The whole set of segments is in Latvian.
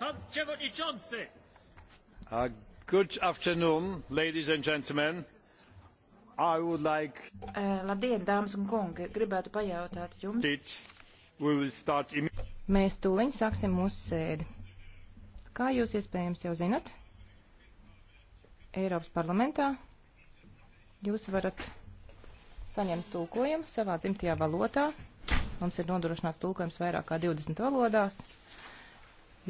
Pan Przewodniczący! Uh, good afternoon, ladies and gentlemen. I would like... Uh, labdien, dāmas un kungi! Gribētu pajautāt jums. It, we will start im... Mēs tūliņ sāksim mūsu sēdi. Kā jūs iespējams jau zinat, Eiropas parlamentā jūs varat saņemt tulkojumu savā dzimtajā valotā. Mums ir nodrošināts tulkojums vairāk kā 20 valodās. Uh,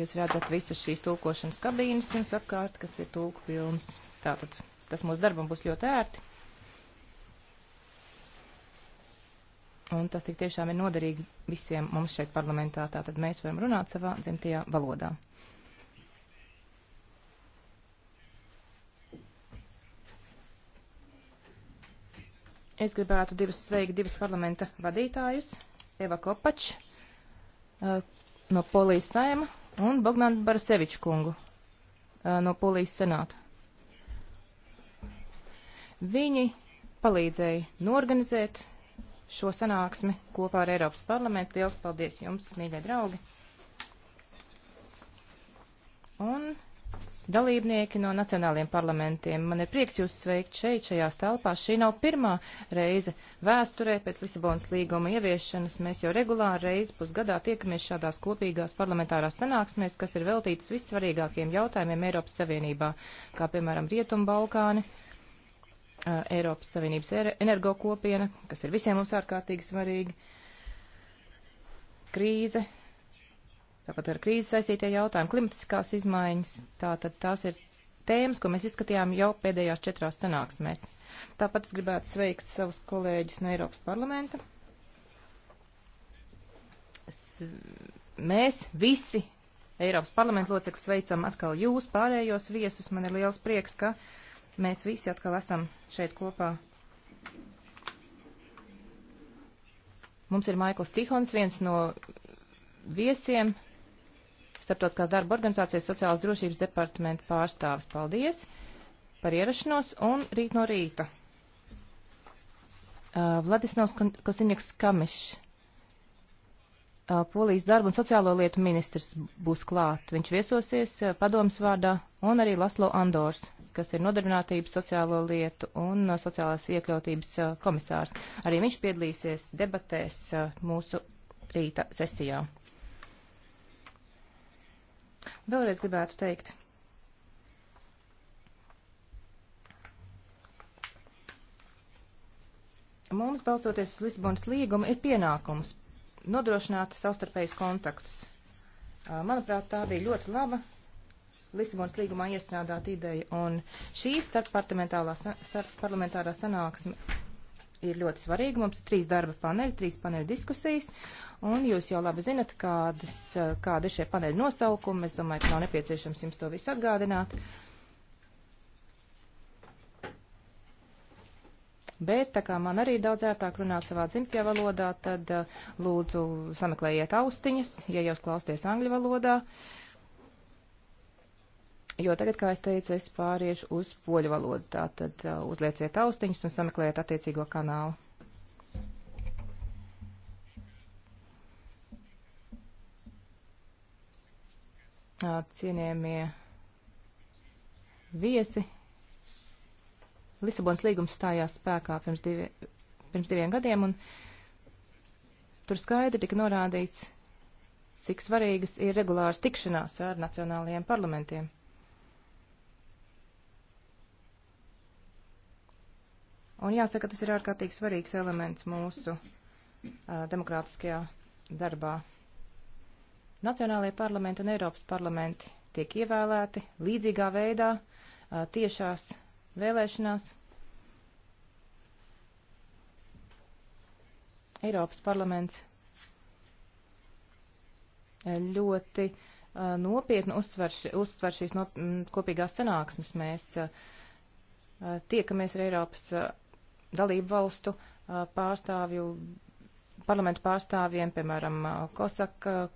Jūs redzat visas šīs tulkošanas kabīnes jums apkārt, kas ir tulku pilnas. Tātad tas mūsu darbam būs ļoti ērti. Un tas tik tiešām ir noderīgi visiem mums šeit parlamentā, tātad mēs varam runāt savā dzimtajā valodā. Es gribētu divas sveikt divus parlamenta vadītājus, Eva Kopač uh, no Polijas saima un Bogdanu Baraseviču kungu no Polijas senāta. Viņi palīdzēja norganizēt šo sanāksmi kopā ar Eiropas parlamentu. Liels paldies jums, mīļie draugi! Un dalībnieki no nacionāliem parlamentiem. Man ir prieks jūs sveikt šeit, šajās telpās. Šī nav pirmā reize vēsturē pēc Lisabonas līguma ieviešanas. Mēs jau regulāri reizi pusgadā tiekamies šādās kopīgās parlamentārās sanāksmēs, kas ir veltītas vissvarīgākiem jautājumiem Eiropas Savienībā, kā piemēram Rietumu Balkāni. Eiropas Savienības er-, energo kopiena, kas ir visiem mums ārkārtīgi svarīgi, krīze, tāpat ar krīzes saistītie jautājumi, klimatiskās izmaiņas, tātad tās ir tēmas, ko mēs izskatījām jau pēdējās četrās sanāksmēs. Tāpat es gribētu sveikt savus kolēģus no Eiropas parlamenta. Es, mēs visi Eiropas parlamenta locekļi sveicam atkal jūs, pārējos viesus. Man ir liels prieks, ka mēs visi atkal esam šeit kopā. Mums ir Maikls Cihons, viens no viesiem, Starptautiskās darba organizācijas sociālās drošības departamenta pārstāvis. Paldies par ierašanos un rīt no rīta. Uh, Vladislavs Kosiņaks Kamišs, uh, Polijas darba un sociālo lietu ministrs, būs klāt. Viņš viesosies uh, padomas vārdā un arī Laslo Andors, kas ir nodarbinātības sociālo lietu un uh, sociālās iekļautības uh, komisārs. Arī viņš piedalīsies debatēs uh, mūsu rīta sesijā. Vēlreiz gribētu teikt. Mums, balstoties uz Lisabonas līgumu, ir pienākums nodrošināt savstarpējus kontaktus. Manuprāt, tā bija ļoti laba Lisabonas līgumā iestrādāta ideja, un šī starpparlamentārā sanāksme ir ļoti svarīga. Mums ir trīs darba paneļi, trīs paneļu diskusijas, un jūs jau labi zinat, kādas, kāda ir šie paneļu nosaukumi. Es domāju, ka nav nepieciešams jums to visu atgādināt. Bet, tā kā man arī daudz ērtāk runāt savā dzimtajā valodā, tad uh, lūdzu sameklējiet austiņas, ja jūs klausties angļu valodā. Uh, Jo tagad, kā es teicu, es pāriešu uz poļu valodu. Tātad uh, uzlieciet austiņus un sameklējiet attiecīgo kanālu. Cienījamie viesi, Lisabonas līgums stājās spēkā pirms, divi, pirms diviem gadiem, un tur skaidri tika norādīts, cik svarīgas ir regulāras tikšanās ar nacionālajiem parlamentiem. Un jāsaka, tas ir ārkārtīgi svarīgs elements mūsu uh, demokrātiskajā darbā. Nacionālajie parlamenti un Eiropas parlamenti tiek ievēlēti līdzīgā veidā uh, tiešās vēlēšanās. Eiropas parlaments ļoti uh, nopietni uztver, uztver šīs no, m, kopīgās sanāksmes. Mēs uh, tiekamies ar Eiropas uh, dalību valstu pārstāvju, parlamentu pārstāvjiem, piemēram, Kosaka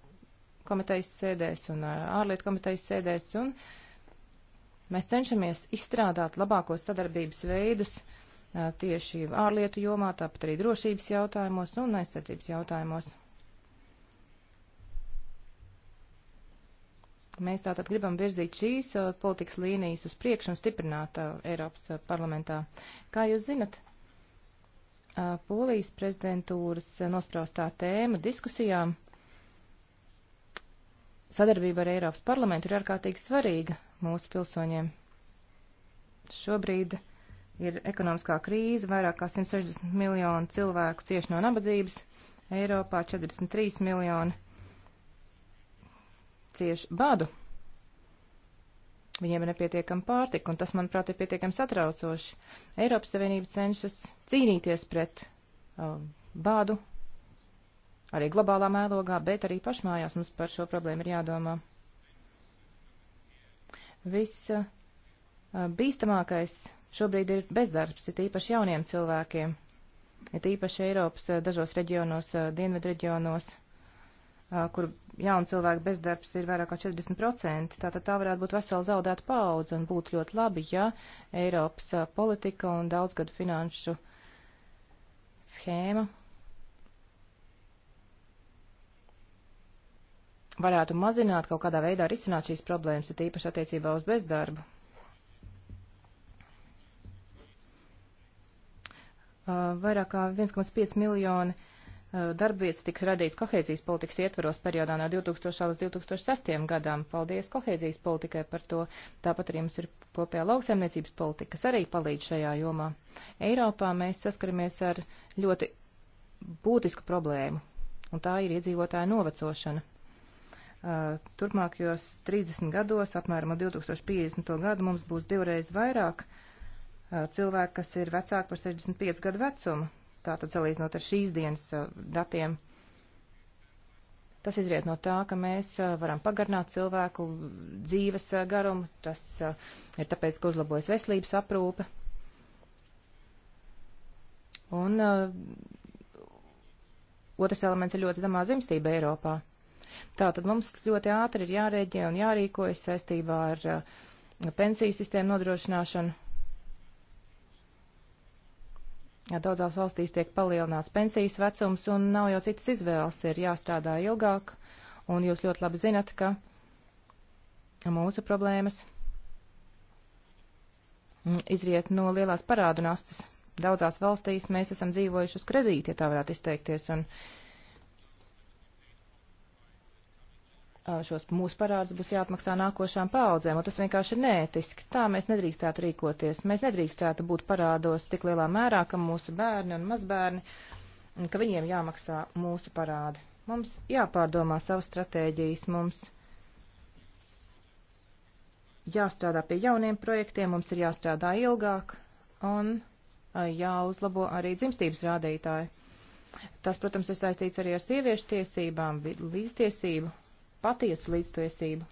komitejas sēdēs un ārlietu komitejas sēdēs. Un mēs cenšamies izstrādāt labākos sadarbības veidus tieši ārlietu jomā, tāpat arī drošības jautājumos un aizsardzības jautājumos. Mēs tātad gribam virzīt šīs politikas līnijas uz priekšu un stiprināt Eiropas parlamentā. Kā jūs zinat, Polijas prezidentūras nospraustā tēma diskusijām sadarbība ar Eiropas parlamentu ir ārkārtīgi svarīga mūsu pilsoņiem. Šobrīd ir ekonomiskā krīze, vairāk kā 160 miljonu cilvēku cieši no nabadzības, Eiropā 43 miljoni cieši badu. Viņiem ir nepietiekama pārtika, un tas, manuprāt, ir pietiekami satraucoši. Eiropas Savienība cenšas cīnīties pret uh, bādu arī globālā mērogā, bet arī pašmājās mums par šo problēmu ir jādomā. Viss uh, bīstamākais šobrīd ir bezdarbs, ir īpaši jauniem cilvēkiem, ir īpaši Eiropas uh, dažos reģionos, uh, dienvidu reģionos kur jaunu cilvēku bezdarbs ir vairāk kā 40%. Tātad tā varētu būt vesela zaudēta paudze un būtu ļoti labi, ja Eiropas politika un daudzgadu finanšu schēma varētu mazināt kaut kādā veidā risināt šīs problēmas, ir tīpaši attiecībā uz bezdarbu. Vairāk kā 1,5 miljoni darbvietas tiks radīts kohēzijas politikas ietveros periodā no 2000 līdz 2006 gadam. Paldies kohēzijas politikai par to. Tāpat arī mums ir kopējā lauksaimniecības politika, kas arī palīdz šajā jomā. Eiropā mēs saskaramies ar ļoti būtisku problēmu, un tā ir iedzīvotāja novecošana. Uh, turpmākajos 30 gados, apmēram 2050. gadu, mums būs divreiz vairāk uh, cilvēku, kas ir vecāki par 65 gadu vecumu tātad salīdzinot ar šīs dienas uh, datiem. Tas izriet no tā, ka mēs uh, varam pagarināt cilvēku dzīves uh, garumu, tas ir tāpēc, ka uzlabojas veselības aprūpe. Un otrs elements ir ļoti zemā dzimstība Eiropā. Tātad mums ļoti ātri ir jārēģē un jārīkojas saistībā ar pensiju sistēmu nodrošināšanu Jā, daudzās valstīs tiek palielināts pensijas vecums un nav jau citas izvēles, ir jāstrādā ilgāk, un jūs ļoti labi zinat, ka mūsu problēmas izriet no lielās parādu nastas. Daudzās valstīs mēs esam dzīvojuši uz kredīti, ja tā varētu izteikties, un uh, šos mūsu parādus būs jāatmaksā nākošām paaudzēm, un tas vienkārši ir neētiski. Tā mēs nedrīkstētu rīkoties. Mēs nedrīkstētu būt parādos tik lielā mērā, ka mūsu bērni un mazbērni, ka viņiem jāmaksā mūsu parādi. Mums jāpārdomā savas stratēģijas, mums jāstrādā pie jauniem projektiem, mums ir jāstrādā ilgāk un jāuzlabo arī dzimstības rādītāji. Tas, protams, ir saistīts arī ar sieviešu tiesībām, līdztiesību patiesu līdztiesību.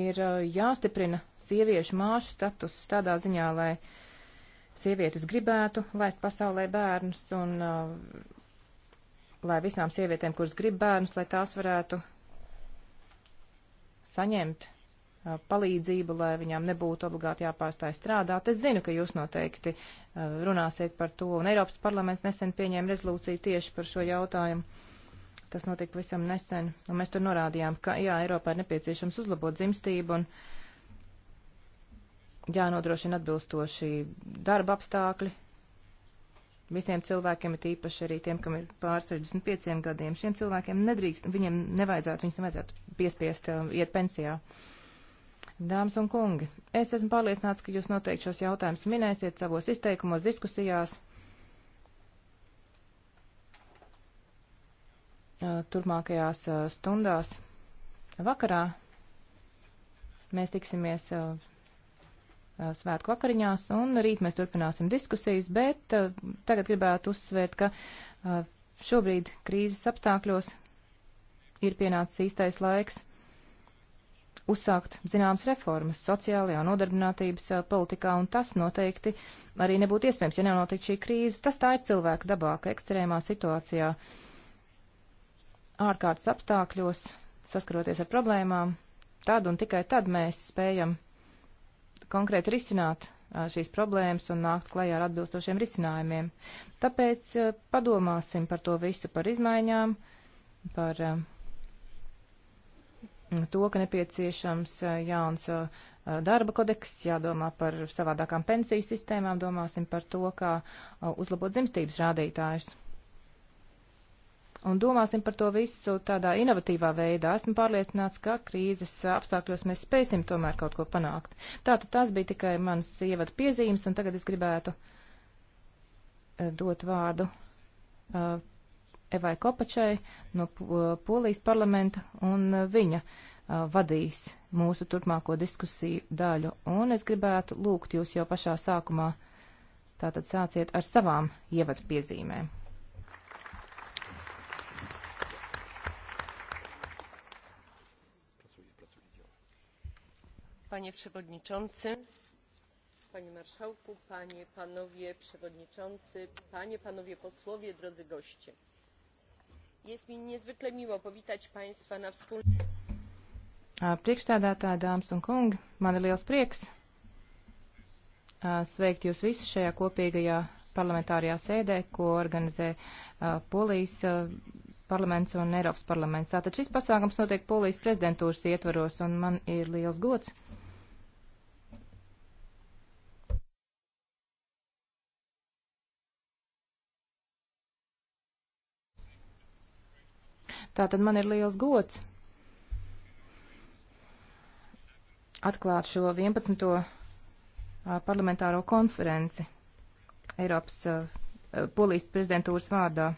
Ir uh, jāstiprina sieviešu māšu status tādā ziņā, lai sievietes gribētu laist pasaulē bērnus un uh, lai visām sievietēm, kuras grib bērnus, lai tās varētu saņemt palīdzību, lai viņām nebūtu obligāti jāpārstāj strādāt. Es zinu, ka jūs noteikti runāsiet par to, un Eiropas parlaments nesen pieņēma rezolūciju tieši par šo jautājumu. Tas notika visam nesen, un mēs tur norādījām, ka jā, Eiropā ir nepieciešams uzlabot dzimstību un jānodrošina atbilstoši darba apstākļi visiem cilvēkiem, ir īpaši arī tiem, kam ir pār 65 gadiem. Šiem cilvēkiem nedrīkst, viņiem nevajadzētu, viņus nevajadzētu piespiest uh, iet pensijā. Uh, Dāmas un kungi, es esmu pārliecināts, ka jūs noteikti šos jautājumus minēsiet savos izteikumos, diskusijās. Turmākajās stundās vakarā mēs tiksimies svētku vakariņās, un rīt mēs turpināsim diskusijas, bet tagad gribētu uzsvērt, ka šobrīd krīzes apstākļos ir pienācis īstais laiks uzsākt zināmas reformas sociālajā un nodarbinātības eh, politikā, un tas noteikti arī nebūtu iespējams, ja nenotiktu šī krīze. Tas tā ir cilvēka dabā, ka ekstrēmā situācijā ārkārtas apstākļos, saskaroties ar problēmām, tad un tikai tad mēs spējam konkrēti risināt eh, šīs problēmas un nākt klajā ar atbilstošiem risinājumiem. Tāpēc eh, padomāsim par to visu, par izmaiņām, par uh, to, ka nepieciešams eh, jauns eh, darba kodeks, jādomā par savādākām pensiju sistēmām, domāsim par to, kā eh, uzlabot dzimstības rādītājus. Un domāsim par to visu tādā inovatīvā veidā. Esmu pārliecināts, ka krīzes apstākļos mēs spēsim tomēr kaut ko panākt. Tātad tas bija tikai mans ievadu piezīmes, un tagad es gribētu dot vārdu Evai Kopačai no uh, Polijas parlamenta, un uh, viņa uh, vadīs mūsu turpmāko diskusiju daļu. Un es gribētu lūgt jūs jau pašā sākumā, tātad sāciet ar savām ievadu piezīmēm. Panie przewodniczący, panie marszałku, panie, panowie przewodniczący, panie, panowie posłowie, drodzy goście. Jest mi niezwykle miło powitać Państwa na wspólnym. Priekšstādātāji, dāmas un kungi, man ir liels prieks sveikt jūs visus šajā kopīgajā parlamentārajā sēdē, ko organizē Polijas parlaments un Eiropas parlaments. Tātad šis pasākums notiek Polijas prezidentūras ietvaros, un man ir liels gods Tātad man ir liels gods atklāt šo 11. parlamentāro konferenci Eiropas polijas prezidentūras vārdā.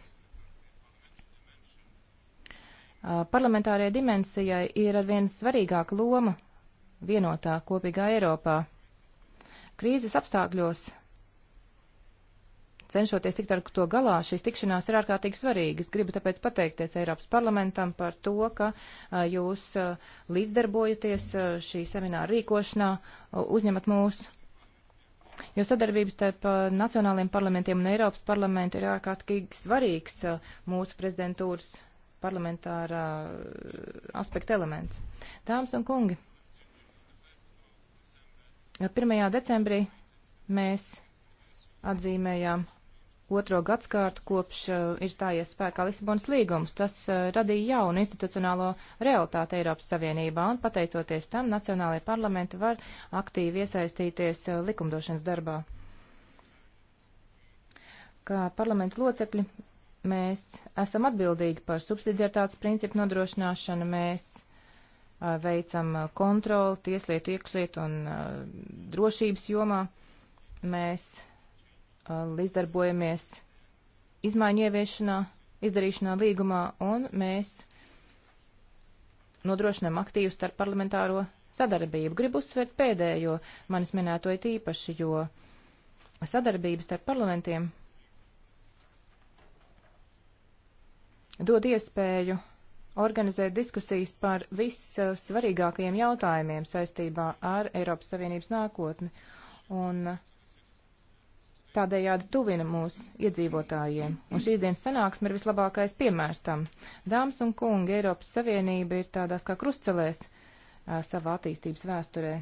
Parlamentārajai dimensijai ir arvien svarīgāka loma vienotā kopīgā Eiropā. Krīzes apstākļos cenšoties tikt ar to galā, šīs tikšanās ir ārkārtīgi svarīgas. Gribu tāpēc pateikties Eiropas parlamentam par to, ka jūs līdzdarbojaties šī semināra rīkošanā, uzņemat mūs. Jo sadarbības starp nacionāliem parlamentiem un Eiropas parlamentu ir ārkārtīgi svarīgs mūsu prezidentūras parlamentārā aspekta elements. Dāmas un kungi, 1. decembrī mēs atzīmējām otro gadskārtu kopš uh, ir stājies spēkā Lisabonas līgums. Tas uh, radīja jaunu institucionālo realitāti Eiropas Savienībā, un pateicoties tam nacionālajie parlamenti var aktīvi iesaistīties uh, likumdošanas darbā. Kā parlamentu locekļi mēs esam atbildīgi par subsidiaritātes principu nodrošināšanu, mēs a, veicam kontroli tieslietu, iekšlietu un a, drošības jomā, mēs Uh, līdzdarbojamies izmaiņu ieviešanā, izdarīšanā līgumā, un mēs nodrošinām aktīvu starp parlamentāro sadarbību. Gribu uzsvērt pēdējo manis minēto it īpaši, jo sadarbības starp parlamentiem dod iespēju organizēt diskusijas par vissvarīgākajiem jautājumiem saistībā ar Eiropas Savienības nākotni. Un uh, Tādējādi tuvina mūs iedzīvotājiem, un šīs dienas sanāksme ir vislabākais piemērs tam. Dāmas un kungi, Eiropas Savienība ir tādās kā krustcelēs savā attīstības vēsturē.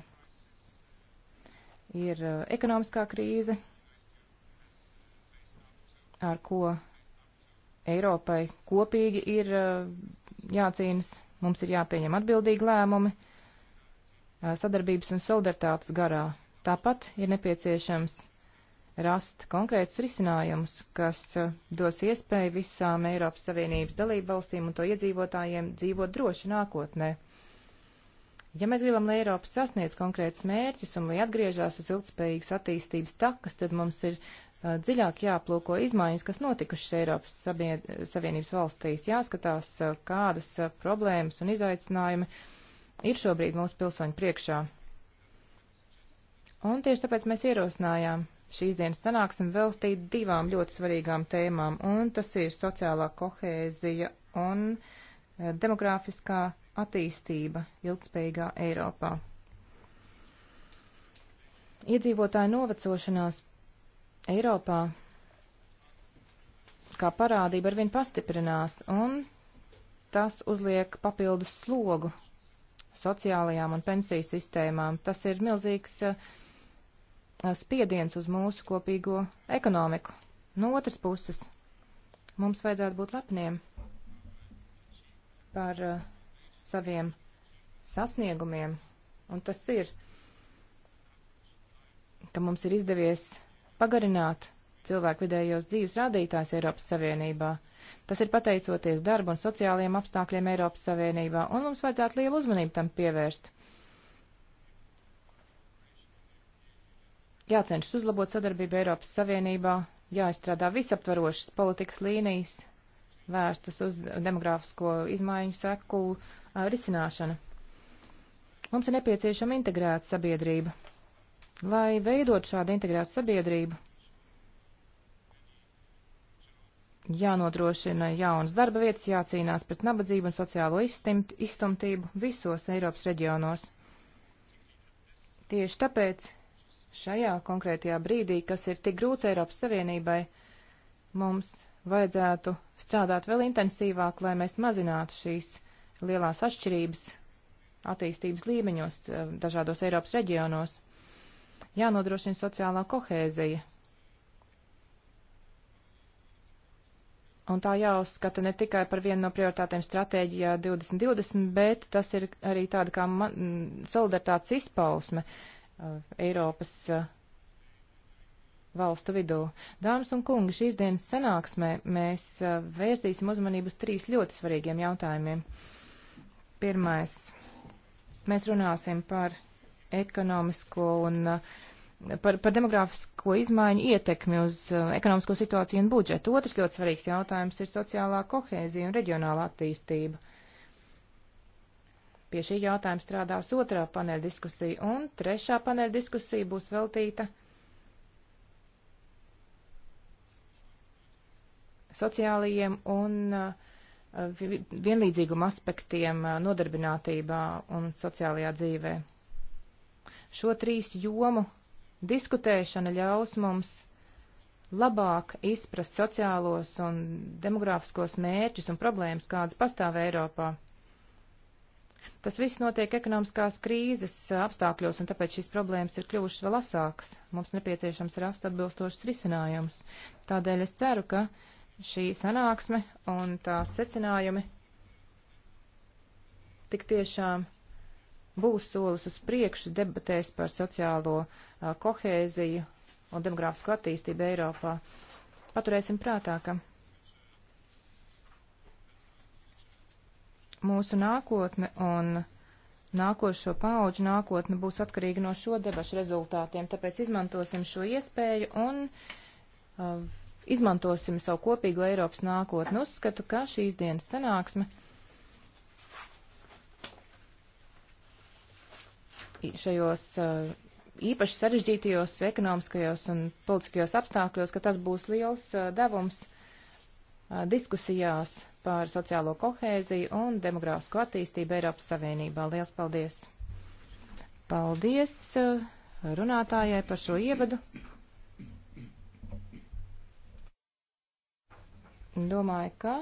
Ir ekonomiskā krīze, ar ko Eiropai kopīgi ir jācīnas, mums ir jāpieņem atbildīgi lēmumi sadarbības un solidaritātes garā. Tāpat ir nepieciešams rast konkrētus risinājumus, kas uh, dos iespēju visām Eiropas Savienības dalību valstīm un to iedzīvotājiem dzīvot droši nākotnē. Ja mēs gribam, lai Eiropa sasniedz konkrētus mērķus un lai atgriežās uz ilgspējīgas attīstības takas, tad mums ir uh, dziļāk jāplūko izmaiņas, kas notikušas Eiropas sabied, Savienības valstīs, jāskatās, uh, kādas uh, problēmas un izaicinājumi ir šobrīd mūsu pilsoņu priekšā. Un tieši tāpēc mēs ierosinājām šīs dienas sanāksim veltīt divām ļoti svarīgām tēmām, un tas ir sociālā kohēzija un eh, demogrāfiskā attīstība ilgspējīgā Eiropā. Iedzīvotāju novecošanās Eiropā kā parādība arvien pastiprinās, un tas uzliek papildus slogu sociālajām un pensiju sistēmām. Tas ir milzīgs uh, Uh, spiediens uz mūsu kopīgo ekonomiku. No otras puses, mums vajadzētu būt lepniem par uh, saviem sasniegumiem, un tas ir, ka mums ir izdevies pagarināt cilvēku vidējos dzīves rādītājs Eiropas Savienībā. Tas ir pateicoties darba un sociālajiem apstākļiem Eiropas Savienībā, un mums vajadzētu lielu uzmanību tam pievērst. jācenšas uzlabot sadarbību Eiropas Savienībā, jāizstrādā visaptvarošas politikas līnijas, vērstas uz demogrāfisko izmaiņu seku risināšanu. Mums ir nepieciešama integrēta sabiedrība. Lai veidot šādu integrētu sabiedrību, jānodrošina jaunas darba vietas, jācīnās pret nabadzību un sociālo izstimt, izstumtību visos Eiropas reģionos. Tieši tāpēc šajā konkrētajā brīdī, kas ir tik grūts Eiropas Savienībai, mums vajadzētu strādāt vēl intensīvāk, lai mēs mazinātu šīs lielās atšķirības attīstības līmeņos eh, dažādos Eiropas reģionos. Jānodrošina sociālā kohēzija. Un tā jāuzskata ne tikai par vienu no prioritātēm stratēģijā 2020, bet tas ir arī tāda kā mm, solidaritātes izpausme, uh, Uh, Eiropas uh, valstu vidū. Dāmas un kungi, šīs dienas sanāksmē mēs uh, vērsīsim uzmanību uz trīs ļoti svarīgiem jautājumiem. Pirmais, mēs runāsim par ekonomisko un par, par demogrāfisko izmaiņu ietekmi uz ekonomisko situāciju un budžetu. Otrs ļoti svarīgs jautājums ir sociālā kohēzija un reģionāla attīstība. Pie šī jautājuma strādās otrā paneļa diskusija, un trešā paneļa diskusija būs veltīta sociālajiem un uh, vienlīdzīguma aspektiem uh, nodarbinātībā un sociālajā dzīvē. Šo trīs jomu diskutēšana ļaus mums labāk izprast sociālos un demogrāfiskos mērķus un problēmas, kādas pastāv Eiropā. Tas viss notiek ekonomiskās krīzes uh, apstākļos, un tāpēc šīs problēmas ir kļuvušas vēl asākas. Mums nepieciešams rast atbilstošas risinājumus. Tādēļ es ceru, ka šī sanāksme un tās secinājumi tik tiešām būs solis uz priekšu debatēs par sociālo uh, kohēziju un demogrāfisko attīstību Eiropā. Paturēsim prātā, ka Mūsu nākotne un nākošo pauģu nākotne būs atkarīga no šo debašu rezultātiem, tāpēc izmantosim šo iespēju un uh, izmantosim savu kopīgo Eiropas nākotni. Uzskatu, ka šīs dienas sanāksme šajos uh, īpaši sarežģītajos ekonomiskajos un politiskajos apstākļos, ka tas būs liels uh, devums uh, diskusijās par sociālo kohēziju un demogrāfisko attīstību Eiropas Savienībā. Liels paldies! Paldies uh, runātājai par šo ievadu. Domāju, ka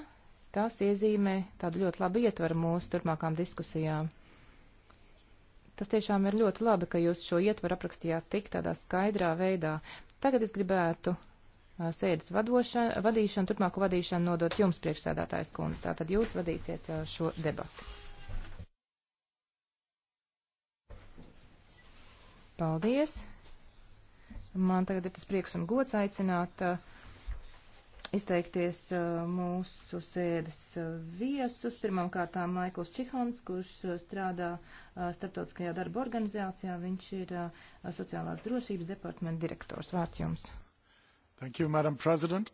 tas iezīmē tādu ļoti labu ietveru mūsu turpmākām diskusijām. Tas tiešām ir ļoti labi, ka jūs šo ietveru aprakstījāt tik tādā skaidrā veidā. Tagad es gribētu Uh, sēdes vadošana, vadīšanu, turpmāko vadīšanu nodot jums priekšsēdātājs kundze. Tātad jūs vadīsiet uh, šo debatu. Paldies. Man tagad ir tas prieks un gods aicināt uh, izteikties mūsu sēdes viesus. Pirmkārt, Maikls Čihons, kurš strādā starptautiskajā darba organizācijā. Viņš ir sociālās drošības departamenta direktors. Vārds jums. Thank you, Madam President.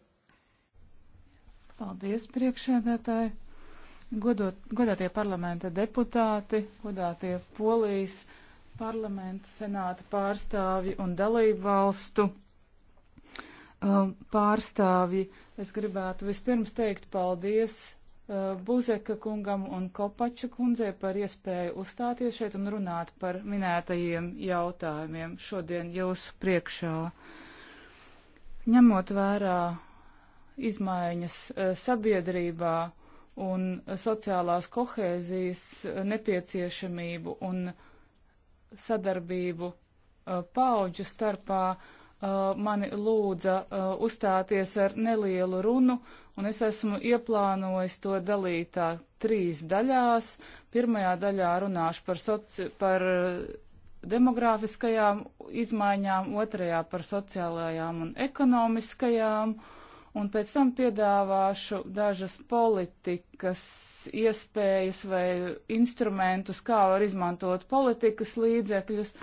Paldies, priekšsēdētāji. Godot, godātie parlamenta deputāti, godātie polijas parlamenta senāta pārstāvji un dalību valstu um, pārstāvji, es gribētu vispirms teikt paldies uh, Buzeka kungam un Kopača kundzei par iespēju uzstāties šeit un runāt par minētajiem jautājumiem šodien jūsu priekšā. Uh, Ņemot vērā izmaiņas eh, sabiedrībā un sociālās kohēzijas eh, nepieciešamību un sadarbību eh, paauģu starpā, mani lūdza uzstāties ar nelielu runu, un es esmu ieplānojis to dalītā trīs daļās. Pirmajā daļā runāšu par, soci par demogrāfiskajām izmaiņām, otrajā par sociālajām un ekonomiskajām, un pēc tam piedāvāšu dažas politikas iespējas vai instrumentus, kā var izmantot politikas līdzekļus,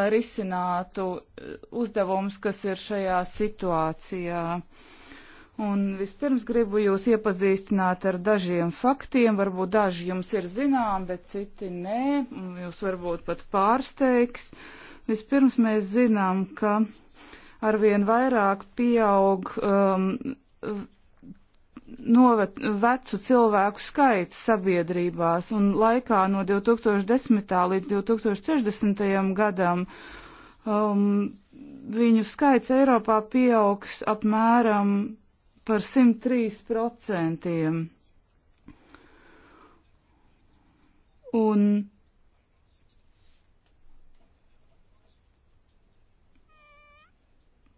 lai risinātu eh, uzdevums, kas ir šajā situācijā. Uh, Un vispirms gribu jūs iepazīstināt ar dažiem faktiem. Varbūt daži jums ir zinām, bet citi nē. Jūs varbūt pat pārsteigs. Vispirms mēs zinām, ka arvien vairāk pieaug um, novet, vecu cilvēku skaits sabiedrībās. Un laikā no 2010. līdz 2060. gadam um, viņu skaits Eiropā pieaugs apmēram par 103%. Un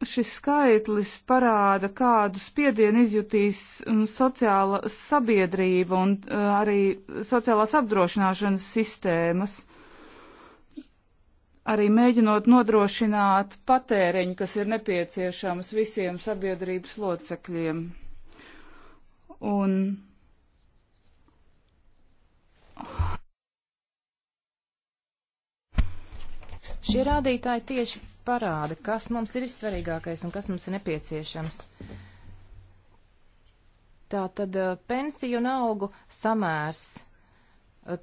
šis skaitlis parāda, kādu spiedienu izjutīs um, sociāla sabiedrība un uh, arī sociālās apdrošināšanas sistēmas arī mēģinot nodrošināt patēriņu, kas ir nepieciešams visiem sabiedrības locekļiem. Un Šie rādītāji tieši parāda, kas mums ir vissvarīgākais un kas mums ir nepieciešams. Tā tad eh, pensiju un algu samērs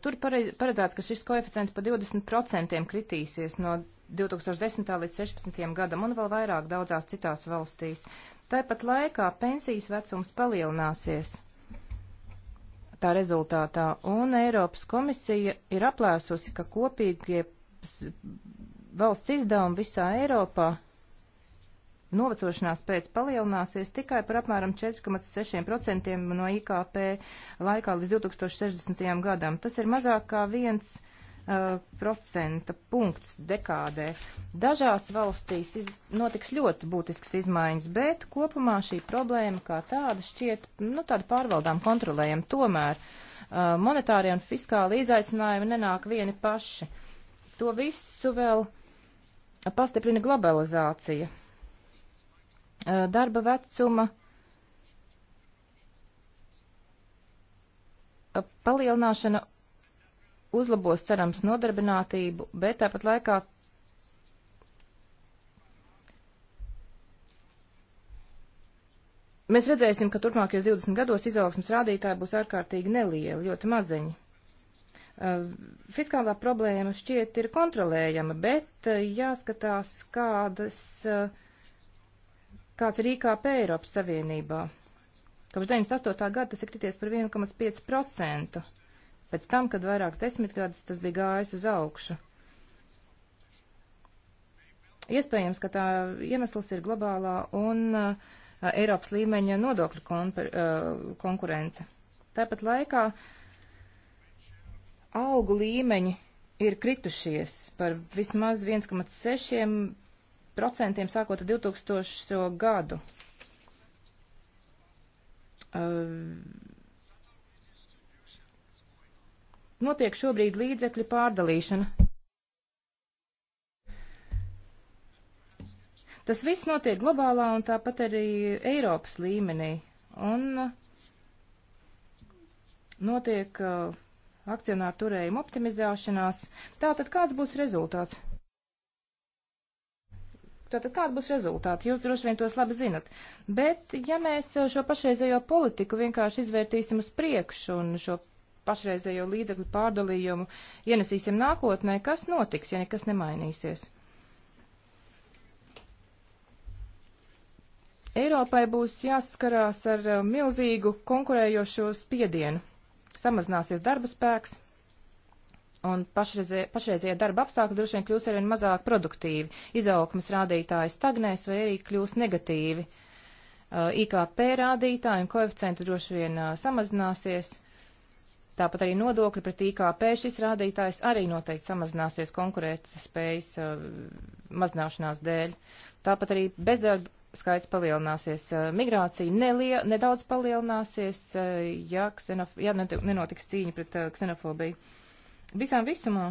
Tur paredzēts, ka šis koeficients pa 20% kritīsies no 2010. līdz 16. gadam un vēl vairāk daudzās citās valstīs. Tāpat laikā pensijas vecums palielināsies tā rezultātā, un Eiropas komisija ir aplēsusi, ka kopīgie valsts izdevumi visā Eiropā novecošanās pēc palielināsies tikai par apmēram 4,6% no IKP laikā līdz 2060. gadam. Tas ir mazāk kā viens uh, procenta punkts dekādē. Dažās valstīs iz, notiks ļoti būtisks izmaiņas, bet kopumā šī problēma kā tāda šķiet, nu, tāda pārvaldām kontrolējama. Tomēr uh, monetārie un fiskāli izaicinājumi nenāk vieni paši. To visu vēl pastiprina globalizācija Eh, darba vecuma eh, palielināšana uzlabos, cerams, nodarbinātību, bet tāpat laikā mēs redzēsim, ka turpmākajos 20 gados izaugsmas rādītāji būs ārkārtīgi nelieli, ļoti maziņi. Eh, fiskālā problēma šķiet ir kontrolējama, bet jāskatās, kādas uh, kāds ir IKP Eiropas Savienībā. Kopš 98. gada tas ir krities par 1,5%, pēc tam, kad vairākas desmitgades tas bija gājis uz augšu. Iespējams, ka tā iemesls ir globālā un uh, Eiropas līmeņa nodokļu konper, uh, konkurence. Tāpat laikā algu līmeņi ir kritušies par vismaz 1,6 procentiem sākot ar 2000. gadu. Ehm, notiek šobrīd līdzekļu pārdalīšana. Tas viss notiek globālā un tāpat arī Eiropas līmenī. Un eh, notiek uh, akcionāru turējuma optimizēšanās. Tātad kāds būs rezultāts? Tātad kāda būs rezultāti? Jūs droši vien tos labi zinat. Bet ja mēs šo pašreizējo politiku vienkārši izvērtīsim uz priekšu un šo pašreizējo līdzekļu pārdalījumu ienesīsim nākotnē, kas notiks, ja nekas nemainīsies? Eiropai būs jāsaskarās ar eh, milzīgu konkurējošo spiedienu. Samazināsies darba spēks, un pašreizie, pašreizie darba apstākļi droši vien kļūs arvien mazāk produktīvi. Izaugsmas rādītāji stagnēs vai arī kļūs negatīvi. Uh, IKP rādītāji un koeficienti droši vien uh, samazināsies. Tāpat arī nodokļi pret IKP šis rādītājs arī noteikti samazināsies konkurētspējas uh, mazināšanās dēļ. Tāpat arī bezdarba skaits palielināsies, uh, migrācija nelie, nedaudz palielināsies, uh, ja, ksenof, ja nenotiks cīņa pret uh, ksenofobiju. Visām visumā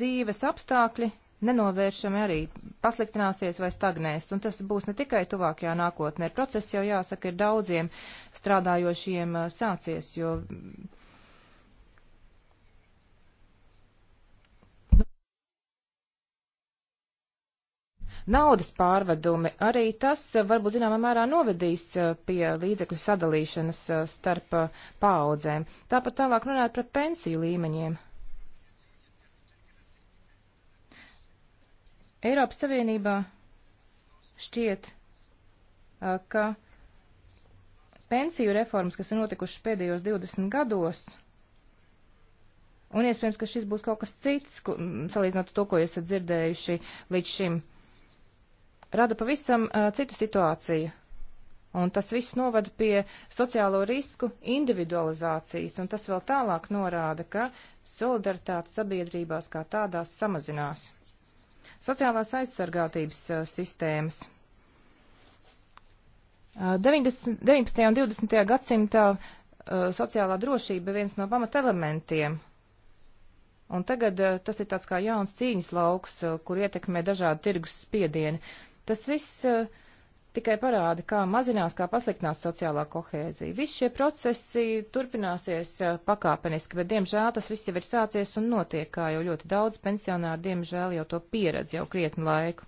dzīves apstākļi nenovēršami arī pasliktināsies vai stagnēs, un tas būs ne tikai tuvākajā nākotnē. Process jau jāsaka ir daudziem strādājošiem uh, sācies, jo Naudas pārvedumi arī tas eh, varbūt zināmā mērā novedīs eh, pie līdzekļu sadalīšanas eh, starp paaudzēm. Tāpat tālāk runājot par pensiju līmeņiem. Eiropas Savienībā šķiet, ka pensiju reformas, kas ir notikušas pēdējos 20 gados, un iespējams, ka šis būs kaut kas cits, salīdzinot to, ko esat dzirdējuši līdz šim rada pavisam uh, citu situāciju. Un tas viss novada pie sociālo risku individualizācijas, un tas vēl tālāk norāda, ka solidaritāte sabiedrībās kā tādās samazinās. Sociālās aizsargātības uh, sistēmas. Uh, 90, 19. un 20. gadsimtā uh, sociālā drošība ir viens no pamatelementiem. Un tagad tas ir tāds kā jauns cīņas lauks, kur ietekmē dažādi tirgus spiedieni. Tas viss eh, tikai parāda, kā mazinās, kā pasliktinās sociālā kohēzija. Visi šie procesi turpināsies eh, pakāpeniski, bet, diemžēl, tas viss jau ir sācies un notiek, kā jau ļoti daudz pensionāri, diemžēl, jau to pieredz jau krietnu laiku.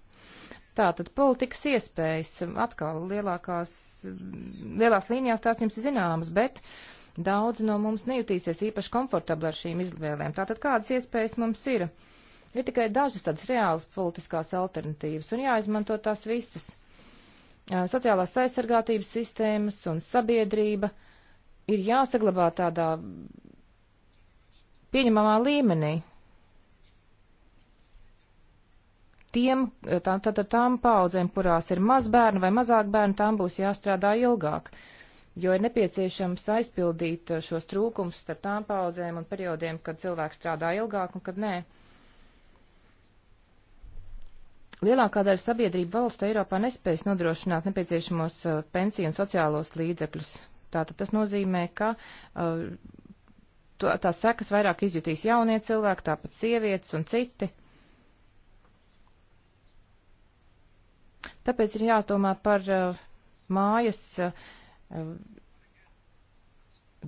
Tātad politikas iespējas eh, atkal lielākās, mm, lielās līnijās tās jums zināmas, bet daudz no mums nejutīsies īpaši komfortabli ar šīm izvēlēm. Tātad kādas iespējas mums ir? Uh, Ir tikai dažas tādas reālas politiskās alternatīvas un jāizmanto tās visas. Sociālās aizsargātības sistēmas un sabiedrība ir jāsaglabā tādā pieņemamā līmenī. Tiem, tā, tā, tā, tām paudzēm, kurās ir maz bērnu vai mazāk bērnu, tām būs jāstrādā ilgāk, jo ir nepieciešams aizpildīt šos trūkums starp tām paudzēm un periodiem, kad cilvēks strādā ilgāk un kad nē. Uh, Lielākā daļa sabiedrību valstu Eiropā nespējas nodrošināt nepieciešamos uh, pensiju un sociālos līdzekļus. Tātad tas nozīmē, ka uh, tās sekas vairāk izjutīs jaunie cilvēki, tāpat sievietes un citi. Tāpēc ir jādomā par uh, mājas uh,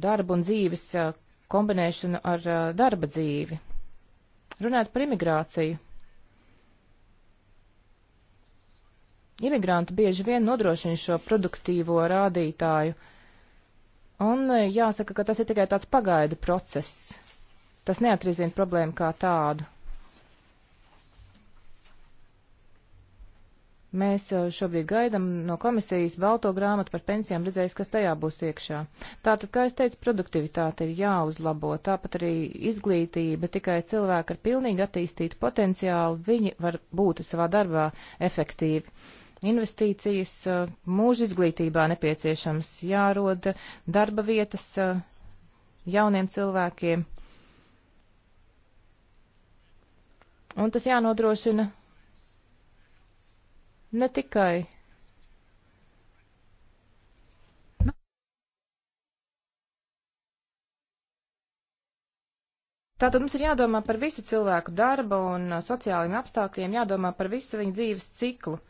darbu un dzīves uh, kombinēšanu ar uh, darba dzīvi. Runājot par imigrāciju, Imigranti bieži vien nodrošina šo produktīvo rādītāju. Un e, jāsaka, ka tas ir tikai tāds pagaidu process. Tas neatrisina problēmu kā tādu. Mēs e, šobrīd gaidam no komisijas balto grāmatu par pensijām, redzēs, kas tajā būs iekšā. Tātad, kā es teicu, produktivitāte ir jāuzlabo, tāpat arī izglītība, tikai cilvēki ar pilnīgi attīstītu potenciālu, viņi var būt savā darbā efektīvi investīcijas eh, mūža izglītībā nepieciešams, jāroda darba vietas eh, jauniem cilvēkiem. Un tas jānodrošina ne tikai Tātad mums ir jādomā par visu cilvēku darba un eh, sociālajiem apstākļiem, jādomā par visu viņu dzīves ciklu.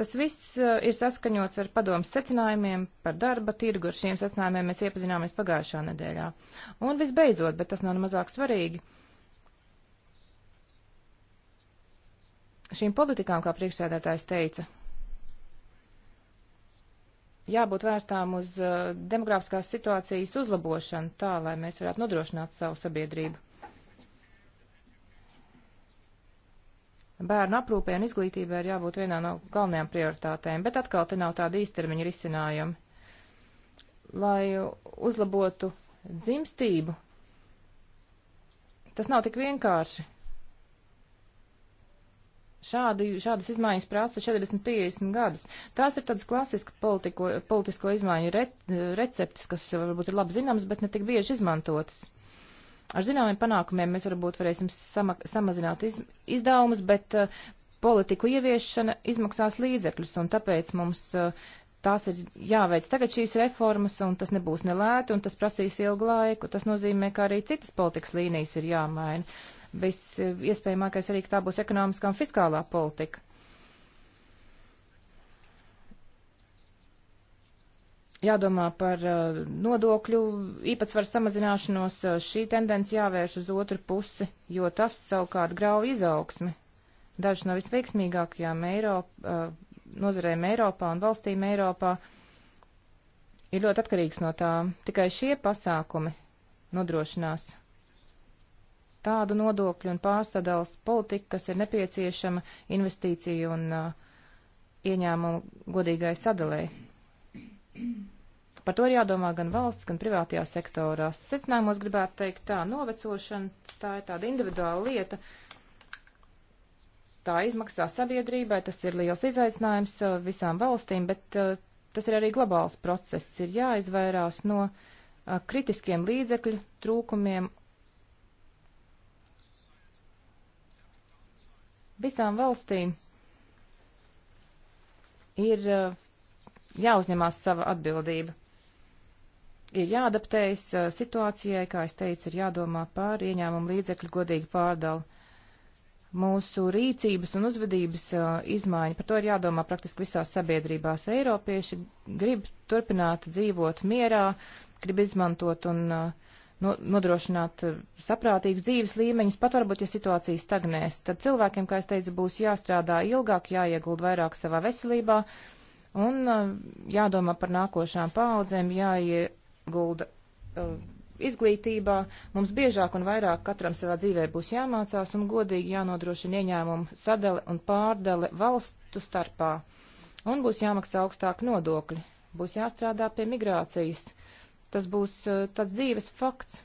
Tas viss uh, ir saskaņots ar padomus secinājumiem par darba tirgu, ar šiem secinājumiem mēs iepazināmies pagājušā nedēļā. Un visbeidzot, bet tas nav mazāk svarīgi, šīm politikām, kā priekšsēdētājs teica, jābūt vērstām uz uh, demografiskās situācijas uzlabošanu tā, lai mēs varētu nodrošināt savu sabiedrību. Bērnu aprūpē un izglītībai ir jābūt vienā no galvenajām prioritātēm, bet atkal te nav tāda īstermiņa risinājuma. Lai uzlabotu dzimstību, tas nav tik vienkārši. Šādi, šādas izmaiņas prasa 40-50 gadus. Tās ir tādas klasiska politiko, politisko izmaiņu re, receptes, kas varbūt ir labi zināmas, bet ne tik bieži izmantotas. Ar zināmiem panākumiem mēs varbūt varēsim sama samazināt iz izdevumus, bet uh, politiku ieviešana izmaksās līdzekļus, un tāpēc mums uh, tās ir jāveic tagad šīs reformas, un tas nebūs nelēti, un tas prasīs ilgu laiku. Tas nozīmē, ka arī citas politikas līnijas ir jāmaina. Viss eh, iespējamākais arī, ka tā būs ekonomiskā un fiskālā politika. jādomā par eh, nodokļu īpatsvaru samazināšanos, eh, šī tendence jāvērš uz otru pusi, jo tas savukārt grauj izaugsmi. Daži no visveiksmīgākajām Eiropa, eh, nozarēm Eiropā un valstīm Eiropā ir ļoti atkarīgs no tā. Tikai šie pasākumi nodrošinās tādu nodokļu un pārstādāls politiku, kas ir nepieciešama investīciju un uh, ieņēmumu godīgai sadalēji. Par to ir jādomā gan valsts, gan privātajā sektorā. Secinājumos gribētu teikt tā, novecošana tā ir tāda individuāla lieta. Tā izmaksā sabiedrībai, tas ir liels izaicinājums uh, visām valstīm, bet uh, tas ir arī globāls process. Ir jāizvairās no uh, kritiskiem līdzekļu trūkumiem. Visām valstīm ir uh, jāuzņemās sava atbildība. Ir jāadaptējas uh, situācijai, kā es teicu, ir jādomā par ieņēmumu līdzekļu godīgu pārdalu. Mūsu rīcības un uzvedības uh, izmaiņa, par to ir jādomā praktiski visās sabiedrībās. Eiropieši grib turpināt dzīvot mierā, grib izmantot un uh, nodrošināt uh, saprātīgus dzīves līmeņus, pat varbūt, ja situācija stagnēs, tad cilvēkiem, kā es teicu, būs jāstrādā ilgāk, jāieguld vairāk savā veselībā, Un eh, jādomā par nākošām paudzēm, jāiegulda eh, izglītībā. Mums biežāk un vairāk katram savā dzīvē būs jāmācās un godīgi jānodrošina ieņēmumu sadale un pārdale valstu starpā. Un būs jāmaksā augstāki nodokļi, būs jāstrādā pie migrācijas. Tas būs eh, tāds dzīves fakts.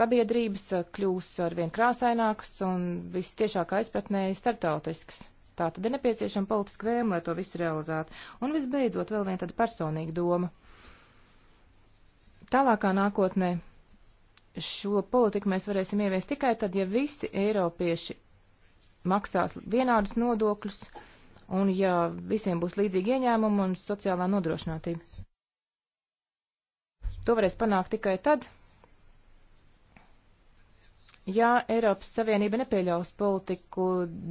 Sabiedrības kļūs arvien krāsainākas un viss tiešāk aizpratnēji starptautiskas. Tā tad ir nepieciešama politiska vēma, lai to visu realizētu. Un visbeidzot, vēl viena tāda personīga doma. Tālākā nākotnē šo politiku mēs varēsim ieviest tikai tad, ja visi eiropieši maksās vienādus nodokļus un ja visiem būs līdzīgi ieņēmumi un sociālā nodrošinātība. To varēs panākt tikai tad, ja Eiropas Savienība nepieļaus politiku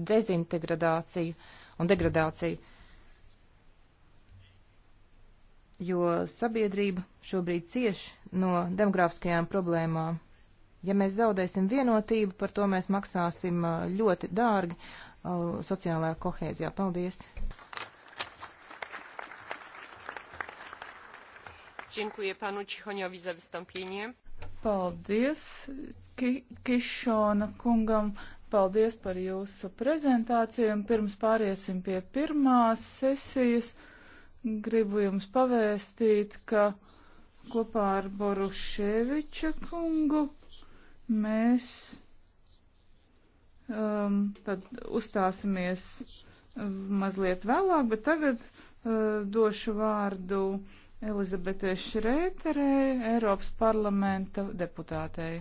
dezintegradāciju un degradāciju, jo sabiedrība šobrīd cieš no demografiskajām problēmām. Ja mēs zaudēsim vienotību, par to mēs maksāsim uh, ļoti dārgi uh, sociālajā kohēzijā. Paldies! Dziękuję panu Cichoniowi za wystąpienie. Paldies Ki Kišona kungam, paldies par jūsu prezentāciju. Un pirms pāriesim pie pirmās sesijas, gribu jums pavēstīt, ka kopā ar Boruševiča kungu mēs um, tad uzstāsimies um, mazliet vēlāk, bet tagad uh, došu vārdu Elizabetei Šrēterei, Eiropas parlamenta deputātei.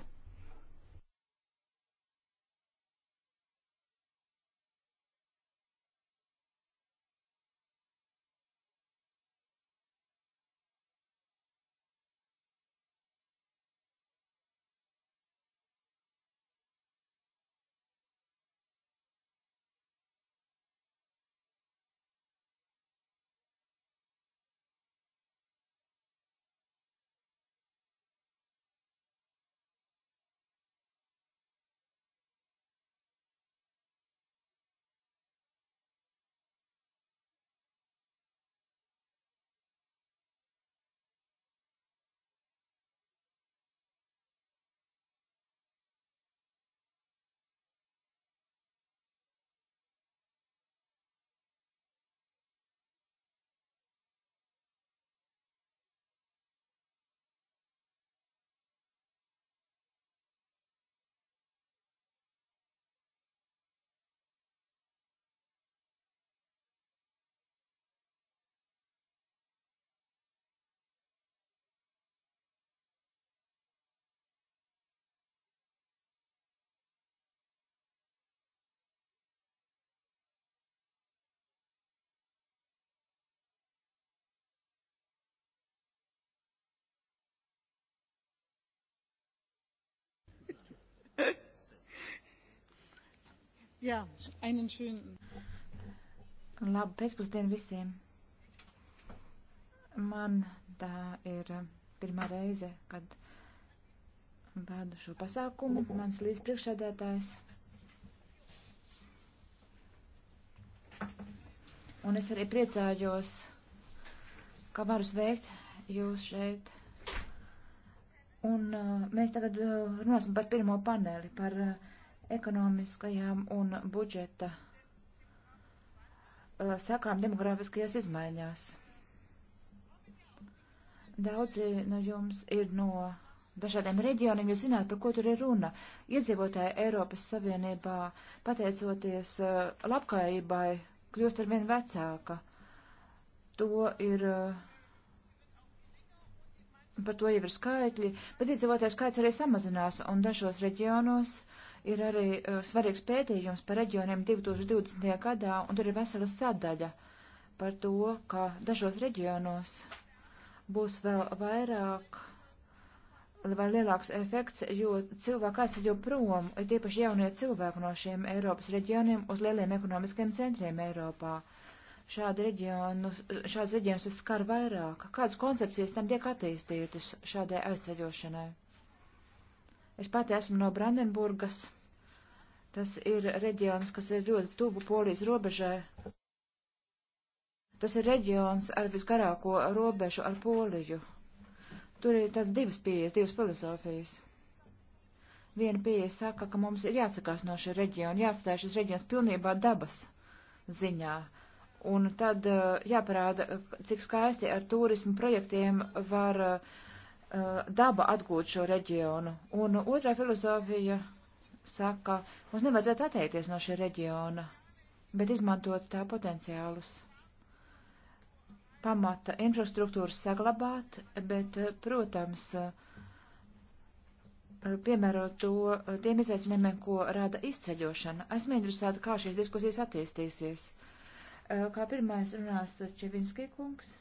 Jā, einen schönen. Labu pēcpusdienu visiem. Man tā ir pirmā reize, kad vēdu šo pasākumu. Mans līdzpriekšsēdētājs. Un es arī priecājos, ka varu sveikt jūs šeit. Un uh, mēs tagad uh, runāsim par pirmo paneli, par uh, ekonomiskajām un budžeta eh, sekām demografiskajās izmaiņās. Daudzi no jums ir no dažādiem reģioniem, jūs zināt, par ko tur ir runa. Iedzīvotāji Eiropas Savienībā, pateicoties eh, labklājībai, kļūst ar vien vecāka. To ir, eh, par to jau ir skaitļi, bet iedzīvotāju skaits arī samazinās, un dažos reģionos ir arī uh, svarīgs pētījums par reģioniem 2020. gadā, un tur ir vesela sadaļa par to, ka dažos reģionos būs vēl vairāk vai lielāks efekts, jo cilvēki aiziet joprojām, ir tiepaši jaunie cilvēki no šiem Eiropas reģioniem uz lieliem ekonomiskiem centriem Eiropā. Šādi reģionu, šāds reģions skar vairāk. Kādas koncepcijas tam tiek attīstītas šādai aizceļošanai? Es pati esmu no Brandenburgas. Tas ir reģions, kas ir ļoti tuvu Polijas robežai. Tas ir reģions ar visgarāko robežu ar Poliju. Tur ir tāds divas pieejas, divas filozofijas. Viena pieeja saka, ka mums ir jāatsakās no šī reģiona, jāatstāj šis reģions pilnībā dabas ziņā. Un tad eh, jāparāda, cik skaisti ar turismu projektiem var uh, Uh, daba atgūt šo reģionu. Un otrā filozofija saka, mums nevajadzētu atteikties no šī reģiona, bet izmantot tā potenciālus. Pamata infrastruktūras saglabāt, bet, uh, protams, uh, piemērot to tiem izaicinājumiem, ko rada izceļošana. Esmu interesēta, kā šīs diskusijas attīstīsies. Kā pirmais runās Čevinskij kungs.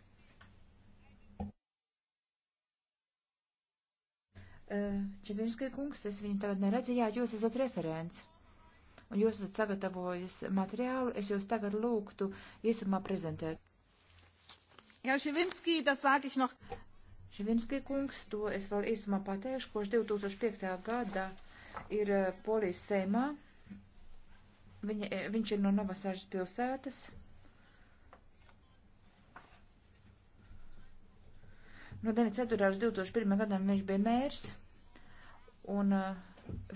Eh, Čevinskai kungs, es viņu tagad neredzu, jā, jūs esat referents. Un jūs esat sagatavojis materiālu, es jūs tagad lūgtu īsumā prezentēt. Jā, Čevinski, tas sāk ich noch. Šivinski kungs, to es vēl īsumā pateikšu, koš 2005. gadā ir eh, Polijas Seimā. Viņa, eh, viņš ir no Navasāžas pilsētas. No 94. līdz 2001. gadam viņš bija mērs, un uh,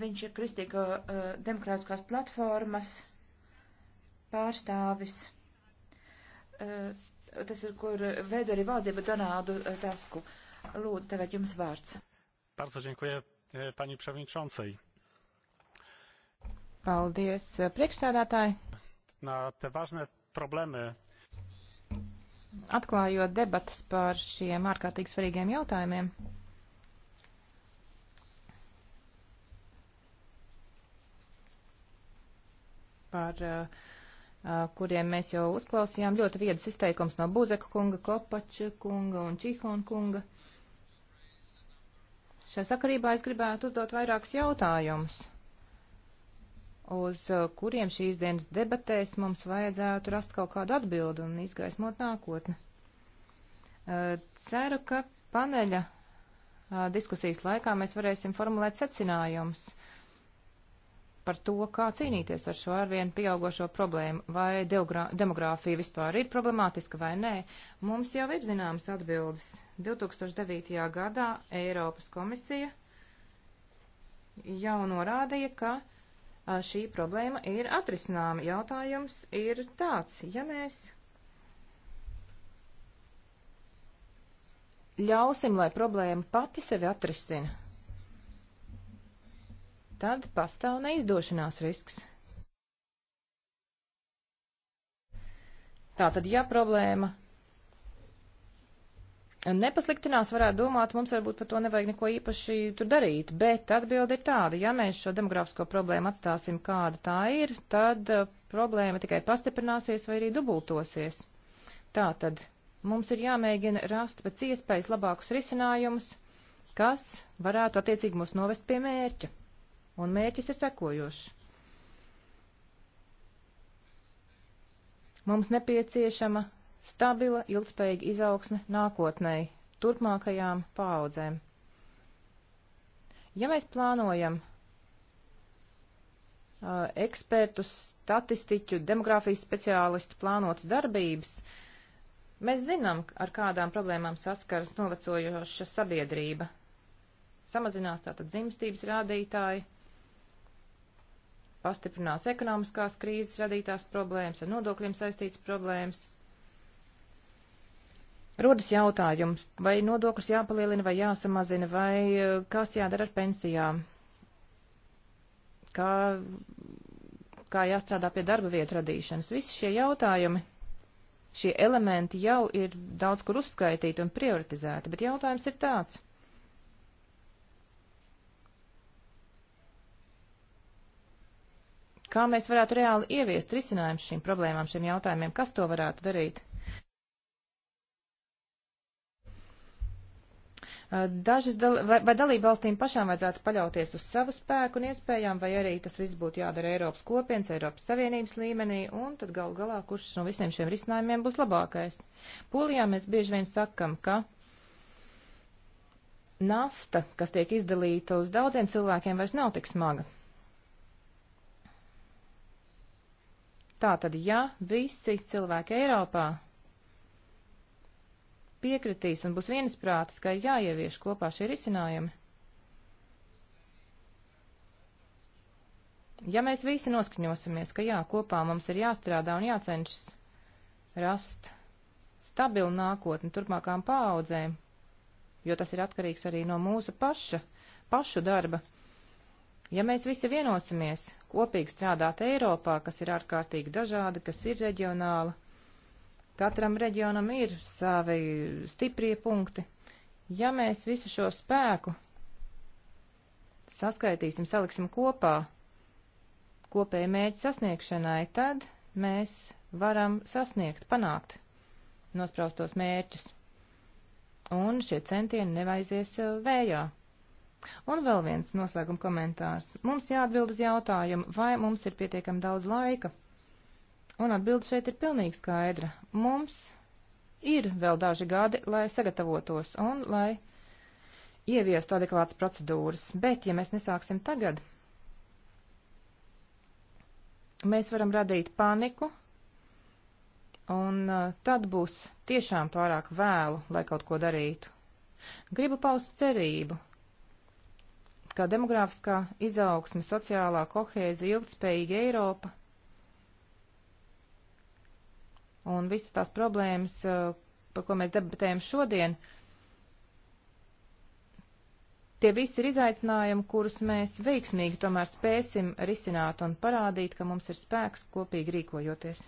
viņš ir kristīgo uh, demokrātiskās platformas pārstāvis. Uh, tas ir, kur veida arī valdība Donādu uh, Tasku. Lūdzu, tagad jums vārds. Bardzo dziękuję e, pani przewodniczącej. Paldies, e, priekšsēdētāji. Na te ważne problemy atklājot debatas par šiem ārkārtīgi svarīgiem jautājumiem. par uh, uh, kuriem mēs jau uzklausījām ļoti viedus izteikums no Buzeka kunga, Kopača kunga un Čihona kunga. Šajā sakarībā es gribētu uzdot vairākus jautājumus uz uh, kuriem šīs dienas debatēs mums vajadzētu rast kaut kādu atbildu un izgaismot nākotni. Uh, ceru, ka paneļa uh, diskusijas laikā mēs varēsim formulēt secinājumus par to, kā cīnīties ar šo arvien pieaugošo problēmu, vai demogrāfija vispār ir problemātiska vai nē. Mums jau ir zināmas atbildes. 2009. gadā Eiropas komisija jau norādīja, ka šī problēma ir atrisināma. Jautājums ir tāds, ja mēs ļausim, lai problēma pati sevi atrisina, tad pastāv neizdošanās risks. Tātad, ja problēma nepasliktinās, varētu domāt, mums varbūt par to nevajag neko īpaši tur darīt, bet atbildi ir tāda, ja mēs šo demografisko problēmu atstāsim kāda tā ir, tad uh, problēma tikai pastiprināsies vai arī dubultosies. Tātad mums ir jāmēģina rast pēc iespējas labākus risinājumus, kas varētu attiecīgi mūs novest pie mērķa. Un mērķis ir sekojošs. Mums nepieciešama stabila, ilgspējīga izaugsme nākotnēji, turpmākajām paaudzēm. Ja mēs plānojam uh, ekspertus, statistiķu, demogrāfijas speciālistu plānotas darbības, mēs zinām, ar kādām problēmām saskaras novecojoša sabiedrība. Samazinās tātad dzimstības rādītāji, pastiprinās ekonomiskās krīzes radītās problēmas, ar nodokļiem saistītas problēmas, Rodas jautājums, vai nodoklis jāpalielina vai jāsamazina, vai e, kas jādara ar pensijām, kā, kā jāstrādā pie darba vietu radīšanas. Visi šie jautājumi, šie elementi jau ir daudz kur uzskaitīti un prioritizēti, bet jautājums ir tāds. Kā mēs varētu reāli ieviest risinājumus šīm problēmām, šiem jautājumiem, kas to varētu darīt? Dažas dal vai, vai dalību valstīm pašām vajadzētu paļauties uz savu spēku un iespējām, vai arī tas viss būtu jādara Eiropas kopienas, Eiropas Savienības līmenī, un tad gal galā, kurš no visiem šiem risinājumiem būs labākais. Polijā mēs bieži vien sakam, ka nasta, kas tiek izdalīta uz daudziem cilvēkiem, vairs nav tik smaga. Tātad, ja visi cilvēki Eiropā piekritīs un būs vienisprātis, ka ir jāievieš kopā šie risinājumi. Ja mēs visi noskaņosimies, ka jā, kopā mums ir jāstrādā un jācenšas rast stabilu nākotni turpmākām paaudzēm, jo tas ir atkarīgs arī no mūsu paša, pašu darba. Ja mēs visi vienosimies kopīgi strādāt Eiropā, kas ir ārkārtīgi dažāda, kas ir reģionāla, Katram reģionam ir savi stiprie punkti. Ja mēs visu šo spēku saskaitīsim, saliksim kopā kopēja mērķa sasniegšanai, tad mēs varam sasniegt, panākt nospraustos mērķus. Un šie centieni nevaizies eh, vējā. Un vēl viens noslēguma komentārs. Mums jāatbild uz jautājumu, vai mums ir pietiekami daudz laika Un atbildi šeit ir pilnīgi skaidra. Mums ir vēl daži gadi, lai sagatavotos un lai ieviestu adekvātas procedūras, bet ja mēs nesāksim tagad, mēs varam radīt paniku, un uh, tad būs tiešām pārāk vēlu, lai kaut ko darītu. Gribu paust cerību, ka demogrāfiskā izaugsme, sociālā kohēzija, ilgtspējīga Eiropa Un visas tās problēmas, eh, par ko mēs debatējam šodien, tie visi ir izaicinājumi, kurus mēs veiksmīgi tomēr spēsim risināt un parādīt, ka mums ir spēks kopīgi rīkojoties.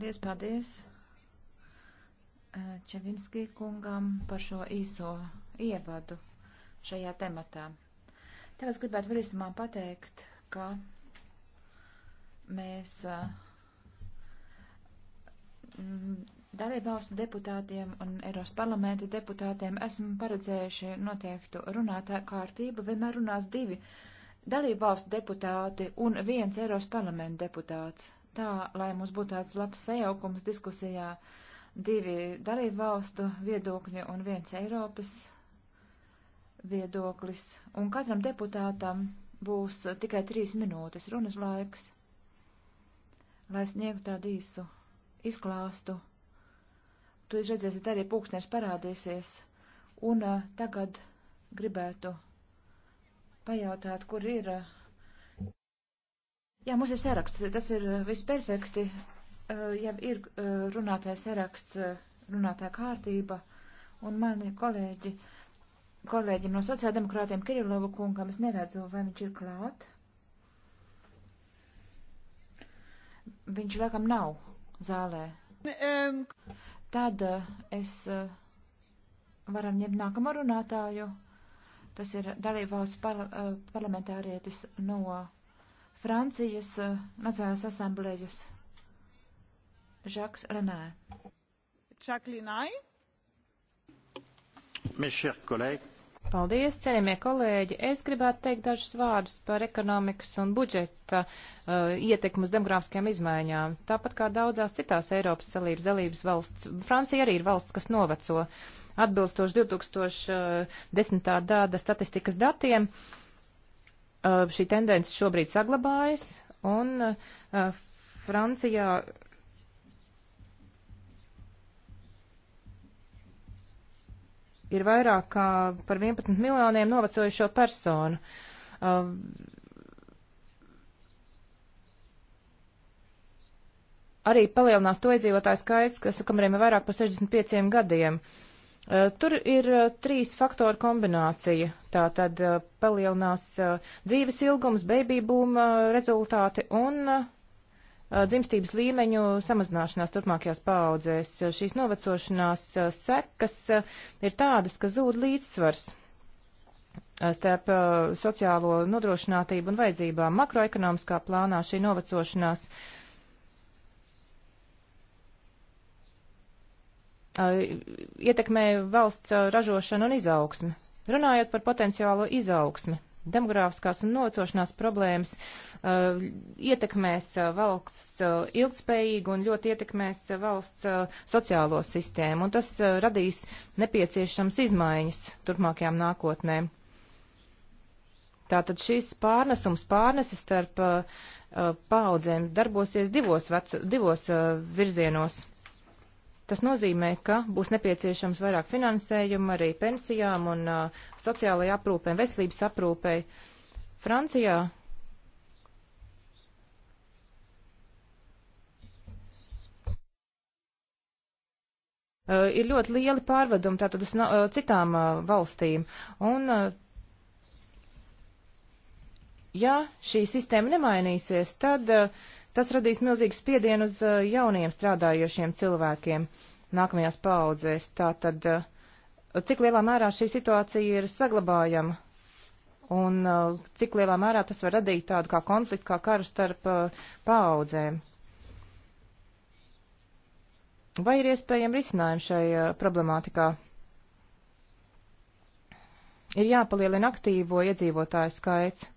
Lies paldies eh, Čevinskī kungam par šo īso ievadu šajā tematā. Tagad gribētu vēl īstumā pateikt, ka mēs uh, Mm, dalībvalstu deputātiem un Eiros parlamenta deputātiem esmu paredzējuši noteiktu runātā kārtību. Vienmēr runās divi dalībvalstu deputāti un viens Eiros parlamenta deputāts. Tā, lai mums būtu tāds labs sajaukums diskusijā, divi dalībvalstu viedokļi un viens Eiropas viedoklis. Un katram deputātam būs tikai trīs minūtes runas laiks, lai sniegtu tādu īsu izklāstu. Tu redzēsiet, arī pūkstnēs parādīsies. Un uh, tagad gribētu pajautāt, kur ir. Uh... Jā, mums ir saraksts, tas ir eh, viss perfekti. Uh, jau ir uh, runātāja saraksts, uh, runātāja kārtība, un mani kolēģi, kolēģi no sociāldemokrātiem Kirillovu kungam, es neredzu, vai viņš ir klāt. Viņš laikam nav zālē. Tad eh, es eh, varam ņemt nākamo runātāju. Tas ir dalībvalsts parla eh, parlamentārietis no Francijas mazās asamblējas. Žaks Renē. Čaklinai. Mes chers collègues, Paldies, cienījamie kolēģi. Es gribētu teikt dažus vārdus par ekonomikas un budžeta uh, ietekmas demografiskajām izmaiņām. Tāpat kā daudzās citās Eiropas salības dalības valsts, Francija arī ir valsts, kas noveco. Atbilstoši 2010. gada statistikas datiem, uh, šī tendence šobrīd saglabājas, un uh, Francijā ir vairāk kā par 11 miljoniem novecojušo personu. Um, arī palielinās to iedzīvotāju skaits, kas, kamriem ir vairāk par 65 gadiem. Uh, tur ir uh, trīs faktoru kombinācija. Tā tad uh, palielinās uh, dzīves ilgums, baby boom uh, rezultāti un uh, Uh, dzimstības līmeņu samazināšanās turpmākajās paaudzēs. Šīs novecošanās uh, sekas uh, ir tādas, ka zūd līdzsvars starp sociālo nodrošinātību un vajadzībām. Makroekonomiskā plānā šī novecošanās ietekmē valsts ražošanu un izaugsmi. Runājot par potenciālo izaugsmi, demogrāfiskās un nocošanās problēmas uh, ietekmēs uh, valsts uh, ilgspējīgu un ļoti ietekmēs uh, valsts uh, sociālo sistēmu, un tas uh, radīs nepieciešams izmaiņas turpmākajām nākotnēm. Tātad šīs pārnesums pārneses starp paudzēm darbosies divos, vecu, divos virzienos. Tas nozīmē, ka būs nepieciešams vairāk finansējuma arī pensijām un uh, sociālajai aprūpē, veselības aprūpē. Francijā uh, ir ļoti lieli pārvedumi tātad uz uh, citām uh, valstīm. Un, uh, ja šī sistēma nemainīsies, tad uh, Tas radīs milzīgu spiedienu uz eh, jauniem strādājošiem cilvēkiem nākamajās paudzēs. Tātad, eh, cik lielā mērā šī situācija ir saglabājama un eh, cik lielā mērā tas var radīt tādu kā konfliktu, kā karu starp paudzēm? Vai ir iespējami risinājumi šai problemātikā? Ir jāpalielina aktīvo iedzīvotāju skaits.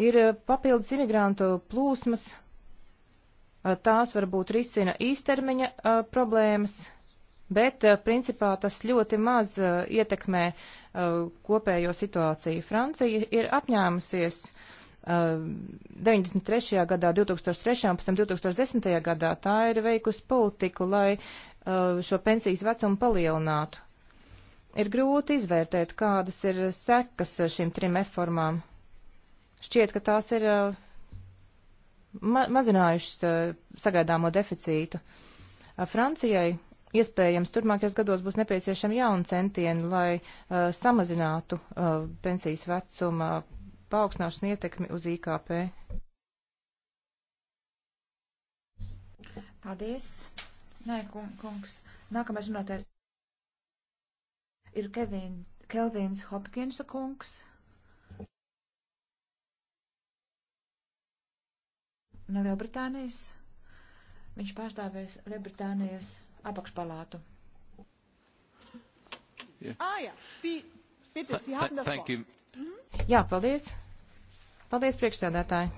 Ir eh, papildus imigrantu plūsmas, eh, tās varbūt risina īstermiņa a, eh, problēmas, bet a, principā tas ļoti maz a, ietekmē kopējo situāciju. Francija ir apņēmusies 93. gadā, 2003. un pēc tam 2010. gadā tā ir veikusi politiku, lai šo pensijas vecumu palielinātu. Ir grūti izvērtēt, kādas ir sekas šīm trim reformām Šķiet, ka tās ir uh, ma mazinājušas uh, sagaidāmo deficītu. Uh, Francijai iespējams turpmākajos gados būs nepieciešami jauni centieni, lai uh, samazinātu uh, pensijas vecuma paaugstināšanu ietekmi uz IKP. Paldies. Nē, kungs. Nākamais runātais ir Kevin, Kelvins Hopkinsa kungs. no Lielbritānijas. Viņš pārstāvēs Lielbritānijas apakšpalātu. Yeah. Ah, jā, Bitte, Sie haben das Wort. Jā, paldies. Paldies, priekšsēdētāji.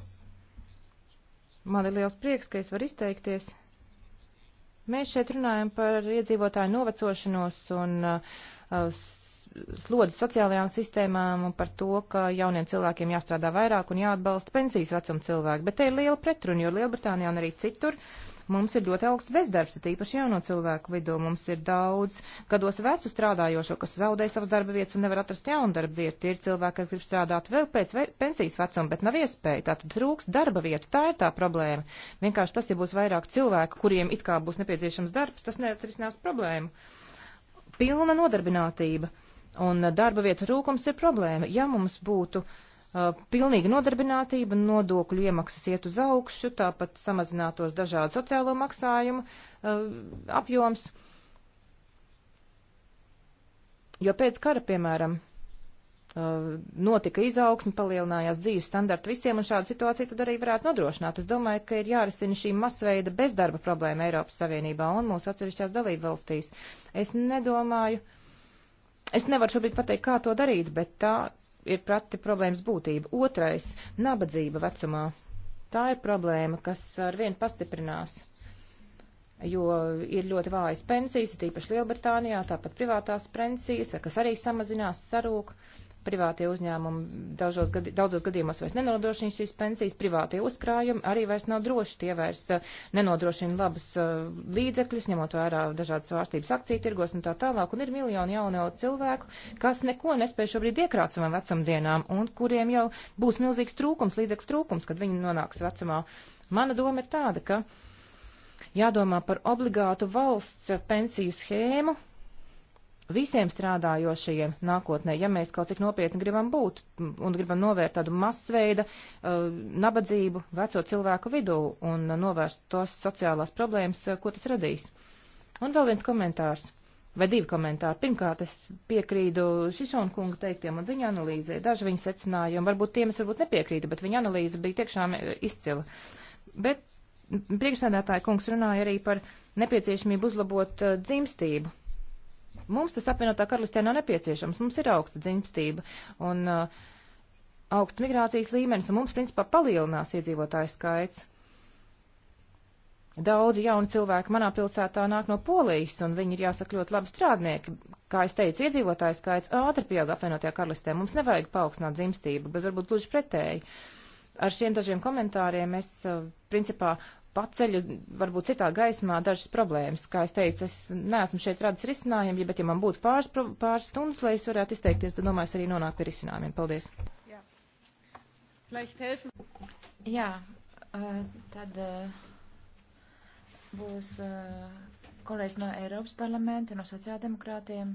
Man ir liels prieks, ka es varu izteikties. Mēs šeit runājam par iedzīvotāju novecošanos un uh, slodzi sociālajām sistēmām un par to, ka jauniem cilvēkiem jāstrādā vairāk un jāatbalsta pensijas vecuma cilvēki. Bet te ir liela pretruna, jo Lielbritānijā un arī citur mums ir ļoti augsts bezdarbs, tīpaši jauno cilvēku vidū. Mums ir daudz gados vecu strādājošo, kas zaudē savas darba vietas un nevar atrast jaunu darba vietu. Ir cilvēki, kas grib strādāt vēl pēc pensijas vecuma, bet nav iespēja. Tātad trūks darba vietu. Tā ir tā problēma. Vienkārši tas, ja būs vairāk cilvēku, kuriem it kā būs nepieciešams darbs, tas neatrisinās problēmu. Pilna nodarbinātība Un uh, darba vietu trūkums ir problēma. Ja mums būtu uh, pilnīga nodarbinātība, nodokļu iemaksas iet uz augšu, tāpat samazinātos dažādu sociālo maksājumu uh, apjoms. Jo pēc kara, piemēram, uh, notika izaugsme, palielinājās dzīves standarti visiem, un šādu situāciju tad arī varētu nodrošināt. Es domāju, ka ir jārisina šī masveida bezdarba problēma Eiropas Savienībā un mūsu atsevišķās dalību valstīs. Es nedomāju, uh, Es nevaru šobrīd pateikt, kā to darīt, bet tā ir prati problēmas būtība. Otrais - nabadzība vecumā. Tā ir problēma, kas ar vienu pastiprinās, jo ir ļoti vājas pensijas, tīpaši Lielbritānijā, tāpat privātās pensijas, kas arī samazinās sarūk. Uh, privātie uzņēmumi daudzos, gadi, daudzos gadījumos vairs nenodrošina šīs pensijas, privātie uzkrājumi arī vairs nav droši, tie vairs eh, nenodrošina labus eh, līdzekļus, ņemot vērā dažādas svārstības akciju tirgos un tā tālāk, un ir miljoni jauno cilvēku, kas neko nespēja šobrīd iekrāt savam vecumdienām, un kuriem jau būs milzīgs trūkums, līdzekļu trūkums, kad viņi nonāks vecumā. Mana doma ir tāda, ka jādomā par obligātu valsts pensiju schēmu, visiem strādājošajiem nākotnē, ja mēs kaut cik nopietni gribam būt un gribam novērt tādu masveida uh, nabadzību veco cilvēku vidū un novērst tos sociālās problēmas, eh, ko tas radīs. Un vēl viens komentārs. Vai divi komentāri. Pirmkārt, es piekrītu Šišona kunga teiktiem un viņa analīzē. Daži viņa secinājumi, varbūt tiem es varbūt nepiekrītu, bet viņa analīze bija tiešām eh, izcila. Bet priekšsēdētāja kungs runāja arī par nepieciešamību uzlabot uh, dzimstību Mums tas apvienotā karalistē nav nepieciešams. Mums ir augsta dzimstība un uh, augsts migrācijas līmenis, un mums, principā, palielinās iedzīvotāju skaits. Daudzi jauni cilvēki manā pilsētā nāk no Polijas, un viņi ir jāsaka ļoti labi strādnieki. Kā es teicu, iedzīvotāju skaits ātri pieaug apvienotajā karalistē. Mums nevajag paaugstināt dzimstību, bet varbūt gluži pretēji. Ar šiem dažiem komentāriem es, uh, principā, paceļu varbūt citā gaismā dažas problēmas. Kā es teicu, es neesmu šeit radis risinājumu, bet ja man būtu pāris, pāris stundas, lai es varētu izteikties, tad domāju, es arī nonāku pie risinājumiem. Paldies. Jā, eh, tad eh, būs eh, kolēģis no Eiropas parlamenta, no sociāldemokrātiem.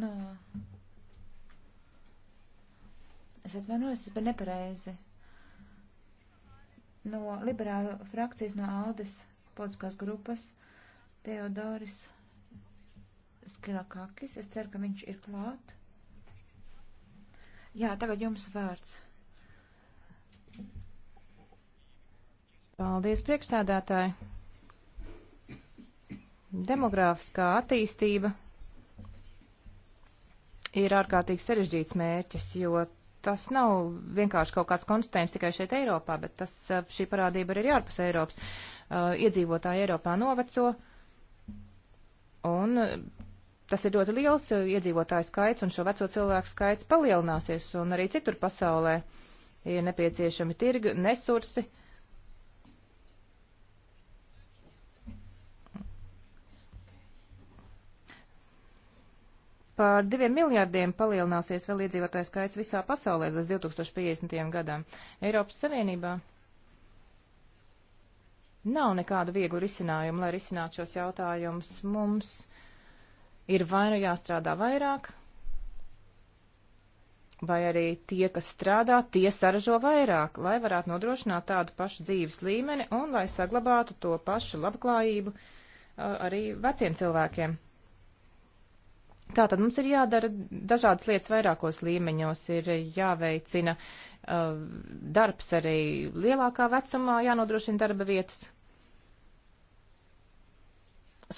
No. Nu, es atvainojos, es biju nepareizi no liberāla frakcijas no Aldes politiskās grupas Teodoris Skilakakis. Es ceru, ka viņš ir klāt. Jā, tagad jums vārds. Paldies, priekšsēdētāji. Demogrāfiskā attīstība ir ārkārtīgi sarežģīts mērķis, jo tas nav vienkārši kaut kāds konstatējums tikai šeit Eiropā, bet tas, šī parādība ir arī ārpus Eiropas. Uh, iedzīvotāji Eiropā noveco, un tas ir ļoti liels iedzīvotāju skaits, un šo veco cilvēku skaits palielināsies, un arī citur pasaulē ir nepieciešami tirgi, resursi, Par diviem miljārdiem palielināsies vēl iedzīvotāju skaits visā pasaulē līdz 2050. gadam. Eiropas Savienībā nav nekādu vieglu risinājumu, lai risinātu šos jautājumus. Mums ir vai nu jāstrādā vairāk, vai arī tie, kas strādā, tie saražo vairāk, lai varētu nodrošināt tādu pašu dzīves līmeni un lai saglabātu to pašu labklājību uh, arī veciem cilvēkiem. Tātad mums ir jādara dažādas lietas vairākos līmeņos, ir jāveicina uh, darbs arī lielākā vecumā, jānodrošina darba vietas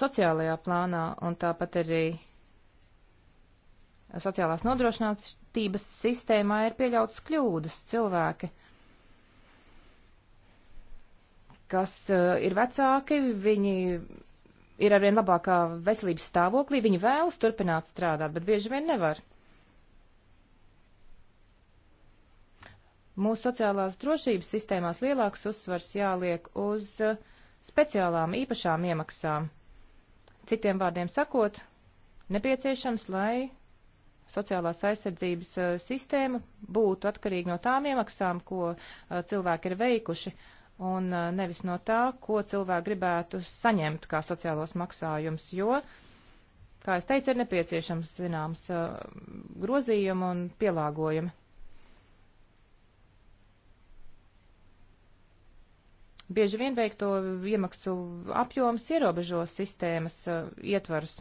sociālajā plānā un tāpat arī sociālās nodrošinātības sistēmā ir pieļautas kļūdas cilvēki, kas uh, ir vecāki, viņi ir arvien labākā veselības stāvoklī, viņi vēlas turpināt strādāt, bet bieži vien nevar. Mūsu sociālās drošības sistēmās lielāks uzsvars jāliek uz uh, speciālām īpašām iemaksām. Citiem vārdiem sakot, nepieciešams, lai sociālās aizsardzības uh, sistēma būtu atkarīga no tām iemaksām, ko uh, cilvēki ir veikuši un uh, nevis no tā, ko cilvēki gribētu saņemt kā sociālos maksājumus, jo, kā es teicu, ir nepieciešams zināms uh, grozījumi un pielāgojumi. Bieži vien veikto iemaksu apjoms ierobežo sistēmas uh, ietvarus.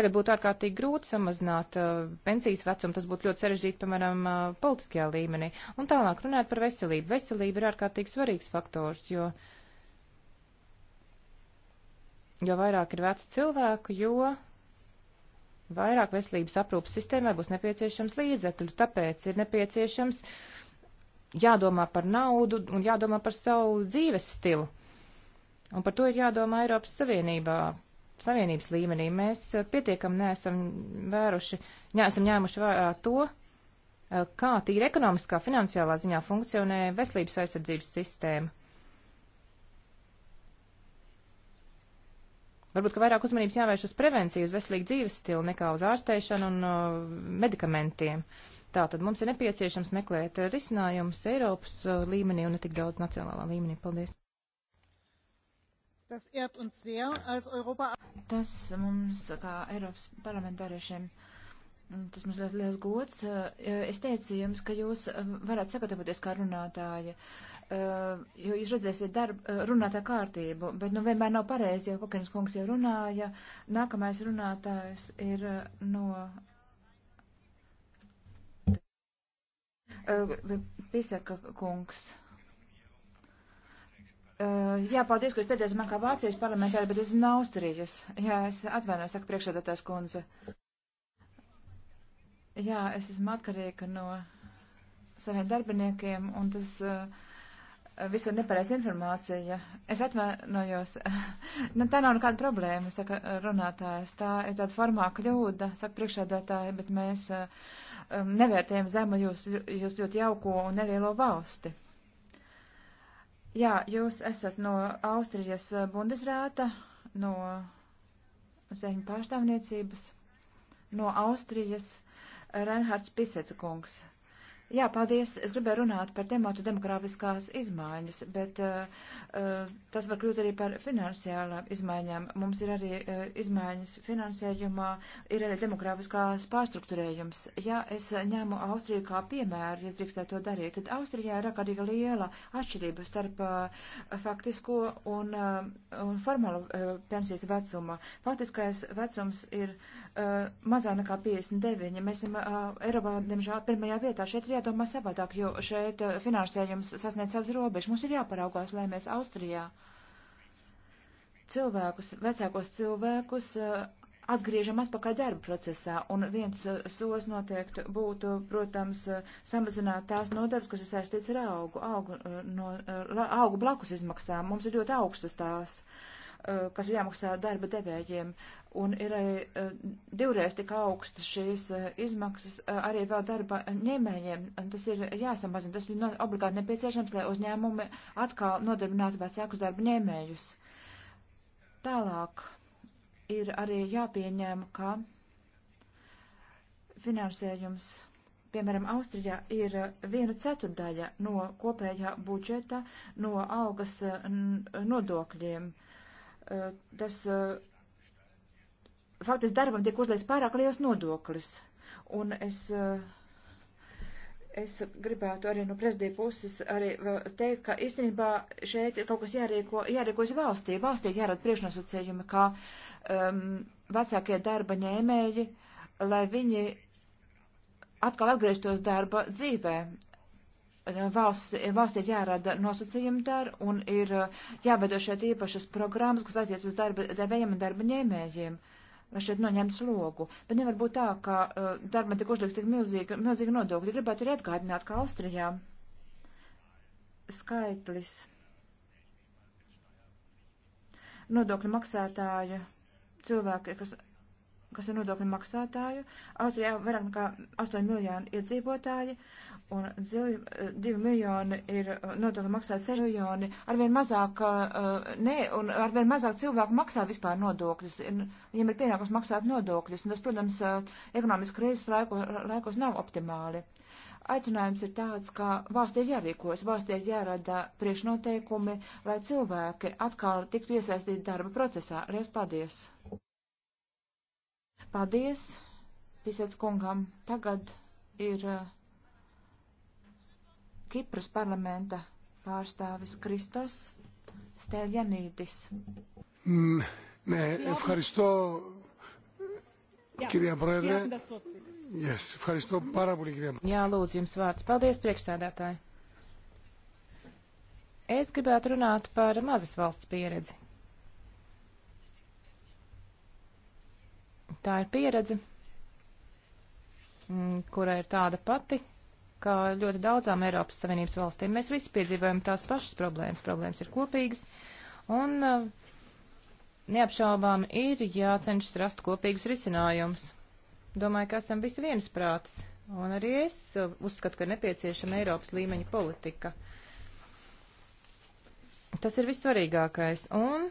Tagad būtu ārkārtīgi grūti samazināt uh, pensijas vecumu, tas būtu ļoti sarežģīti, piemēram, uh, politiskajā līmenī. Un tālāk runājot par veselību. Veselība ir ārkārtīgi svarīgs faktors, jo, jo vairāk ir vecu cilvēku, jo vairāk veselības aprūpas sistēmai būs nepieciešams līdzekļu, tāpēc ir nepieciešams jādomā par naudu un jādomā par savu dzīves stilu. Un par to ir jādomā Eiropas Savienībā, Savienības līmenī. Mēs eh, pietiekam neesam vēruši, neesam ņēmuši vērā to, eh, kā tīri ekonomiskā, finansiālā ziņā funkcionē veselības aizsardzības sistēma. Varbūt, ka vairāk uzmanības jāvērš uz prevenciju, uz veselīgu dzīves stilu, nekā uz ārsteišanu un uh, medikamentiem. Tātad mums ir nepieciešams meklēt risinājumus Eiropas uh, līmenī un ne tik daudz nacionālā līmenī. Paldies! Tas ehrt uns sehr als Europa. Tas mums, kā Eiropas parlamentāriešiem, tas mums ļoti liels gods. Eh, es teicu jums, ka jūs eh, varat sagatavoties kā runātāji, eh, jo jūs redzēsiet darbu runātā kārtību, bet nu vienmēr nav pareizi, jo Kokenis kungs jau runāja. Nākamais runātājs ir no Pisaka kungs. Eh, jā, paldies, ka jūs pēdējais man kā Vācijas parlamentāri, bet es zinu Austrijas. Jā, es atvainojos, saka priekšsēdētājs kundze. Jā, es esmu atkarīga no saviem darbiniekiem, un tas uh, eh, visur nepareiz informācija. Es atvainojos. nu, tā nav nekāda problēma, saka runātājs. Tā ir tāda formā kļūda, saka priekšsēdētāji, bet mēs uh, nevērtējam zemu jūs, jūs ļoti jauko un nelielo valsti. Jā, jūs esat no Austrijas eh, Bundesrāta, no Zemju pārstāvniecības, no Austrijas Reinhards Pisec kungs. Jā, paldies. Es gribēju runāt par tematu demografiskās izmaiņas, bet uh, uh, tas var kļūt arī par finansiālām izmaiņām. Mums ir arī uh, izmaiņas finansējumā, ir arī demografiskās pārstruktūrējums. Ja es ņēmu Austriju kā piemēru, ja es drīkstēju to darīt, tad Austrijā ir ārkārtīgi liela atšķirība starp uh, faktisko un, uh, un formālu uh, pensijas vecumu. Faktiskais vecums ir uh, mazāk nekā 59. Mēs esam uh, Eiropā, diemžēl, pirmajā vietā. Šeit ir jādomā savādāk, jo šeit uh, finansējums sasniedz savas robežas. Mums ir jāparaugās, lai mēs Austrijā cilvēkus, vecākos cilvēkus uh, atgriežam atpakaļ darba procesā. Un viens uh, solis noteikti būtu, protams, uh, samazināt tās nodaļas, kas ir saistīts ar augu, augu, uh, no, uh, augu blakus izmaksām. Mums ir ļoti augstas tās. Uh, Eh, kas jāmaksā darba devējiem. Un ir arī eh, divreiz tik augstas šīs eh, izmaksas arī vēl darba ņēmējiem. Tas ir jāsamazina, tas ir obligāti nepieciešams, lai uzņēmumi atkal nodarbinātu vecākus darba ņēmējus. Tālāk ir arī jāpieņem, ka finansējums, piemēram, Austrijā ir viena ceturdaļa no kopējā budžeta no algas nodokļiem. Uh, Eh, tas eh, faktiski darbam tiek uzliekts pārāk liels nodoklis. Un es, eh, es gribētu arī no prezidija puses arī teikt, ka īstenībā šeit ir kaut kas jārīko, jārīkojas valstī. Valstī jārada priekšnosacījumi, kā um, ehm, vecākie darba ņēmēji, lai viņi atkal atgrieztos darba dzīvē. Eh, valsts, eh, valsts ir jārada nosacījumi dar un ir eh, jāveido šeit īpašas programmas, kas attiec uz darba devējiem un darba ņēmējiem. Lai šeit noņemt slogu. Bet nevar būt tā, ka uh, darba tik uzliks tik milzīgi, milzīgi nodokļi. Gribētu arī atgādināt, ka Austrijā skaitlis nodokļu maksātāju cilvēki, kas kas ir nodokļu maksātāju. Austrijā vairāk nekā 8 miljoni iedzīvotāji. Uh, un dzil, eh, divi miljoni ir eh, nodokļu maksāti 6 miljoni, arvien mazāk, uh, ne, un arvien mazāk cilvēku maksā vispār nodokļus, viņiem ir pienākums maksāt nodokļus, un tas, protams, ekonomiskas krīzes laiko, laikos nav optimāli. Aicinājums ir tāds, ka valstī ir jārīkojas, valstī ir jārada priekšnoteikumi, lai cilvēki atkal tiktu iesaistīti darba procesā. Lies paldies! Paldies, Pisets kungam! Tagad ir. Uh, Kipras parlamenta pārstāvis Kristos Steljanītis. Mm, nē, ευχαριστώ, κυρία Πρόεδρε. Yes, ευχαριστώ πάρα πολύ, κυρία Πρόεδρε. Jā, lūdzu, jums vārds. Paldies, priekšstādātāji. Es gribētu runāt par mazas valsts pieredzi. Tā ir pieredze, mm, kura ir tāda pati, kā ļoti daudzām Eiropas Savienības valstīm. Mēs visi piedzīvojam tās pašas problēmas. Problēmas ir kopīgas un uh, neapšaubām ir jācenšas rast kopīgus risinājumus. Domāju, ka esam visi viensprātis. Un arī es uh, uzskatu, ka nepieciešama Eiropas līmeņa politika. Tas ir vissvarīgākais. Un,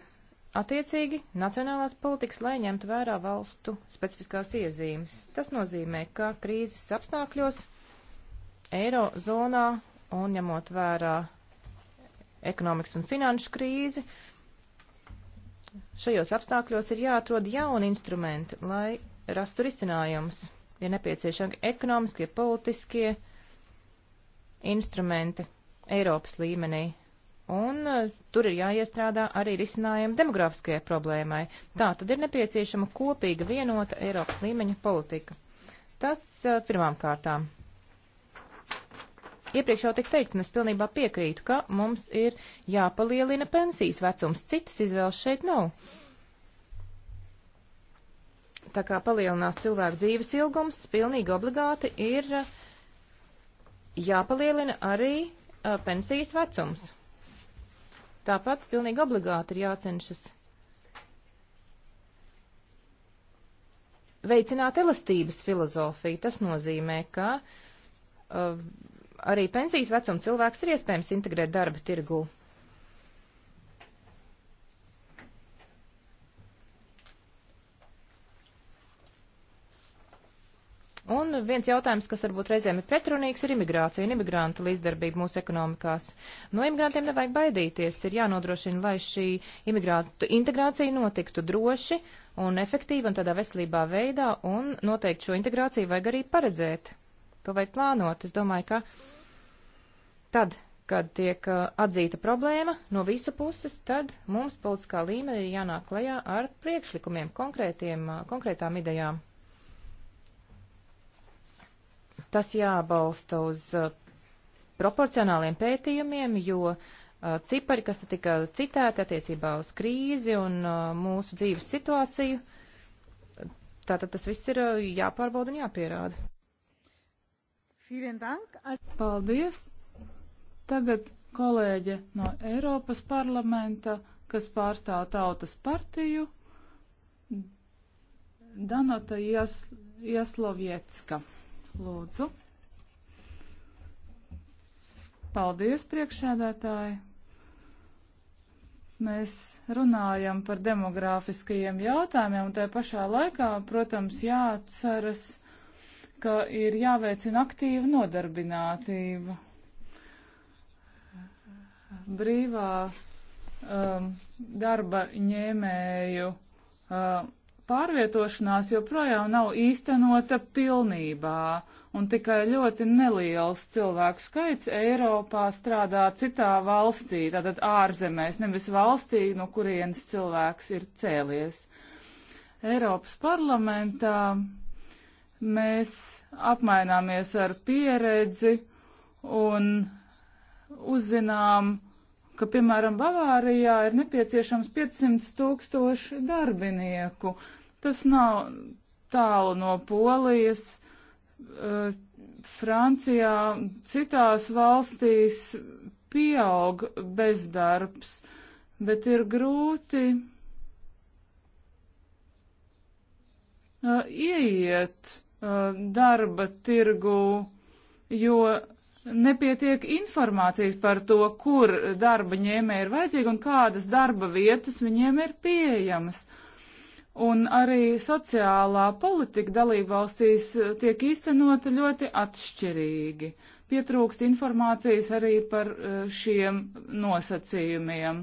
attiecīgi, nacionālās politikas, lai ņemtu vērā valstu specifiskās iezīmes. Tas nozīmē, ka krīzes apstākļos eirozonā un ņemot vērā ekonomikas un finanšu krīzi, šajos apstākļos ir jāatrod jauni instrumenti, lai rastu risinājumus. Ir nepieciešami ekonomiskie, politiskie instrumenti Eiropas līmenī. Un eh, tur ir jāiestrādā arī risinājumi demografiskajai problēmai. Tā tad ir nepieciešama kopīga vienota Eiropas līmeņa politika. Tas eh, pirmām kārtām. Iepriekš jau tik teikt, un es pilnībā piekrītu, ka mums ir jāpalielina pensijas vecums. Citas izvēles šeit nav. Tā kā palielinās cilvēku dzīves ilgums, pilnīgi obligāti ir eh, jāpalielina arī uh, pensijas vecums. Tāpat pilnīgi obligāti ir jācenšas veicināt elastības filozofiju. Tas nozīmē, ka uh, arī pensijas vecuma cilvēks ir iespējams integrēt darba tirgū. Un viens jautājums, kas varbūt reizēm ir pretrunīgs, ir imigrācija un imigranta līdzdarbība mūsu ekonomikās. No imigrantiem nevajag baidīties, ir jānodrošina, lai šī imigrāta integrācija notiktu droši un efektīvi un tādā veselībā veidā, un noteikti šo integrāciju vajag arī paredzēt to vajag plānot. Es domāju, ka tad, kad tiek uh, atzīta problēma no visu puses, tad mums politiskā līmenī ir jānāk klajā ar priekšlikumiem, uh, konkrētām idejām. Tas jābalsta uz uh, proporcionāliem pētījumiem, jo cipari, kas te tika citēti attiecībā uz krīzi un mūsu dzīves situāciju, tātad tas viss ir jāpārbauda un jāpierāda. Paldies! Tagad kolēģe no Eiropas parlamenta, kas pārstāv Tautas partiju, Danata Jas Jasloviecka. Lūdzu. Paldies, priekšsēdētāji! Mēs runājam par demogrāfiskajiem jautājumiem, un tajā pašā laikā, protams, jāatceras ka ir jāveicina aktīva nodarbinātība. Brīvā um, darba ņēmēju um, pārvietošanās joprojām nav īstenota pilnībā, un tikai ļoti neliels cilvēku skaits Eiropā strādā citā valstī, tātad ārzemēs, nevis valstī, no kurienes cilvēks ir cēlies. Eiropas parlamentā mēs apmaināmies ar pieredzi un uzzinām, ka, piemēram, Bavārijā ir nepieciešams 500 tūkstoši darbinieku. Tas nav tālu no Polijas. Eh, Francijā, citās valstīs pieaug bezdarbs, bet ir grūti eh, ieiet Uh, darba tirgu, jo nepietiek informācijas par to, kur darba ņēmē ir vajadzīga un kādas darba vietas viņiem ir pieejamas. Un arī sociālā politika dalībvalstīs tiek īstenota ļoti atšķirīgi. Pietrūkst informācijas arī par uh, šiem nosacījumiem.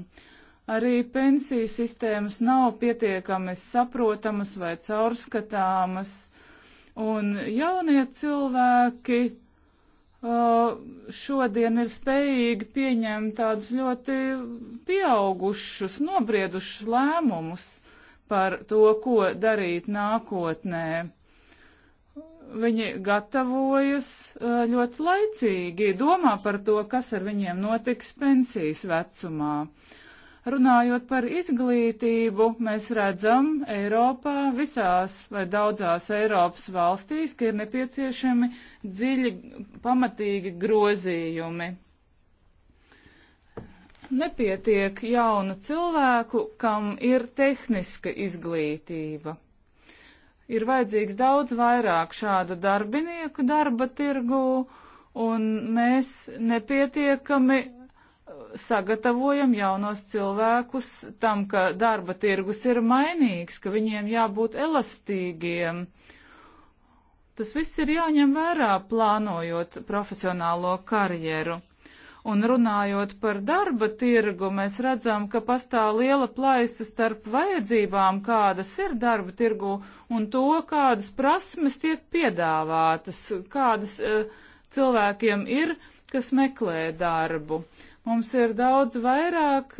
Arī pensiju sistēmas nav pietiekamas saprotamas vai caurskatāmas Un jaunie cilvēki uh, šodien ir spējīgi pieņemt tādus ļoti pieaugušus, nobriedušus lēmumus par to, ko darīt nākotnē viņi gatavojas ļoti laicīgi, domā par to, kas ar viņiem notiks pensijas vecumā. Runājot par izglītību, mēs redzam Eiropā visās vai daudzās Eiropas valstīs, ka ir nepieciešami dziļi, pamatīgi grozījumi. Nepietiek jaunu cilvēku, kam ir tehniska izglītība. Ir vajadzīgs daudz vairāk šādu darbinieku darba tirgū, un mēs nepietiekami sagatavojam jaunos cilvēkus tam, ka darba tirgus ir mainīgs, ka viņiem jābūt elastīgiem. Tas viss ir jāņem vērā, plānojot profesionālo karjeru. Un runājot par darba tirgu, mēs redzam, ka pastāv liela plaisa starp vajadzībām, kādas ir darba tirgu, un to, kādas prasmes tiek piedāvātas, kādas uh, cilvēkiem ir, kas meklē darbu. Mums ir daudz vairāk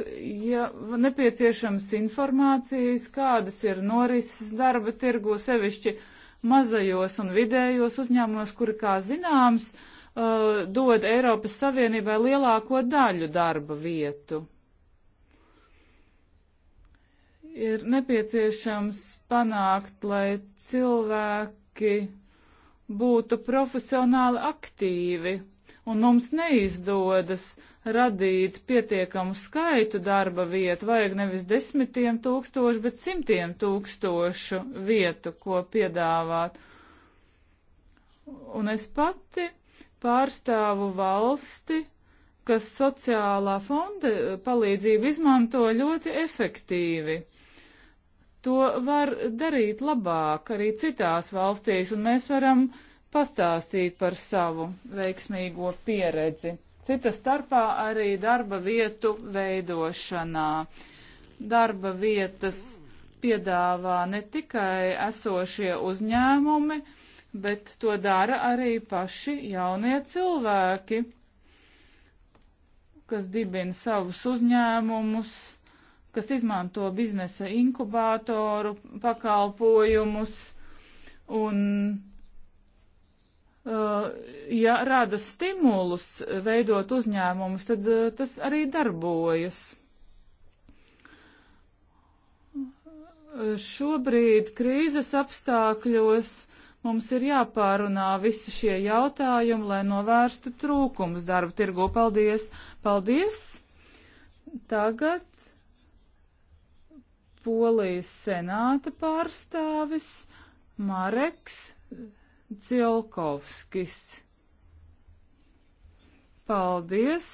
ja nepieciešams informācijas, kādas ir norises darba tirgu, sevišķi mazajos un vidējos uzņēmumos, kuri, kā zināms, uh, dod Eiropas Savienībai lielāko daļu darba vietu. Ir nepieciešams panākt, lai cilvēki būtu profesionāli aktīvi, un mums neizdodas uh, radīt pietiekamu skaitu darba vietu, vajag nevis desmitiem tūkstošu, bet simtiem tūkstošu vietu, ko piedāvāt. Un es pati pārstāvu valsti, kas sociālā fonda palīdzību izmanto ļoti efektīvi. To var darīt labāk arī citās valstīs, un mēs varam pastāstīt par savu veiksmīgo pieredzi cita starpā arī darba vietu veidošanā. Darba vietas piedāvā ne tikai esošie uzņēmumi, bet to dara arī paši jaunie cilvēki, kas dibina savus uzņēmumus, kas izmanto biznesa inkubātoru pakalpojumus un Uh, ja rada stimulus veidot uzņēmumus, tad uh, tas arī darbojas. Šobrīd krīzes apstākļos mums ir jāpārunā visi šie jautājumi, lai novērstu trūkumus darba tirgu. Paldies! Paldies! Tagad Polijas senāta pārstāvis Mareks Dzilkovskis. Paldies!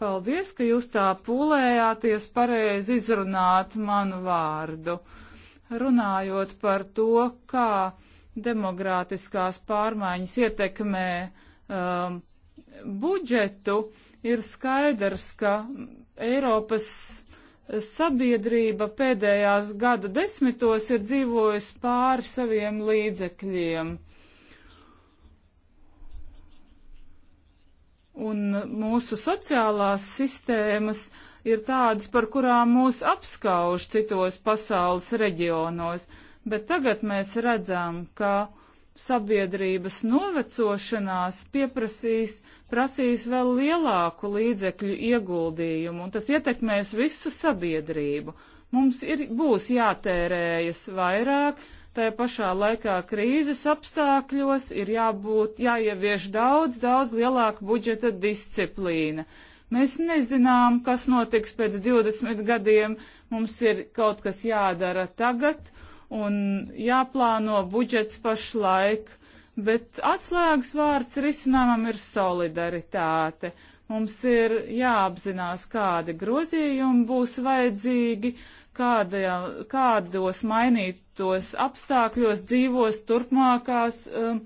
Paldies, ka jūs tā pūlējāties pareizi izrunāt manu vārdu. Runājot par to, kā demokrātiskās pārmaiņas ietekmē um, budžetu, ir skaidrs, ka Eiropas sabiedrība pēdējās gadu desmitos ir dzīvojusi pāri saviem līdzekļiem. Un mūsu sociālās sistēmas ir tādas, par kurām mūs apskauž citos pasaules reģionos, bet tagad mēs redzam, ka sabiedrības novecošanās pieprasīs, prasīs vēl lielāku līdzekļu ieguldījumu, un tas ietekmēs visu sabiedrību. Mums ir, būs jātērējas vairāk, Tā pašā laikā krīzes apstākļos ir jābūt, jāievieš daudz, daudz lielāka budžeta disciplīna. Mēs nezinām, kas notiks pēc 20 gadiem, mums ir kaut kas jādara tagad un jāplāno budžets pašlaik, bet atslēgas vārds risinājumam ir solidaritāte. Mums ir jāapzinās, kādi grozījumi būs vajadzīgi, kāda, kādos mainīt tos apstākļos dzīvos turpmākās um,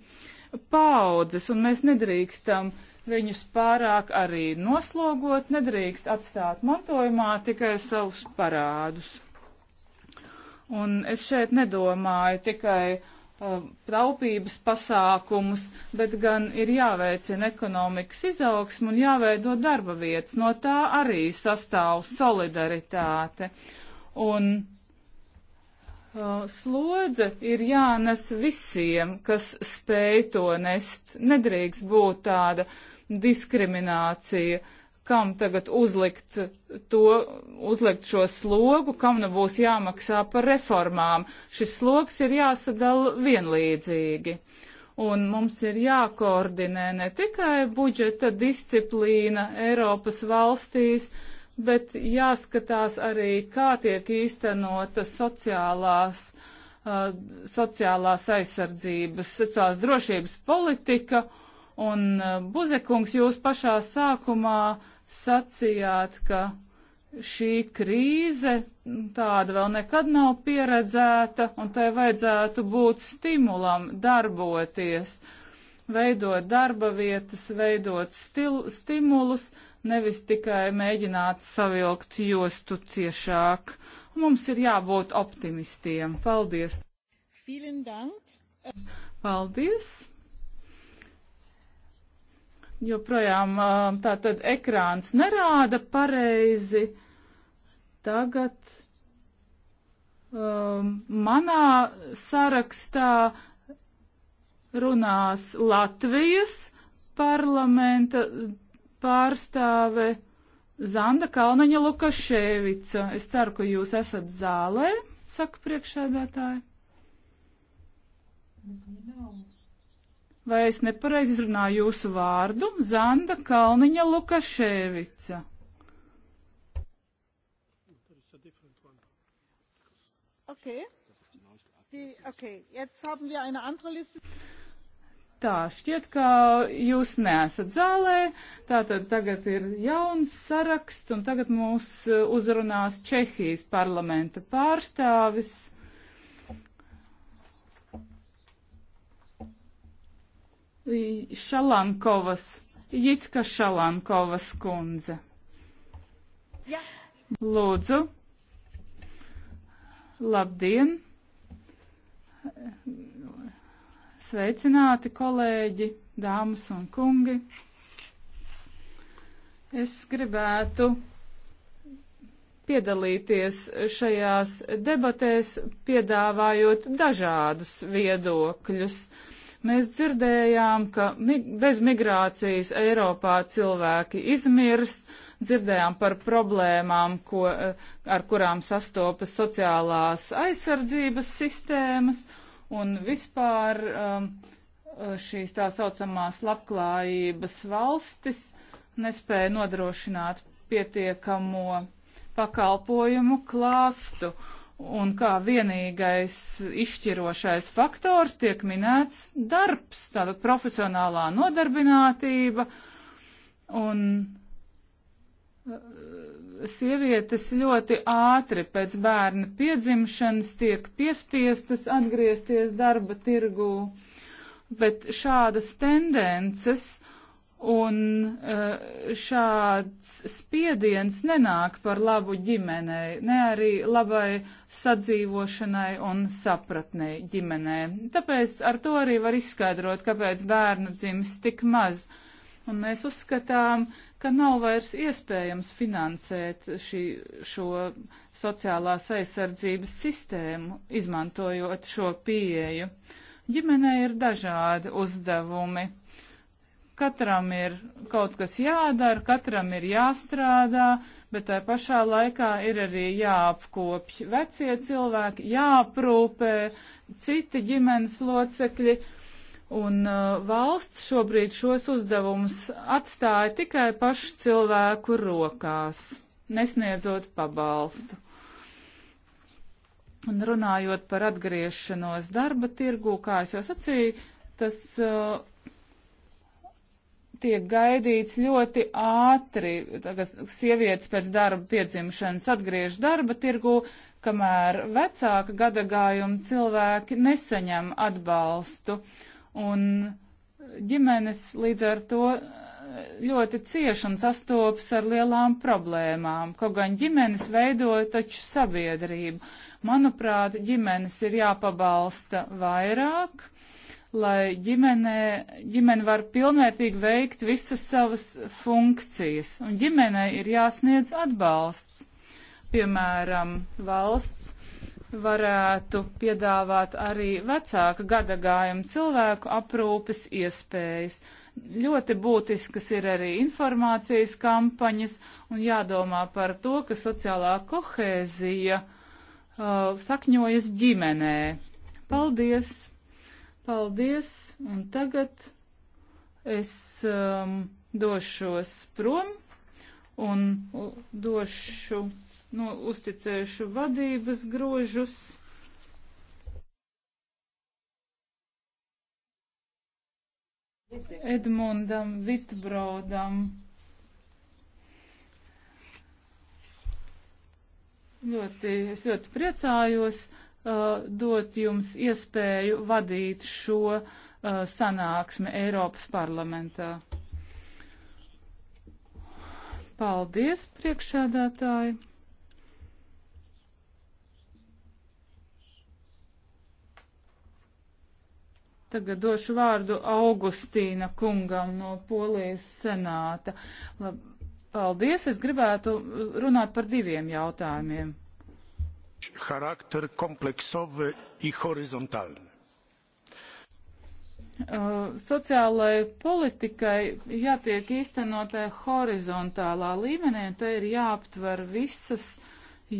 paaudzes, un mēs nedrīkstam viņus pārāk arī noslogot, nedrīkst atstāt mantojumā tikai savus parādus. Un es šeit nedomāju tikai uh, taupības pasākumus, bet gan ir jāveicina ekonomikas izaugsmu un jāveido darba vietas. No tā arī sastāv solidaritāte. Un Uh, slodze ir jānes visiem, kas spēj to nest. Nedrīkst būt tāda diskriminācija, kam tagad uzlikt, to, uzlikt šo slogu, kam nu būs jāmaksā par reformām. Šis slogs ir jāsadala vienlīdzīgi. Un mums ir jākoordinē ne tikai budžeta disciplīna Eiropas valstīs, bet jāskatās arī, kā tiek īstenota sociālās, uh, sociālās aizsardzības, sociālās drošības politika. Un uh, Buzekungs, jūs pašā sākumā sacījāt, ka šī krīze tāda vēl nekad nav pieredzēta, un tai vajadzētu būt stimulam darboties, veidot darba vietas, veidot stil, stimulus, uh, nevis tikai mēģināt savilkt jostu ciešāk. Mums ir jābūt optimistiem. Paldies! Paldies! Joprojām tā tad ekrāns nerāda pareizi. Tagad um, manā sarakstā runās Latvijas parlamenta pārstāve Zanda Kalnaņa Lukaševica. Es ceru, ka jūs esat zālē, saka priekšēdētāji. Vai es nepareizi izrunāju jūsu vārdu? Zanda Kalniņa Lukaševica. Okay. Die, okay, jetzt haben wir eine andere Liste. Tā šķiet, ka jūs nesat zālē, tātad tagad ir jauns saraksts, un tagad mūs uh, uzrunās Čehijas parlamenta pārstāvis. Šalankovas, Jitka Šalankovas kundze. Lūdzu. Labdien! Sveicināti, kolēģi, dāmas un kungi! Es gribētu piedalīties šajās debatēs, piedāvājot dažādus viedokļus. Mēs dzirdējām, ka mi bez migrācijas Eiropā cilvēki izmirs, dzirdējām par problēmām, ko, ar kurām sastopas sociālās aizsardzības sistēmas, un vispār um, šīs tā saucamās labklājības valstis nespēja nodrošināt pietiekamo pakalpojumu klāstu. Un kā vienīgais izšķirošais faktors tiek minēts darbs, tāda profesionālā nodarbinātība. Un sievietes ļoti ātri pēc bērna piedzimšanas tiek piespiestas atgriezties darba tirgū, bet šādas tendences un eh, šāds spiediens nenāk par labu ģimenei, ne arī labai sadzīvošanai un sapratnei ģimenē. Tāpēc ar to arī var izskaidrot, kāpēc bērnu dzims tik maz. Un mēs uzskatām, uh, ka nav vairs iespējams finansēt šī, šo sociālās aizsardzības sistēmu, izmantojot šo pieeju. Ģimenē ir dažādi uzdevumi. Katram ir kaut kas jādara, katram ir jāstrādā, bet tā pašā laikā ir arī jāapkopj vecie cilvēki, jāprūpē citi ģimenes locekļi Un uh, valsts šobrīd šos uzdevumus atstāja tikai pašu cilvēku rokās, nesniedzot pabalstu. Un runājot par atgriešanos darba tirgū, kā es jau sacīju, tas uh, tiek gaidīts ļoti ātri. Tagad sievietes pēc darba piedzimšanas atgriež darba tirgu, kamēr vecāka gadagājuma cilvēki nesaņem atbalstu. Uh, un ģimenes līdz ar to eh, ļoti cieši un sastopas ar lielām problēmām. Kaut gan ģimenes veido taču sabiedrību. Manuprāt, ģimenes ir jāpabalsta vairāk, lai ģimene, ģimene var pilnvērtīgi veikt visas savas funkcijas, un ģimenei ir jāsniedz atbalsts. Piemēram, valsts varētu piedāvāt arī vecāka gadagājuma cilvēku aprūpes iespējas. Ļoti būtiskas ir arī informācijas kampaņas un jādomā par to, ka sociālā kohēzija uh, sakņojas ģimenē. Paldies! Paldies! Un tagad es um, došos prom un došu no nu, uzticēšu vadības grožus. Edmundam Vitbrodam. Ļoti, es ļoti priecājos uh, dot jums iespēju vadīt šo uh, sanāksmi Eiropas parlamentā. Paldies, priekšsēdētāji! Tagad došu vārdu Augustīna kungam no Polijas senāta. Lab, paldies, es gribētu runāt par diviem jautājumiem. Charakter kompleksovi i horizontāli. Uh, sociālai politikai jātiek īstenotai horizontālā līmenī, un te ir jāaptver visas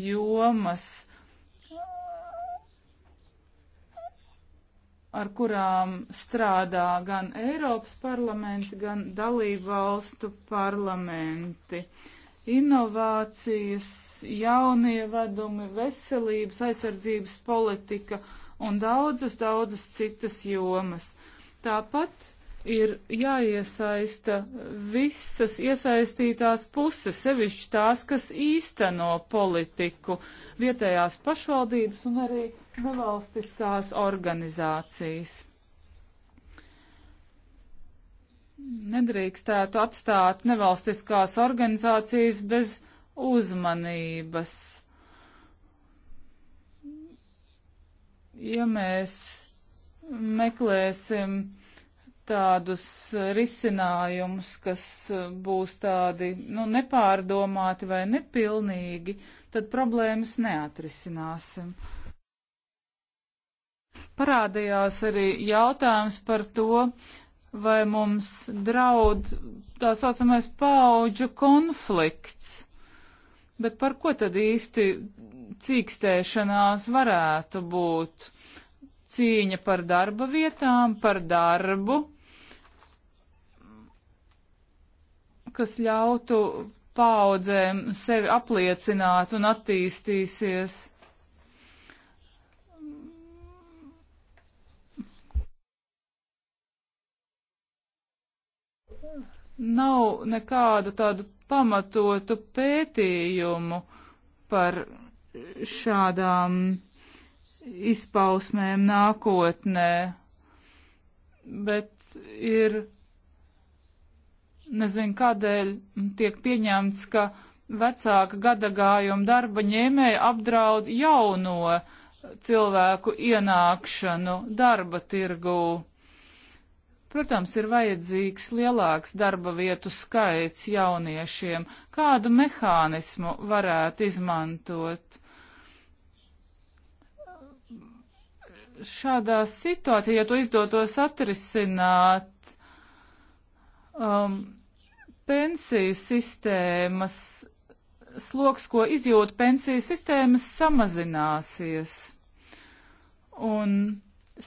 jomas. Uh, ar kurām strādā gan Eiropas parlamenti, gan dalībvalstu parlamenti. Inovācijas, jaunievedumi, veselības, aizsardzības politika un daudzas, daudzas citas jomas. Tāpat ir jāiesaista visas iesaistītās puses, sevišķi tās, kas īsteno politiku, vietējās pašvaldības un arī nevalstiskās organizācijas. Nedrīkstētu atstāt nevalstiskās organizācijas bez uzmanības. Ja mēs meklēsim tādus risinājumus, kas būs tādi nu, nepārdomāti vai nepilnīgi, tad problēmas neatrisināsim parādījās arī jautājums par to, vai mums draud tā saucamais paudžu konflikts. Bet par ko tad īsti cīkstēšanās varētu būt? Cīņa par darba vietām, par darbu, kas ļautu paudzēm sevi apliecināt un attīstīsies nav nekādu tādu pamatotu pētījumu par šādām izpausmēm nākotnē, bet ir, nezinu, kādēļ tiek pieņemts, ka vecāka gadagājuma darba ņēmēja apdraud jauno cilvēku ienākšanu darba tirgū. Protams, ir vajadzīgs lielāks darba vietu skaits jauniešiem. Kādu mehānismu varētu izmantot? Šādā situācijā, ja to izdotos atrisināt, um, pensiju sistēmas sloks, ko izjūt pensiju sistēmas, samazināsies. Un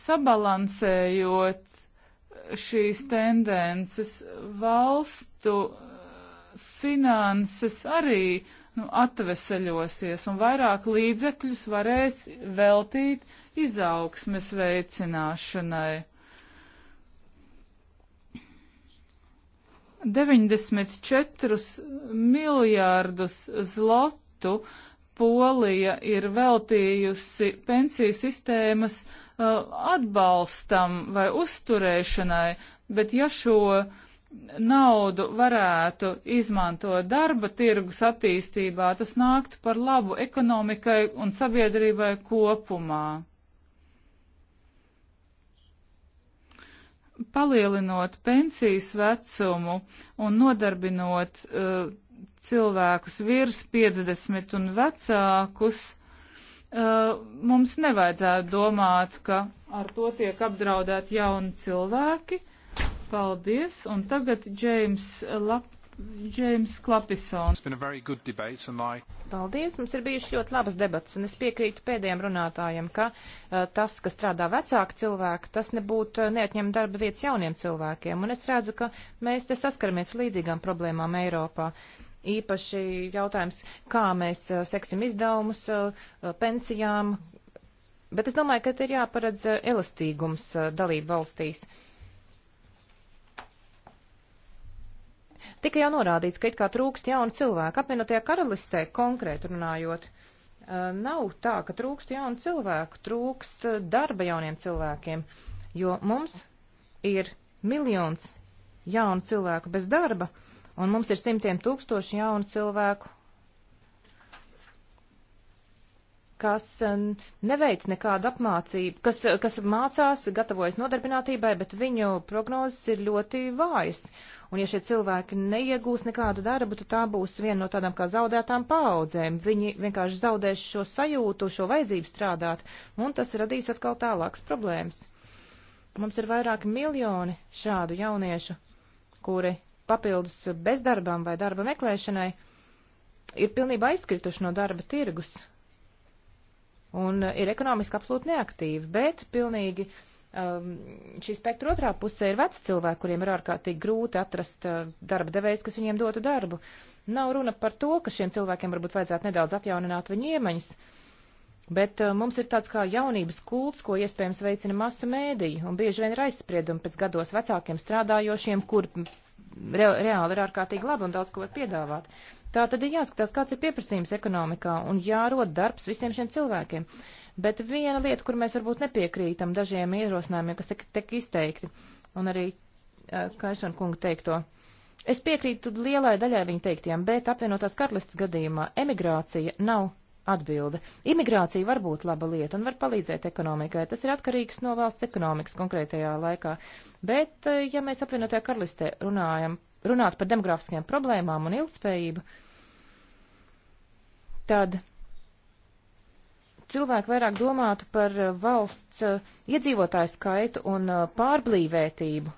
sabalansējot šīs tendences. Valstu eh, finanses arī nu, atveseļosies un vairāk līdzekļus varēs veltīt izaugsmes veicināšanai. 94 miljārdus zlotu Polija ir veltījusi pensiju sistēmas uh, atbalstam vai uzturēšanai, bet ja šo naudu varētu izmantot darba tirgus attīstībā, tas nāktu par labu ekonomikai un sabiedrībai kopumā. Palielinot pensijas vecumu un nodarbinot uh, cilvēkus virs 50 un vecākus, mums nevajadzētu domāt, ka ar to tiek apdraudēti jauni cilvēki. Paldies, un tagad Džeims Lap. Džeims Klapisons. Paldies, mums ir bijušas ļoti labas debats, un es piekrītu pēdējiem runātājiem, ka uh, tas, kas strādā vecāki cilvēki, tas nebūtu uh, neatņem darba vietas jauniem cilvēkiem, un es redzu, ka mēs te saskaramies līdzīgām problēmām Eiropā. Uh, īpaši jautājums, kā mēs seksim izdevumus pensijām, bet es domāju, ka te ir jāparedz elastīgums dalību valstīs. Tika jau norādīts, ka it kā trūkst jaunu cilvēku. Apvienotajā karalistē konkrēti runājot, nav tā, ka trūkst jaunu cilvēku, trūkst darba jauniem cilvēkiem, jo mums ir miljons jaunu cilvēku bez darba. Uh, Un mums ir simtiem tūkstoši jaunu cilvēku, kas neveic nekādu apmācību, kas, kas mācās, gatavojas nodarbinātībai, bet viņu prognozes ir ļoti vājas. Un ja šie cilvēki neiegūs nekādu darbu, tad tā būs viena no tādām kā zaudētām paudzēm. Viņi vienkārši zaudēs šo sajūtu, šo vajadzību strādāt, un tas radīs atkal tālākas problēmas. Mums ir vairāki miljoni šādu jauniešu, kuri papildus bezdarbam vai darba meklēšanai, ir pilnībā aizkrituši no darba tirgus un e, ir ekonomiski absolūti neaktīvi, bet pilnīgi um, šī spektra otrā pusē ir veci cilvēki, kuriem ir ārkārtīgi grūti atrast uh, darba devējs, kas viņiem dotu darbu. Nav runa par to, ka šiem cilvēkiem varbūt vajadzētu nedaudz atjaunināt viņu iemaņas, bet uh, mums ir tāds kā jaunības kults, ko iespējams veicina masu mēdīju, un bieži vien ir aizspriedumi pēc gados vecākiem strādājošiem, kur re, reāli ir ārkārtīgi laba un daudz ko var piedāvāt. Tā tad ir jāskatās, kāds ir pieprasījums ekonomikā un jārod darbs visiem šiem cilvēkiem. Bet viena lieta, kur mēs varbūt nepiekrītam dažiem ierosinājumiem, kas tiek, tiek izteikti, un arī uh, Kaišana kunga teikto. Es piekrītu lielai daļai viņa teiktiem, bet apvienotās karalistas gadījumā emigrācija nav Atbilde. Imigrācija var būt laba lieta un var palīdzēt ekonomikai. Tas ir atkarīgs no valsts ekonomikas konkrētajā laikā. Bet, eh, ja mēs apvienotajā karalistē runājam, runāt par demogrāfiskajām problēmām un ilgspējību, tad cilvēki vairāk domātu par eh, valsts eh, iedzīvotāju skaitu un pārblīvētību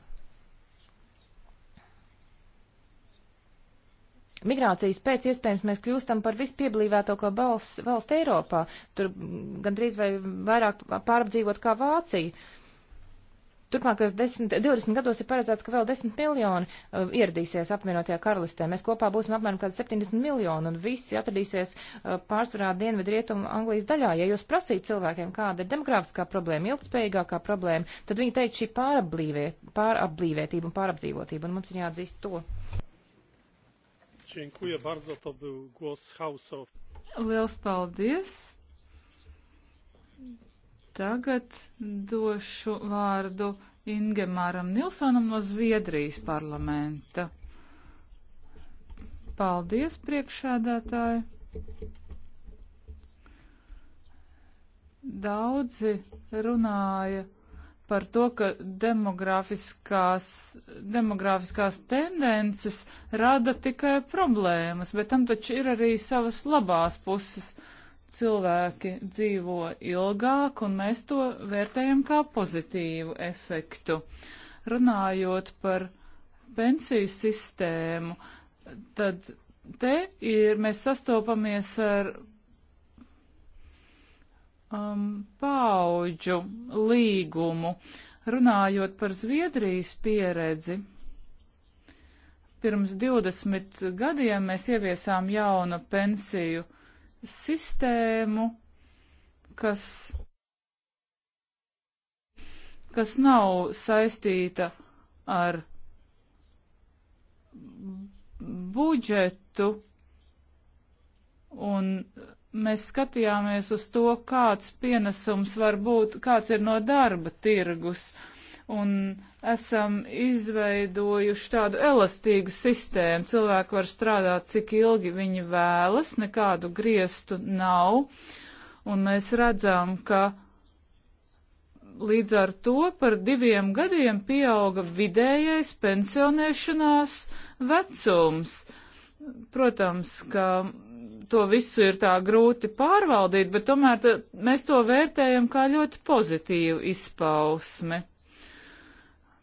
migrācijas pēc iespējams mēs kļūstam par vispieblīvētāko valsts Eiropā. Tur gandrīz vai vairāk pārapdzīvot kā Vācija. Turpmākajos 20 gados ir paredzēts, ka vēl 10 miljoni uh, ieradīsies apvienotajā karalistē. Mēs kopā būsim apmēram kāds 70 miljoni un visi atradīsies uh, pārsvarā dienvidu rietumu Anglijas daļā. Ja jūs prasītu cilvēkiem, kāda ir demografiskā problēma, ilgspējīgākā problēma, tad viņi teikt šī pārapblīvētība un pārapdzīvotība, un mums ir jāatzīst to. Dziękuję bardzo, to był głos House of. Liels paldies! Tagad došu vārdu Ingemāram Nilsonam no Zviedrijas parlamenta. Paldies, priekšēdētāji! Daudzi runāja par to, ka demografiskās, demografiskās tendences rada tikai problēmas, bet tam taču ir arī savas labās puses. Cilvēki dzīvo ilgāk, un mēs to vērtējam kā pozitīvu efektu. Runājot par pensiju sistēmu, tad te ir, mēs sastopamies ar um, paauģu līgumu. Runājot par Zviedrijas pieredzi, pirms 20 gadiem mēs ieviesām jaunu pensiju sistēmu, kas, kas nav saistīta ar budžetu un mēs skatījāmies uz to, kāds pienesums var būt, kāds ir no darba tirgus, un esam izveidojuši tādu elastīgu sistēmu. Cilvēki var strādāt, cik ilgi viņi vēlas, nekādu griestu nav, un mēs redzam, ka līdz ar to par diviem gadiem pieauga vidējais pensionēšanās vecums. Protams, ka to visu ir tā grūti pārvaldīt, bet tomēr tā, mēs to vērtējam kā ļoti pozitīvu izpausmi.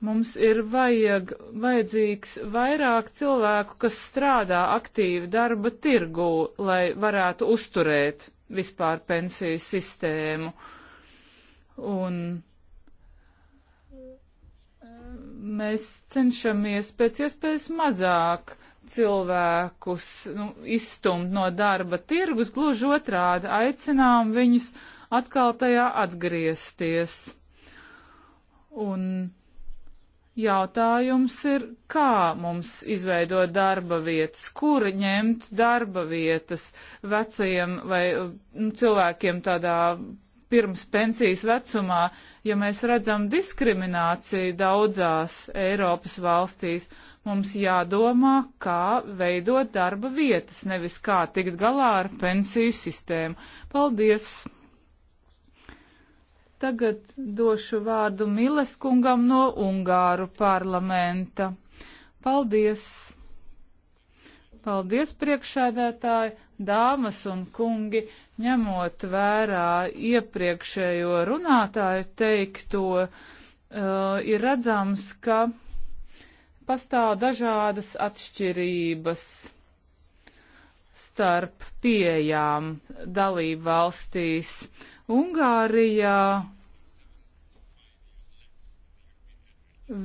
Mums ir vajag, vajadzīgs vairāk cilvēku, kas strādā aktīvi darba tirgū, lai varētu uzturēt vispār pensiju sistēmu. Un mēs cenšamies pēc iespējas mazāk uh, cilvēkus nu, izstumt no darba tirgus, gluži otrādi aicinām viņus atkal tajā atgriezties. Un jautājums ir, kā mums izveidot darba vietas, kur ņemt darba vietas vecajiem vai nu, cilvēkiem tādā pirms pensijas vecumā, ja mēs redzam diskrimināciju daudzās Eiropas valstīs, mums jādomā, kā veidot darba vietas, nevis kā tikt galā ar pensiju sistēmu. Paldies! Tagad došu vārdu Miles kungam no Ungāru parlamenta. Paldies! Paldies, priekšēdētāji! dāmas un kungi, ņemot vērā iepriekšējo runātāju teikto, uh, ir redzams, ka pastāv dažādas atšķirības starp pieejām dalību valstīs. Ungārijā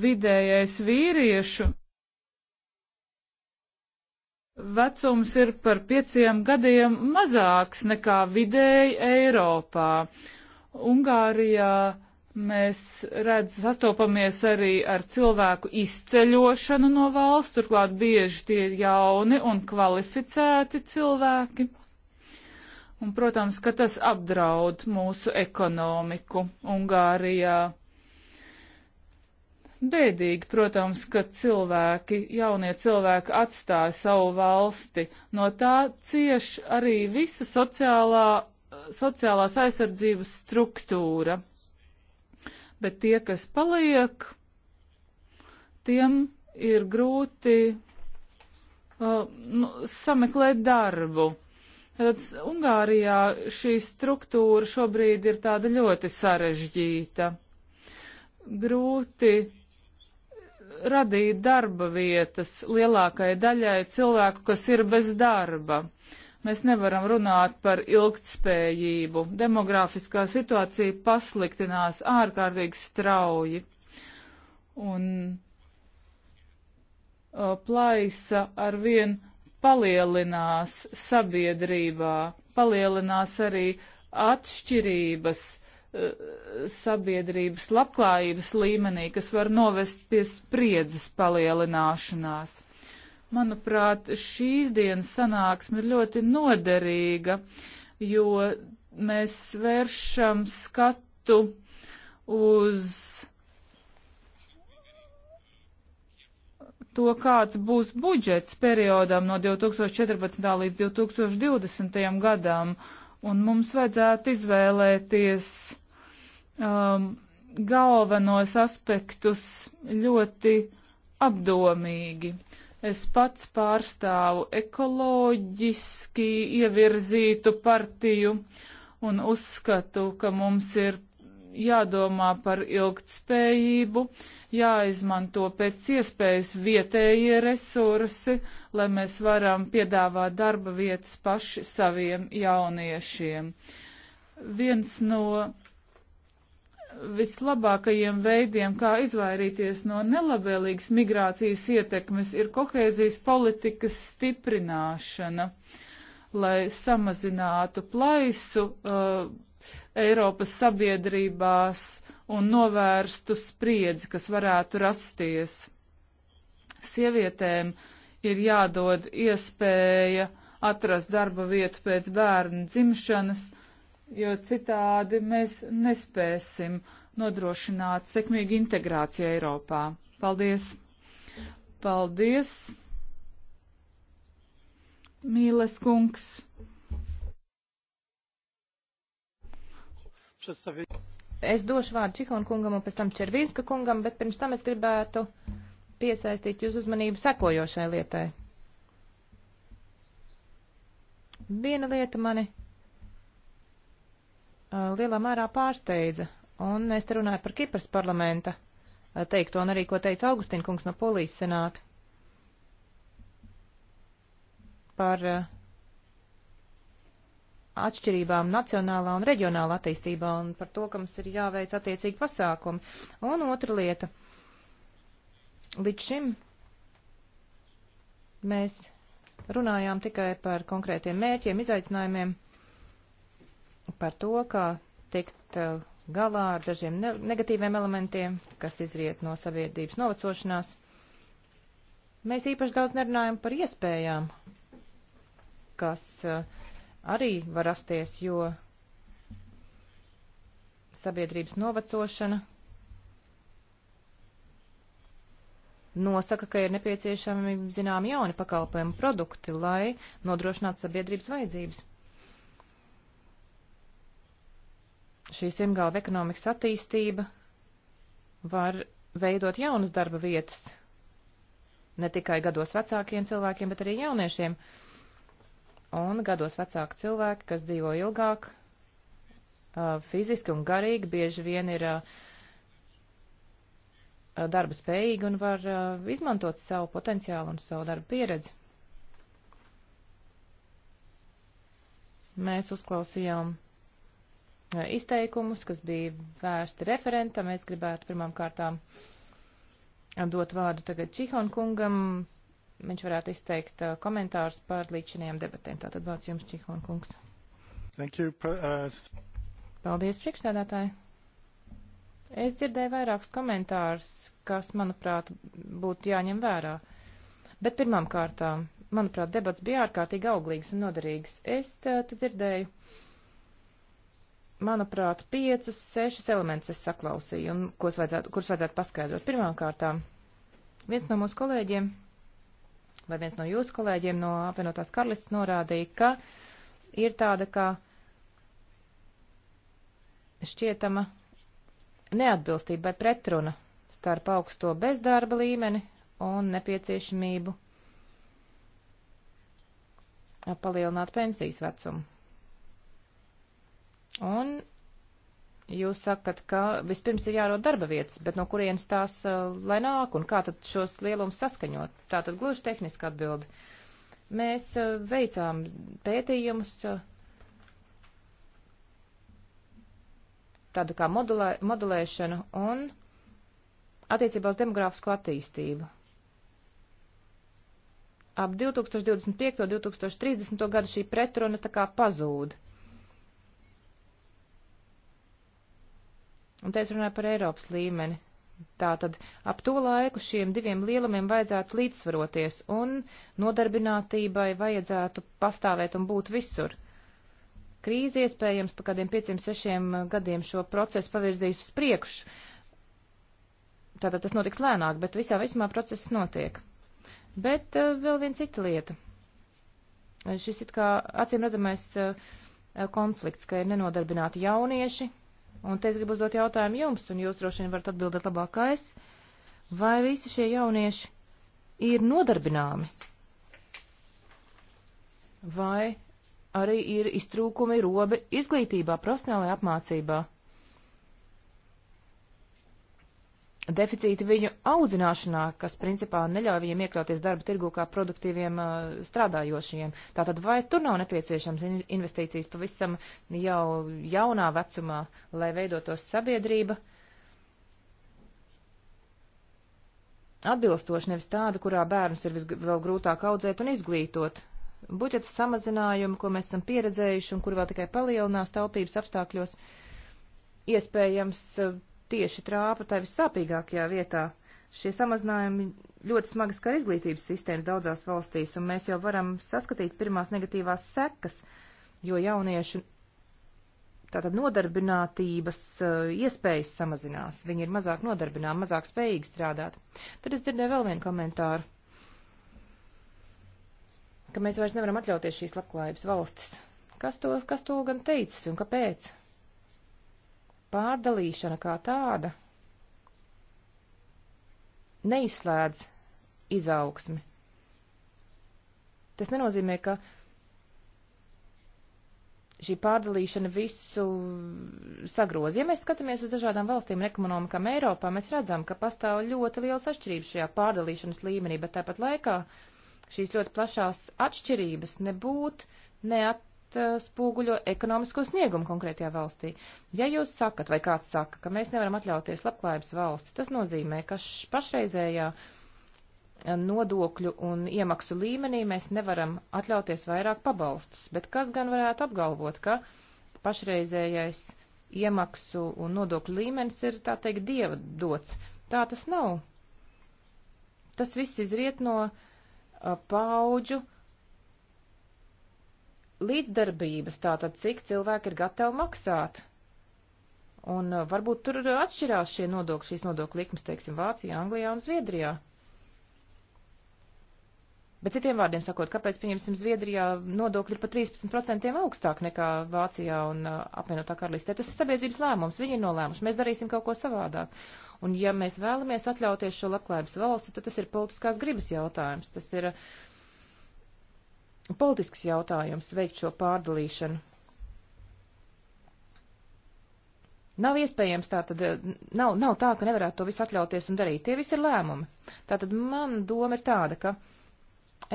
vidējais vīriešu vecums ir par pieciem gadiem mazāks nekā vidēji Eiropā. Ungārijā mēs redz, sastopamies arī ar cilvēku izceļošanu no valsts, turklāt bieži tie ir jauni un kvalificēti cilvēki. Un, protams, ka tas apdraud mūsu ekonomiku Ungārijā. Bēdīgi, protams, ka cilvēki, jaunie cilvēki atstāja savu valsti. No tā cieš arī visa sociālā, sociālās aizsardzības struktūra. Bet tie, kas paliek, tiem ir grūti uh, nu, sameklēt darbu. Tad Ungārijā šī struktūra šobrīd ir tāda ļoti sarežģīta. Grūti radīt darba vietas lielākai daļai cilvēku, kas ir bez darba. Mēs nevaram runāt par ilgtspējību. Demografiskā situācija pasliktinās ārkārtīgi strauji. Un o, plaisa arvien palielinās sabiedrībā, palielinās arī atšķirības Eh, sabiedrības labklājības līmenī, kas var novest pie spriedzes palielināšanās. Manuprāt, šīs dienas sanāksme ir ļoti noderīga, jo mēs vēršam skatu uz to, kāds būs budžets periodam no 2014. līdz 2020. gadam, un mums vajadzētu izvēlēties um, galvenos aspektus ļoti apdomīgi. Es pats pārstāvu ekoloģiski ievirzītu partiju un uzskatu, ka mums ir jādomā par ilgtspējību, jāizmanto pēc iespējas vietējie resursi, lai mēs varam piedāvāt darba vietas paši saviem jauniešiem. Viens no vislabākajiem veidiem, kā izvairīties no nelabvēlīgas migrācijas ietekmes, ir kohēzijas politikas stiprināšana, lai samazinātu plaisu uh, Eiropas sabiedrībās un novērstu spriedzi, kas varētu rasties. Sievietēm ir jādod iespēja atrast darba vietu pēc bērna dzimšanas, jo citādi mēs nespēsim nodrošināt sekmīgu integrāciju Eiropā. Paldies! Paldies! Mīles kungs! Es došu vārdu Čikonu kungam un pēc tam Červīnska kungam, bet pirms tam es gribētu piesaistīt jūs uzmanību sekojošai lietai. Viena lieta mani Uh, lielā mērā pārsteidza. Un es te runāju par Kipras parlamenta uh, teikto un arī, ko teica Augustina kungs no Polijas senāta par uh, atšķirībām nacionālā un reģionāla attīstībā un par to, ka mums ir jāveic attiecīgi pasākumi. Un otra lieta. Līdz šim mēs runājām tikai par konkrētiem mērķiem, izaicinājumiem par to, kā tikt uh, galā ar dažiem negatīviem elementiem, kas izriet no sabiedrības novecošanās. Mēs īpaši daudz nerunājam par iespējām, kas uh, arī var rasties, jo sabiedrības novecošana nosaka, ka ir nepieciešami zinām jauni pakalpojumi produkti, lai nodrošinātu sabiedrības vajadzības. šī simgāla ekonomikas attīstība var veidot jaunas darba vietas, ne tikai gados vecākiem cilvēkiem, bet arī jauniešiem. Un gados vecāki cilvēki, kas dzīvo ilgāk, fiziski un garīgi, bieži vien ir darba spējīgi un var izmantot savu potenciālu un savu darbu pieredzi. Mēs uzklausījām Uh, izteikumus, kas bija vērsti referentam. Es gribētu pirmām kārtām uh, dot vārdu tagad Čihon kungam. Viņš varētu izteikt uh, komentārus par līdziniem debatēm. Tātad vārds jums, Čihon kungs. Thank you. Uh... Paldies, priekšstādātāji. Es dzirdēju vairākus komentārus, kas, manuprāt, būtu jāņem vērā. Bet pirmām kārtām, manuprāt, debats bija ārkārtīgi auglīgs un noderīgs. Es uh, dzirdēju uh, manuprāt, piecus, sešus elementus es saklausīju, un kurus vajadzētu, kurus vajadzētu paskaidrot. Pirmkārt, viens no mūsu kolēģiem, vai viens no jūsu kolēģiem no apvienotās karalistes norādīja, ka ir tāda kā šķietama neatbilstība vai pretruna starp augsto bezdarba līmeni un nepieciešamību palielināt pensijas vecumu. Un jūs sakat, ka vispirms ir jārod darba vietas, bet no kurienes tās uh, lai nāk un kā tad šos lielumus saskaņot? Tā tad gluži tehniski atbildi. Mēs uh, veicām pētījumus, uh, tādu kā modulē, modulēšanu un attiecībā uz demogrāfisko attīstību. Ap 2025. un 2030. gadu šī pretruna tā kā pazūda Un te es runāju par Eiropas līmeni. Tātad ap to laiku šiem diviem lielumiem vajadzētu līdzsvaroties un nodarbinātībai vajadzētu pastāvēt un būt visur. Krīze iespējams pa kādiem 5-6 gadiem šo procesu pavirzīs uz priekšu. Tātad tas notiks lēnāk, bet visā vismā process notiek. Bet uh, vēl viena cita lieta. Šis it kā acīm redzamais uh, konflikts, ka ir nenodarbināti jaunieši, Un te es gribu uzdot jautājumu jums, un jūs droši vien varat atbildēt labāk kā es. Vai visi šie jaunieši ir nodarbināmi? Vai arī ir iztrūkumi robi izglītībā, profesionālajā apmācībā? deficīti viņu audzināšanā, kas principā neļauj viņiem iekļauties darba tirgu kā produktīviem uh, strādājošiem. Tātad vai tur nav nepieciešams in investīcijas pavisam jau jaunā vecumā, lai veidotos sabiedrība? Atbilstoši nevis tāda, kurā bērnus ir vēl grūtāk audzēt un izglītot. Budžeta samazinājumi, ko mēs esam pieredzējuši un kur vēl tikai palielinās taupības apstākļos, iespējams uh, tieši trāpa tā vissāpīgākajā vietā. Šie samazinājumi ļoti smagi skar izglītības sistēmas daudzās valstīs, un mēs jau varam saskatīt pirmās negatīvās sekas, jo jauniešu tātad nodarbinātības uh, iespējas samazinās. Viņi ir mazāk nodarbināti, mazāk spējīgi strādāt. Tad es dzirdēju vēl vienu komentāru, ka mēs vairs nevaram atļauties šīs labklājības valstis. Kas to, kas to gan teicis un kāpēc? pārdalīšana kā tāda neizslēdz izaugsmi. Tas nenozīmē, ka šī pārdalīšana visu sagroz. Ja mēs skatāmies uz dažādām valstīm un ekonomikām Eiropā, mēs redzam, ka pastāv ļoti liels atšķirības šajā pārdalīšanas līmenī, bet tāpat laikā šīs ļoti plašās atšķirības nebūt neat savukārt uh, spoguļo ekonomisko sniegumu konkrētajā valstī. Ja jūs sakat, vai kāds saka, ka mēs nevaram atļauties labklājības valsti, tas nozīmē, ka pašreizējā uh, nodokļu un iemaksu līmenī mēs nevaram atļauties vairāk pabalstus. Bet kas gan varētu apgalvot, ka pašreizējais iemaksu un nodokļu līmenis ir, tā teikt, dieva dots? Tā tas nav. Tas viss izriet no uh, paudžu uh, līdzdarbības, tātad cik cilvēki ir gatavi maksāt. Un uh, varbūt tur uh, atšķirās šie nodokļi, šīs nodokļu likmes, teiksim, Vācijā, Anglijā un Zviedrijā. Bet citiem vārdiem sakot, kāpēc, pieņemsim, Zviedrijā nodokļi ir pa 13% augstāk nekā Vācijā un uh, apvienotā karalistē? Tas ir sabiedrības lēmums, viņi ir nolēmuši, mēs darīsim kaut ko savādāk. Un ja mēs vēlamies atļauties šo labklājības valsti, tad tas ir politiskās gribas jautājums. Tas ir uh, politisks jautājums veikt šo pārdalīšanu. Nav iespējams tā, tad eh, nav, nav tā, ka nevarētu to visu atļauties un darīt. Tie visi ir lēmumi. Tātad man doma ir tāda, ka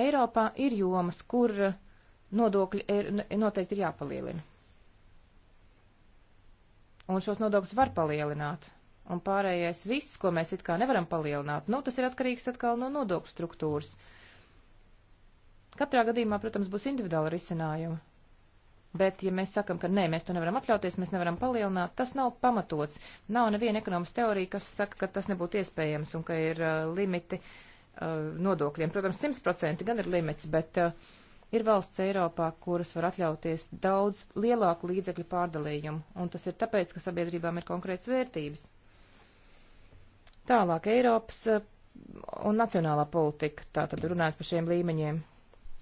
Eiropā ir jomas, kur eh, nodokļi ir, noteikti ir jāpalielina. Un šos nodokļus var palielināt. Un pārējais viss, ko mēs it kā nevaram palielināt, nu, tas ir atkarīgs atkal no nodokļu struktūras. Uh, Katrā gadījumā, protams, būs individuāla risinājuma. Bet, ja mēs sakam, ka nē, mēs to nevaram atļauties, mēs nevaram palielināt, tas nav pamatots. Nav neviena ekonomikas teorija, kas saka, ka tas nebūtu iespējams un ka ir uh, limiti uh, nodokļiem. Protams, 100% gan ir limits, bet uh, ir valsts Eiropā, kuras var atļauties daudz lielāku līdzekļu pārdalījumu, un tas ir tāpēc, ka sabiedrībām ir konkrēts vērtības. Tālāk Eiropas uh, un nacionālā politika, tātad runājot par šiem līmeņiem.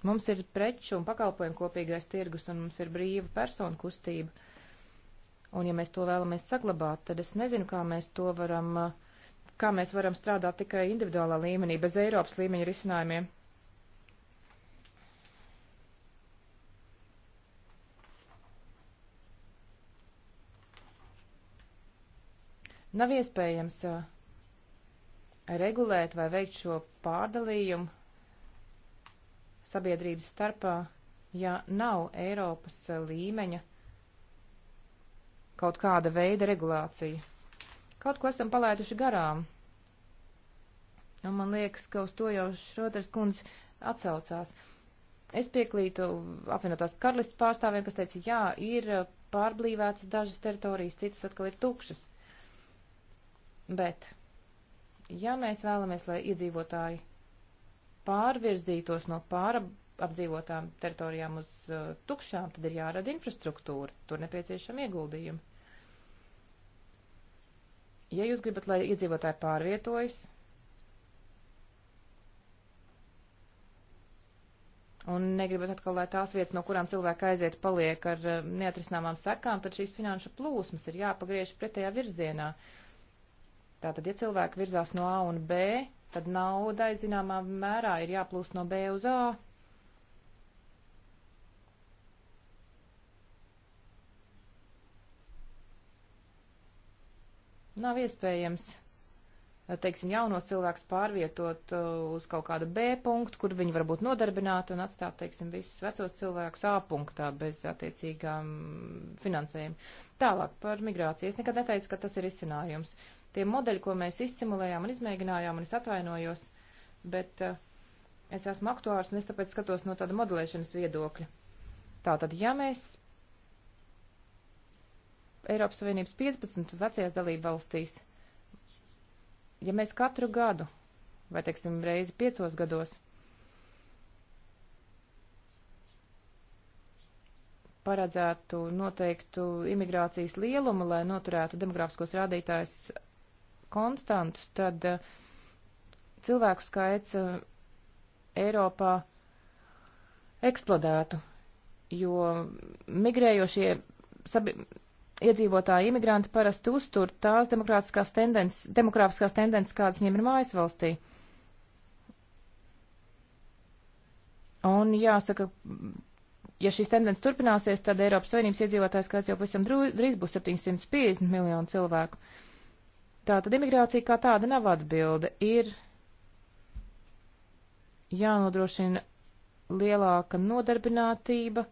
Mums ir preču un pakalpojumu kopīgais tirgus, un mums ir brīva personu kustība. Un ja mēs to vēlamies saglabāt, tad es nezinu, kā mēs to varam, kā mēs varam strādāt tikai individuālā līmenī, bez Eiropas līmeņa risinājumiem. Nav iespējams eh, regulēt vai veikt šo pārdalījumu sabiedrības starpā, ja nav Eiropas eh, līmeņa kaut kāda veida regulācija. Kaut ko esam palaiduši garām. Un man liekas, ka uz to jau Šroters kundze atsaucās. Es piekrītu apvienotās karalistas pārstāvjiem, kas teica, jā, ir eh, pārblīvētas dažas teritorijas, citas atkal ir tukšas. Bet, ja mēs vēlamies, lai iedzīvotāji pārvirzītos no pārapdzīvotām teritorijām uz uh, tukšām, tad ir jārada infrastruktūra, tur nepieciešami ieguldījumi. Ja jūs gribat, lai iedzīvotāji pārvietojas, un negribat atkal, lai tās vietas, no kurām cilvēki aiziet, paliek ar uh, neatrisināmām sekām, tad šīs finanšu plūsmas ir jāpagriež pretējā virzienā. Tātad, ja cilvēki virzās no A un B, tad naudai zināmā mērā ir jāplūst no B uz A. Nav iespējams teiksim, jaunos cilvēkus pārvietot uh, uz kaut kādu B punktu, kur viņi varbūt nodarbinātu un atstāt, teiksim, visus vecos cilvēkus A punktā bez attiecīgām finansējuma. Tālāk par migrāciju. Es nekad neteicu, ka tas ir izcinājums. Tie modeļi, ko mēs izsimulējām un izmēģinājām, un es atvainojos, bet uh, es esmu aktuārs un es tāpēc skatos no tāda modelēšanas viedokļa. Tātad, ja mēs Eiropas Savienības 15 vecajās dalību valstīs Ja mēs katru gadu, vai teiksim reizi piecos gados, paredzētu noteiktu imigrācijas lielumu, lai noturētu demografiskos rādītājus konstantus, tad eh, cilvēku skaits eh, Eiropā eksplodētu, jo migrējošie sabi iedzīvotāji imigranti parasti uztur tās demokrātiskās tendences, demokrātiskās tendences, kādas viņiem ir mājas valstī. Un jāsaka, ja šīs tendences turpināsies, tad Eiropas Savienības iedzīvotājs skaits jau pavisam drīz būs 750 miljonu cilvēku. Tā tad imigrācija kā tāda nav atbilde. Ir jānodrošina lielāka nodarbinātība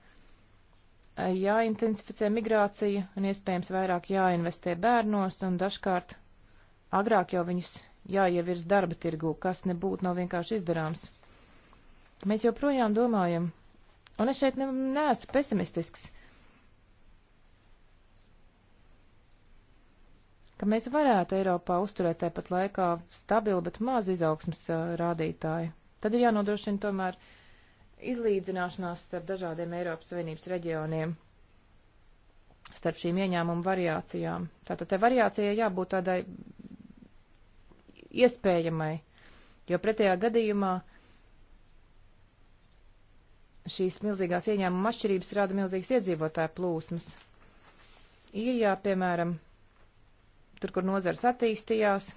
jāintensificē migrācija un iespējams vairāk jāinvestē bērnos un dažkārt agrāk jau viņus jāievirs darba tirgū, kas nebūtu nav vienkārši izdarāms. Mēs joprojām domājam, un es šeit ne, neesmu pesimistisks, ka mēs varētu Eiropā uzturēt tāpat laikā stabilu, bet maz izaugsmas uh, rādītāju. Tad ir jānodrošina tomēr uh, izlīdzināšanās starp dažādiem Eiropas Savienības reģioniem, starp šīm ieņēmumu variācijām. Tātad te variācijai jābūt tādai iespējamai, jo pretējā gadījumā šīs milzīgās ieņēmuma atšķirības rada milzīgas iedzīvotāju plūsmas. Īrijā, piemēram, tur, kur nozars attīstījās,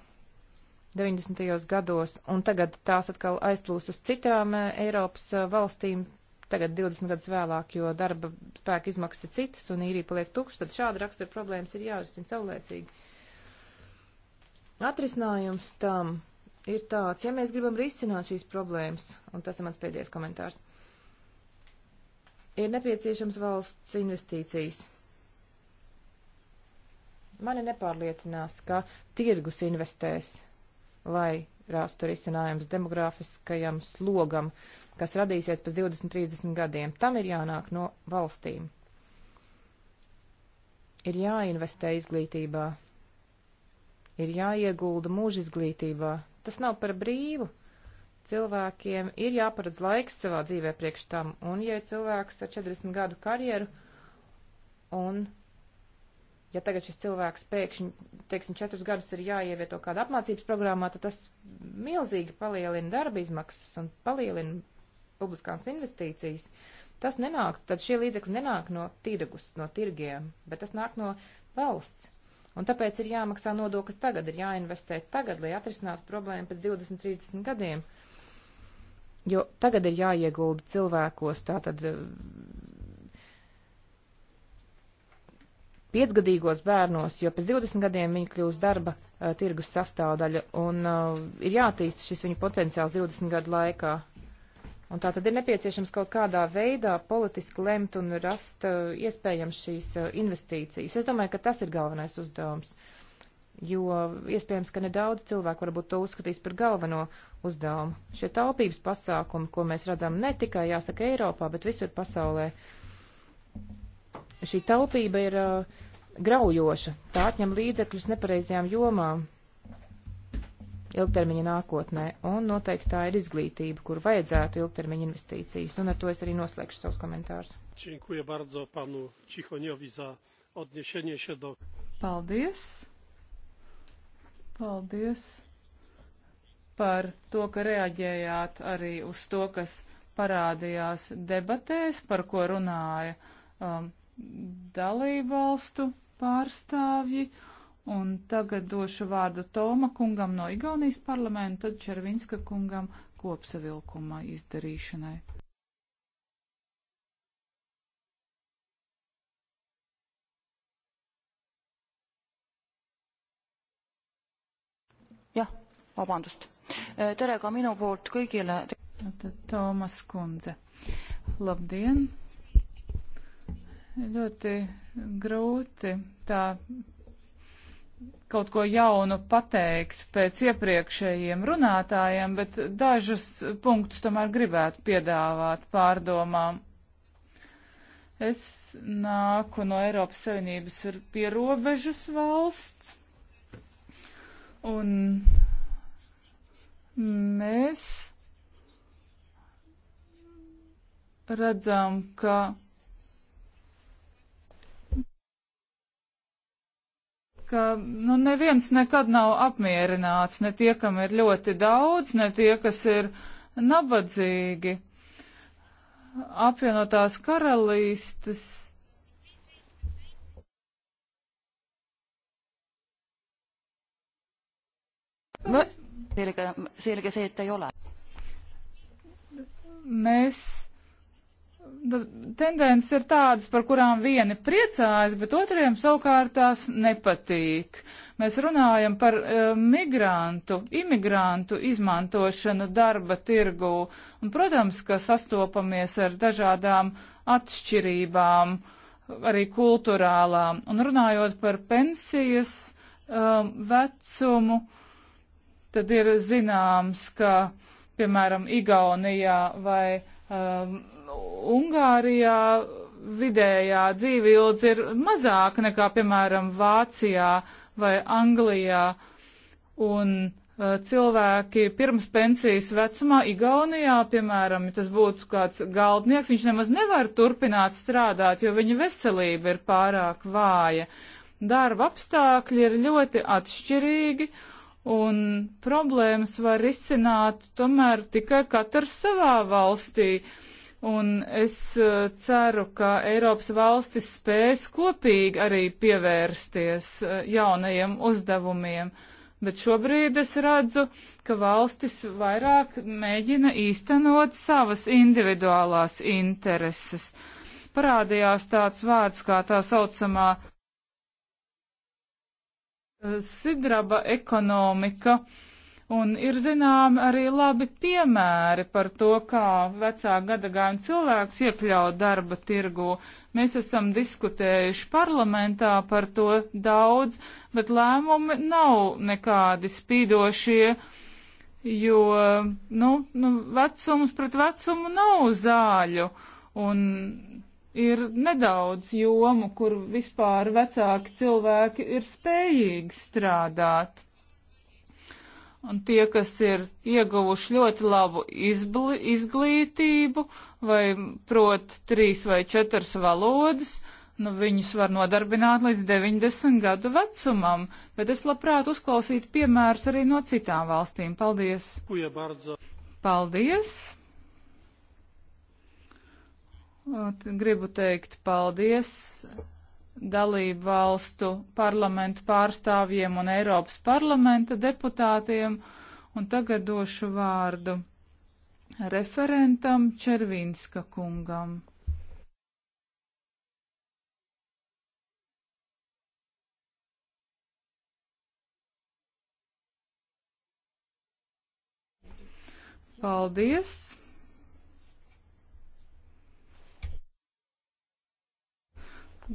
90. gados, un tagad tās atkal aizplūst uz citām eh, Eiropas eh, valstīm, tagad 20 gadus vēlāk, jo darba spēka izmaksas ir citas un īrija paliek tukša, tad šāda rakstura problēmas ir jārisina saulēcīgi. Atrisinājums tam ir tāds, ja mēs gribam risināt šīs problēmas, un tas ir mans pēdējais komentārs, ir nepieciešams valsts investīcijas. Mani nepārliecinās, ka tirgus investēs lai rastu risinājums demografiskajam slogam, kas radīsies pēc 20-30 gadiem. Tam ir jānāk no valstīm. Ir jāinvestē izglītībā, ir jāiegulda mūža izglītībā. Tas nav par brīvu. Cilvēkiem ir jāparedz laiks savā dzīvē priekš tam, un ja cilvēks ar 40 gadu karjeru un ja tagad šis cilvēks pēkšņi, teiksim, četrus gadus ir jāievieto kāda apmācības programmā, tad tas milzīgi palielina darba izmaksas un palielina publiskās investīcijas. Tas nenāk, tad šie līdzekļi nenāk no tirgus, no tirgiem, bet tas nāk no valsts. Un tāpēc ir jāmaksā nodokļi tagad, ir jāinvestē tagad, lai atrisinātu problēmu pēc 20, 30 gadiem. Jo tagad ir jāiegulda cilvēkos, tātad piecgadīgos bērnos, jo pēc 20 gadiem viņi kļūs darba uh, tirgus sastāvdaļa un uh, ir jātīst šis viņu potenciāls 20 gadu laikā. Un tā tad ir nepieciešams kaut kādā veidā politiski lemt un rast uh, iespējams šīs uh, investīcijas. Es domāju, ka tas ir galvenais uzdevums, jo iespējams, ka nedaudz cilvēku varbūt to uzskatīs par galveno uzdevumu. Šie taupības pasākumi, ko mēs redzam ne tikai, jāsaka, Eiropā, bet visur pasaulē. Uh, Šī taupība ir uh, graujoša, tā atņem līdzekļus nepareizajām jomām ilgtermiņa nākotnē, un noteikti tā ir izglītība, kur vajadzētu ilgtermiņa investīcijas, un ar to es arī noslēgšu savus komentārus. Paldies! Paldies par to, ka reaģējāt arī uz to, kas parādījās debatēs, par ko runāja um, dalībvalstu pārstāvji, un tagad došu vārdu Toma kungam no Igaunijas parlamenta, tad Červinska kungam kopsavilkuma izdarīšanai. jah, vabandust. tere ka minu poolt kõigile. Toomas Kundze. Labdien! ļoti grūti tā kaut ko jaunu pateikt pēc iepriekšējiem runātājiem, bet dažus punktus tomēr gribētu piedāvāt pārdomām. Es nāku no Eiropas Savienības ar pierobežas valsts, un mēs redzam, ka ka nu, neviens nekad nav apmierināts, ne tie, kam ir ļoti daudz, ne tie, kas ir nabadzīgi. Apvienotās karalīstes. Vieläkö, vieläkö se, että ei ole? Mēs tendences ir tādas, par kurām vieni priecājas, bet otriem savukārt tās nepatīk. Mēs runājam par uh, migrantu, imigrantu izmantošanu darba tirgū, un, protams, ka sastopamies ar dažādām atšķirībām, arī kulturālām, un runājot par pensijas um, vecumu, tad ir zināms, ka, piemēram, Igaunijā vai um, Ungārijā vidējā dzīve ilgs ir mazāk nekā, piemēram, Vācijā vai Anglijā. Un uh, cilvēki pirms pensijas vecumā Igaunijā, piemēram, ja tas būtu kāds galdnieks, viņš nemaz nevar turpināt strādāt, jo viņa veselība ir pārāk vāja. Darba apstākļi ir ļoti atšķirīgi un problēmas var risināt tomēr tikai katrs savā valstī. Uh, un es uh, ceru, ka Eiropas valstis spēs kopīgi arī pievērsties uh, jaunajiem uzdevumiem. Bet šobrīd es redzu, ka valstis vairāk mēģina īstenot savas individuālās intereses. Parādījās tāds vārds kā tā saucamā eh, sidraba ekonomika, uh, Un ir zinām arī labi piemēri par to, kā vecā gadagājuma cilvēks iekļaut darba tirgu. Mēs esam diskutējuši parlamentā par to daudz, bet lēmumi nav nekādi spīdošie, jo, nu, nu vecums pret vecumu nav zāļu. Un ir nedaudz jomu, kur vispār vecāki cilvēki ir spējīgi strādāt un tie, kas ir ieguvuši ļoti labu izbli, izglītību vai prot trīs vai četras valodas, nu viņus var nodarbināt līdz 90 gadu vecumam, bet es labprāt uzklausītu piemērus arī no citām valstīm. Paldies! Paldies! Gribu teikt paldies dalību valstu parlamentu pārstāvjiem un Eiropas parlamenta deputātiem. Un tagad došu vārdu referentam Červīnska kungam. Paldies!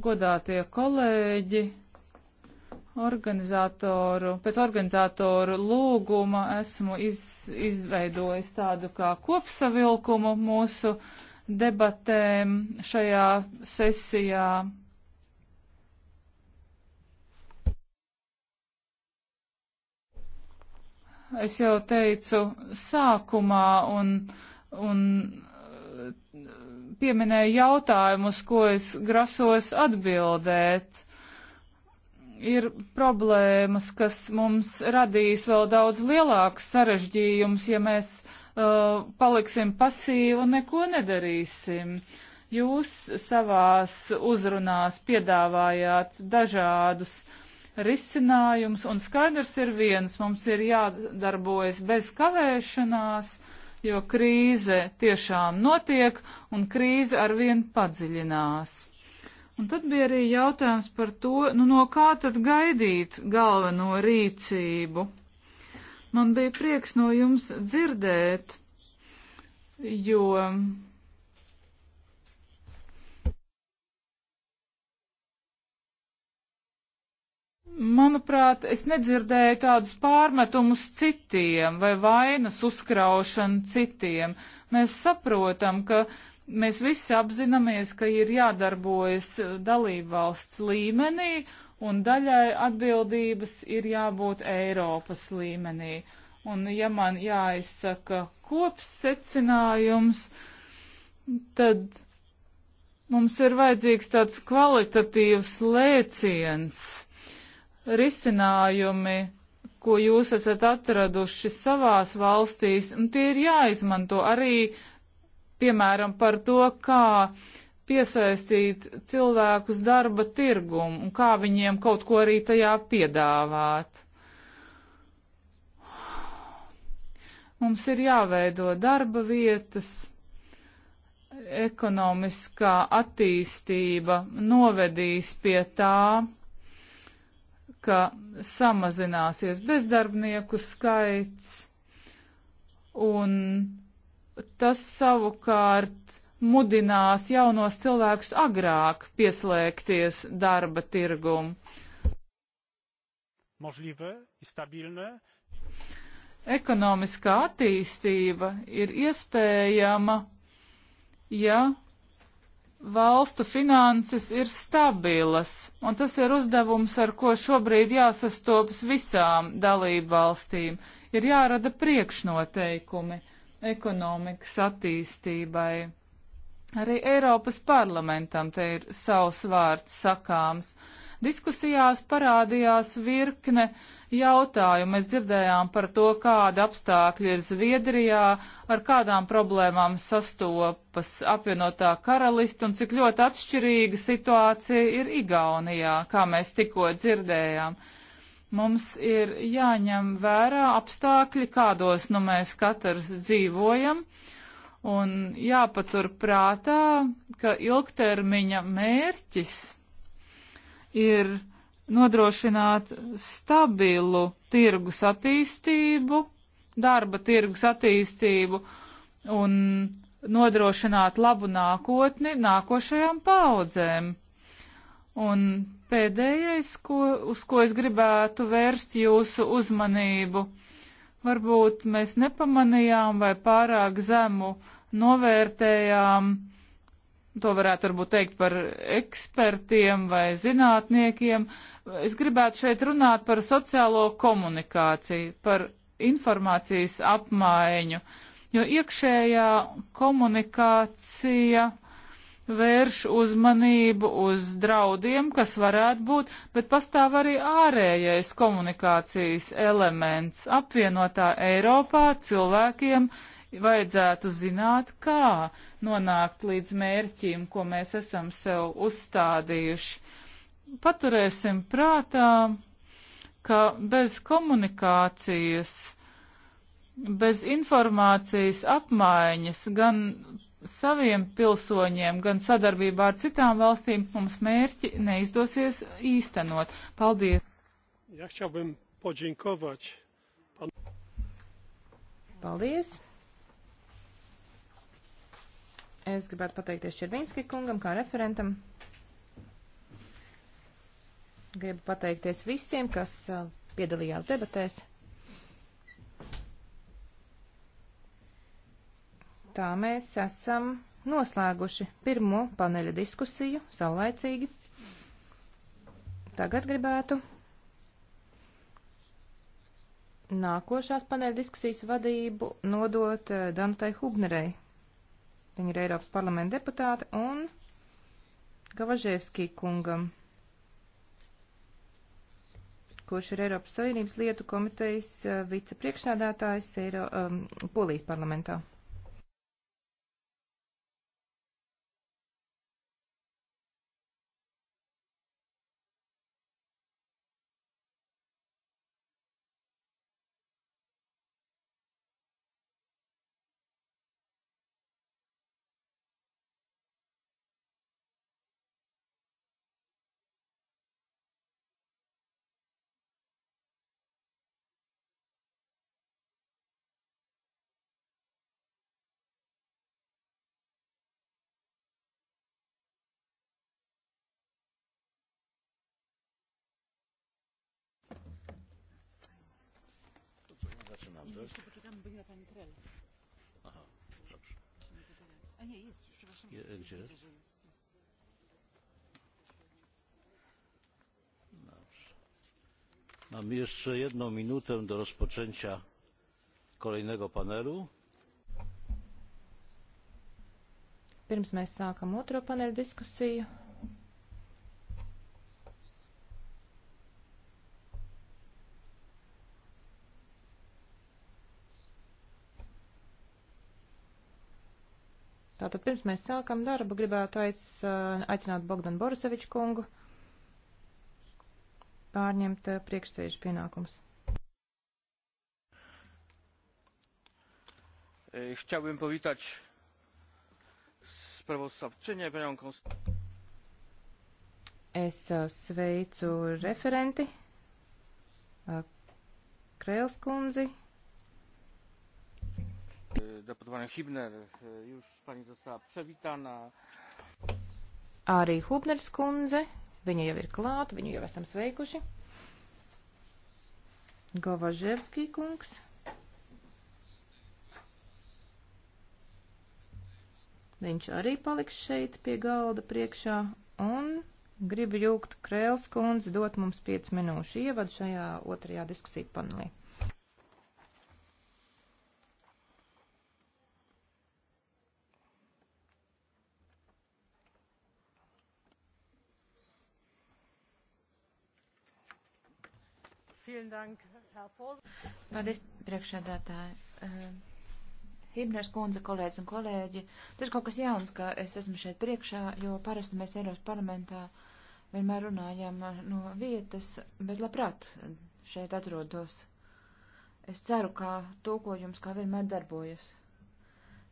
godātie kolēģi, organizatoru, pēc organizatoru lūguma esmu iz, izveidojis tādu kā kopsavilkumu mūsu debatēm šajā sesijā. Es jau teicu sākumā un, un pieminēja jautājumus, ko es grasos atbildēt. Ir problēmas, kas mums radīs vēl daudz lielākus sarežģījumus, ja mēs uh, paliksim pasīvi un neko nedarīsim. Jūs savās uzrunās piedāvājāt dažādus risinājumus, un skaidrs ir viens, mums ir jādarbojas bez kavēšanās, uh, jo krīze tiešām notiek un krīze arvien padziļinās. Un tad bija arī jautājums par to, nu no kā tad gaidīt galveno rīcību. Man bija prieks no jums dzirdēt, jo Manuprāt, es nedzirdēju tādus pārmetumus citiem vai vainas uzkraušanu citiem. Mēs saprotam, ka mēs visi apzināmies, ka ir jādarbojas dalībvalsts līmenī un daļai atbildības ir jābūt Eiropas līmenī. Un ja man jāizsaka kopsecinājums, tad mums ir vajadzīgs tāds kvalitatīvs lēciens risinājumi, ko jūs esat atraduši savās valstīs, un tie ir jāizmanto arī, piemēram, par to, kā piesaistīt cilvēkus darba tirgumu un kā viņiem kaut ko arī tajā piedāvāt. Mums ir jāveido darba vietas, ekonomiskā attīstība novedīs pie tā, ka samazināsies bezdarbnieku skaits, un tas savukārt mudinās jaunos cilvēkus agrāk pieslēgties darba tirgumu. Ekonomiskā attīstība ir iespējama, ja valstu finanses ir stabilas, un tas ir uzdevums, ar ko šobrīd jāsastopas visām dalību valstīm. Ir jārada priekšnoteikumi ekonomikas attīstībai. Arī Eiropas parlamentam te ir savs vārds sakāms. Uh, Diskusijās parādījās virkne jautājumu. Mēs dzirdējām par to, kāda apstākļa ir Zviedrijā, ar kādām problēmām sastopas apvienotā karalista un cik ļoti atšķirīga situācija ir Igaunijā, kā mēs tikko dzirdējām. Mums ir jāņem vērā apstākļi, kādos nu mēs katrs dzīvojam. Un jāpatur prātā, ka ilgtermiņa mērķis ir nodrošināt stabilu tirgus attīstību, darba tirgus attīstību un nodrošināt labu nākotni nākošajām paudzēm. Un pēdējais, ko, uz ko es gribētu vērst jūsu uzmanību, varbūt mēs nepamanījām vai pārāk zemu novērtējām uh, to varētu varbūt teikt par ekspertiem vai zinātniekiem. Es gribētu šeit runāt par sociālo komunikāciju, par informācijas apmaiņu, jo iekšējā komunikācija vērš uzmanību uz draudiem, kas varētu būt, bet pastāv arī ārējais komunikācijas elements. Apvienotā Eiropā cilvēkiem ir vajadzētu zināt, kā nonākt līdz mērķim, ko mēs esam sev uzstādījuši. Paturēsim prātā, ka bez komunikācijas, bez informācijas apmaiņas gan saviem pilsoņiem, gan sadarbībā ar citām valstīm mums mērķi neizdosies īstenot. Paldies! Ja chciałbym podziękować panu. Paldies! Es gribētu pateikties Červinski kungam kā referentam. Gribu pateikties visiem, kas uh, piedalījās debatēs. Tā mēs esam noslēguši pirmo paneļa diskusiju saulaicīgi. Tagad gribētu nākošās paneļa diskusijas vadību nodot uh, Danutai Hubnerei. Viņa ir Eiropas parlamenta deputāte un Gavažēskī kungam, kurš ir Eiropas Savienības lietu komitejas eh, vicepriekšnādātājs Eiro, um, Polijas parlamentā. Sekundę. Jeszcze poczekamy, bo nie ma pani Krel. Aha, dobrze. A nie, jest już, przepraszam. Je, jest, gdzie? Widzę, że jest. Mamy jeszcze jedną minutę do rozpoczęcia kolejnego panelu. Pirms mēs sākam otro paneļu diskusiju, Tātad pirms mēs sākam darbu, gribētu aic, aicināt Bogdanu Boriseviču kungu pārņemt priekšsēžu pienākums. E, chciałbym powitać sprawozdawczynię, panią Konstancję. Es sveicu referenti Krēls kundzi deputowana Hibner. E, już pani została przewitana. Arī Hubners kundze, viņa jau ir klāt, viņu jau esam sveikuši. Govaževski kungs. Viņš arī paliks šeit pie galda priekšā un gribu jūgt Krēls kundzi dot mums 5 minūšu ievadu šajā otrajā diskusiju panelī. Paldies, priekšsēdētāji. Ehm, Hibners kundze, kolēģis un kolēģi, tas ir kaut kas jauns, ka es esmu šeit priekšā, jo parasti mēs Eiropas parlamentā vienmēr runājam no vietas, bet labprāt šeit atrodos. Es ceru, ka tūkojums kā vienmēr darbojas.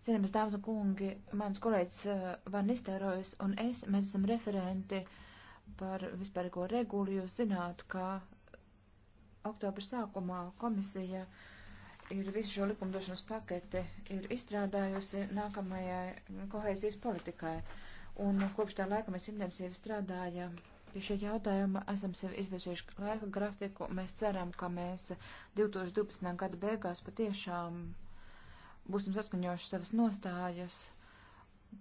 Cienījamies dāmas un kungi, mans kolēģis eh, Van Nisterojas un es, mēs esam referenti par vispārīgo regulu, jūs zināt, ka oktobra sākumā komisija ir visu šo likumdošanas paketi ir izstrādājusi nākamajai kohēzijas politikai. Un kopš tā laika mēs intensīvi strādājam pie šī jautājuma, esam sev izvirzījuši laika grafiku. Mēs ceram, ka mēs 2012. gada beigās patiešām būsim saskaņojuši savas nostājas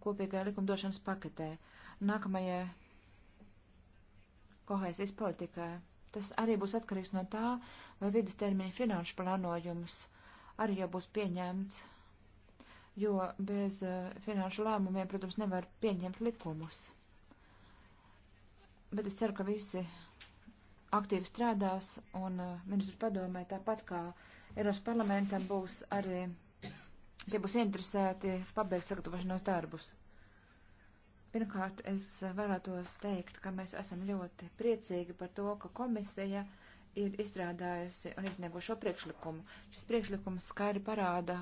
kopīgajā likumdošanas paketē. Nākamajai kohēzijas politikai. Tas arī būs atkarīgs no tā, vai vidustermiņa finanšu plānojums arī jau būs pieņemts, jo bez uh, finanšu lēmumiem, protams, nevar pieņemt likumus. Bet es ceru, ka visi aktīvi strādās un uh, ministru padomē tāpat kā Eiropas parlamentam būs arī, tie būs interesēti pabeigt sagatavošanos darbus. Pirmkārt, es vēlētos teikt, ka mēs esam ļoti priecīgi par to, ka komisija ir izstrādājusi un iznieguši šo priekšlikumu. Šis priekšlikums skaidri parāda,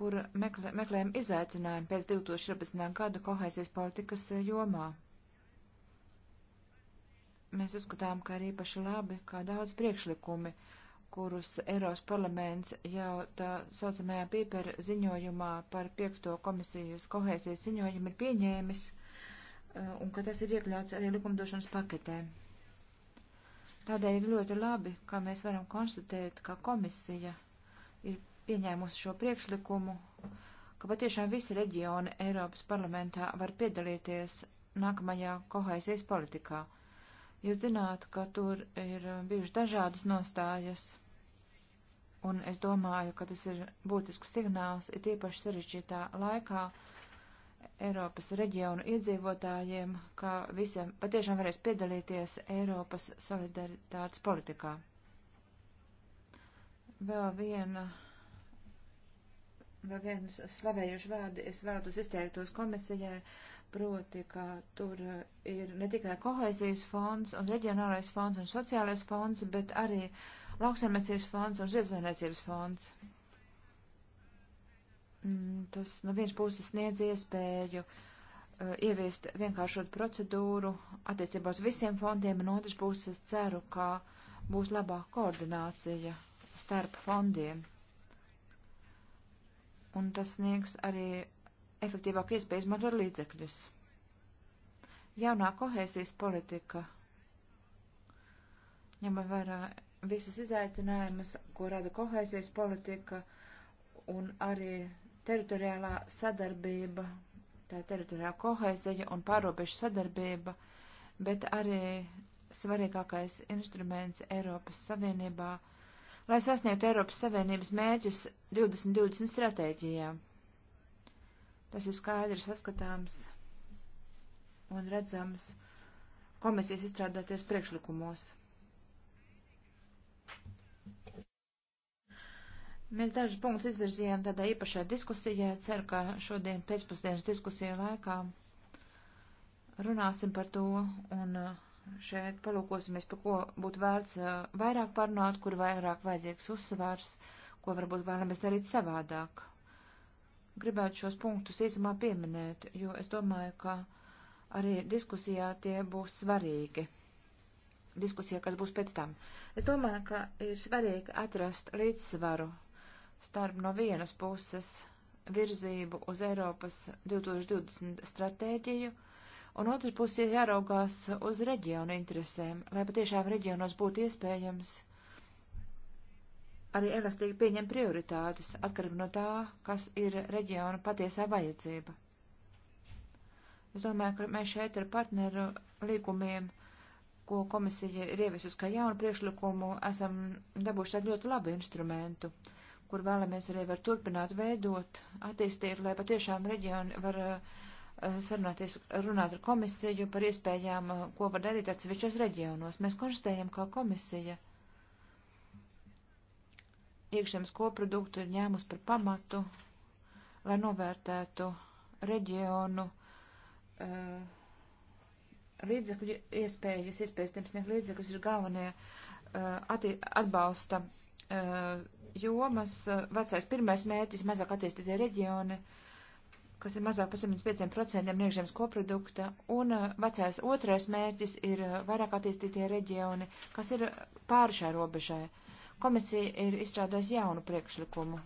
kur meklē, meklējam izaicinājumu pēc 2014. gada kohēzijas politikas jomā. Mēs uzskatām, ka ir īpaši labi, kā daudz priekšlikumi uh, kurus Eiropas parlaments jau tā saucamajā pīpera ziņojumā par piekto komisijas kohēzijas ziņojumu ir pieņēmis uh, un ka tas ir iekļauts arī likumdošanas paketē. Tādēļ ir ļoti labi, ka mēs varam konstatēt, ka komisija ir pieņēmusi šo priekšlikumu, ka patiešām visi reģioni Eiropas parlamentā var piedalīties nākamajā kohēzijas politikā. Jūs zināt, ka tur ir bijušas dažādas nostājas un es domāju, ka tas ir būtisks signāls, ir tiepaši sarežģītā laikā Eiropas reģionu iedzīvotājiem, ka visiem patiešām varēs piedalīties Eiropas solidaritātes politikā. Vēl viena. Vēl viens slavējuši vārdi es vēlētos izteiktos komisijai, proti, ka tur ir ne tikai kohēzijas fonds un reģionālais fonds un sociālais fonds, bet arī uh, Lauksaimniecības fonds un zivsaimniecības fonds. Mm, tas no nu, vienas puses sniedz iespēju uh, ieviest vienkāršotu procedūru attiecībā uz visiem fondiem, un otras puses ceru, ka būs labāka koordinācija starp fondiem. Un tas sniegs arī efektīvāk iespēju izmantot līdzekļus. Jaunā kohēzijas politika ņemot vērā visus izaicinājumus, ko rada kohēsijas politika un arī teritoriālā sadarbība, tā teritoriālā kohēzija un pārobežu sadarbība, bet arī svarīgākais instruments Eiropas Savienībā, lai sasniegtu Eiropas Savienības mēģus 2020 stratēģijā. Tas ir skaidri saskatāms un redzams komisijas izstrādāties priekšlikumos. Mēs dažus punktus izvirzījām tādā īpašā diskusijā. Ceru, ka šodien pēcpusdienas diskusija laikā runāsim par to un uh, šeit palūkosimies, par ko būtu vērts uh, vairāk parunāt, kur vairāk vajadzīgs uzsvars, ko varbūt vēlamies darīt savādāk. Gribētu šos punktus īsumā pieminēt, jo es domāju, ka arī diskusijā tie būs svarīgi. Diskusijā, kas būs pēc tam. Es domāju, ka ir svarīgi atrast līdzsvaru starp no vienas puses virzību uz Eiropas 2020 stratēģiju, un otrs puses ir jāraugās uz reģionu interesēm, lai patiešām reģionos būtu iespējams arī elastīgi pieņemt prioritātes, atkarībā no tā, kas ir reģiona patiesā vajadzība. Es domāju, ka mēs šeit ar partneru līgumiem, ko komisija ir ieviesusi kā jaunu priešlikumu, esam dabūši tādu ļoti labu instrumentu. Uh, kur vēlamies arī var turpināt veidot, attīstīt, lai patiešām reģioni var eh, sarunāties, runāt ar komisiju par iespējām, eh, ko var darīt atsevišķos reģionos. Mēs konstatējam, ka komisija iekšzemes koproduktu ir ņēmus par pamatu, lai novērtētu reģionu uh, līdzekļu iespējas, iespējas tiem sniegt līdzekļus ir galvenie uh, atbalsta uh, jomas, eh, vecais pirmais mērķis mazāk attīstītie reģioni, kas ir mazāk par 105% no iekšzemes koprodukta, un eh, vecais otrais mērķis ir eh, vairāk attīstītie reģioni, kas ir pāri šai robežai. Komisija ir izstrādājusi jaunu priekšlikumu,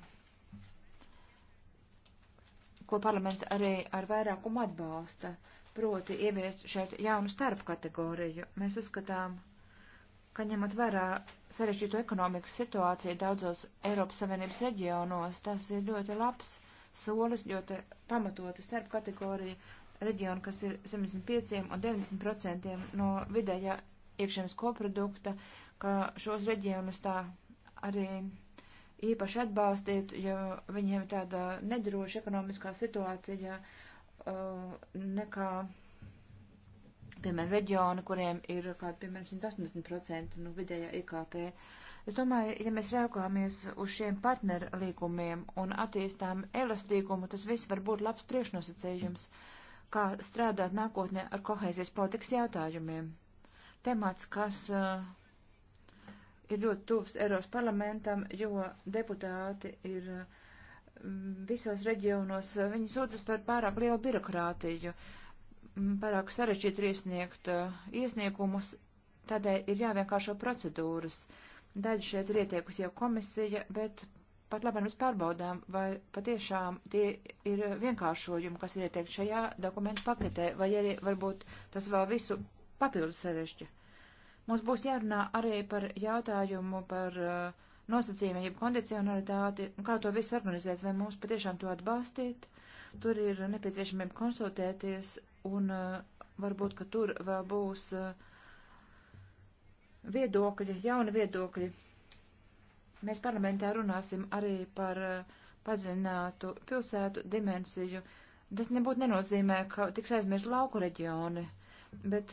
ko parlaments arī ar vairākumu atbalsta, proti ieviest šeit jaunu starpkategoriju. Mēs uzskatām, ka ņemot vērā sarežģītu ekonomikas situāciju daudzos Eiropas Savienības reģionos, tas ir ļoti labs solis, ļoti pamatoti starp kategoriju reģionu, kas ir 75 un 90 procentiem no vidējā iekšienas koprodukta, ka šos reģionus tā arī īpaši atbalstīt, jo viņiem tāda nedroša ekonomiskā situācija uh, nekā piemēram, reģioni, kuriem ir kādi, piemēram, 180% no nu, vidējā IKP. Es domāju, ja mēs raugāmies uz šiem partnerlīgumiem un attīstām elastīgumu, tas viss var būt labs priešnosacījums, kā strādāt nākotnē ar kohēzijas politikas jautājumiem. Temats, kas uh, ir ļoti tuvs Eiropas parlamentam, jo deputāti ir uh, visos reģionos, viņi sūdzas par pārāk lielu birokrātiju. Uh, pārāk sarežģīti ir iesniegt uh, iesniegumus, tādēļ ir jāvienkāršo procedūras. Daļa šeit ir ieteikusi jau komisija, bet pat labi mēs pārbaudām, vai patiešām tie ir vienkāršojumi, kas ir ieteikti šajā dokumentu paketē, vai arī varbūt tas vēl visu papildus sarežģi. Mums būs jārunā arī par jautājumu par uh, nosacījumiem, jeb kondicionalitāti, kā to visu organizēt, vai mums patiešām to atbalstīt. Tur ir nepieciešamība konsultēties un uh, varbūt, ka tur vēl būs uh, viedokļi, jauni viedokļi. Mēs parlamentā runāsim arī par uh, pazinātu pilsētu dimensiju. Tas nebūtu nenozīmē, ka tiks aizmirst lauku reģioni, bet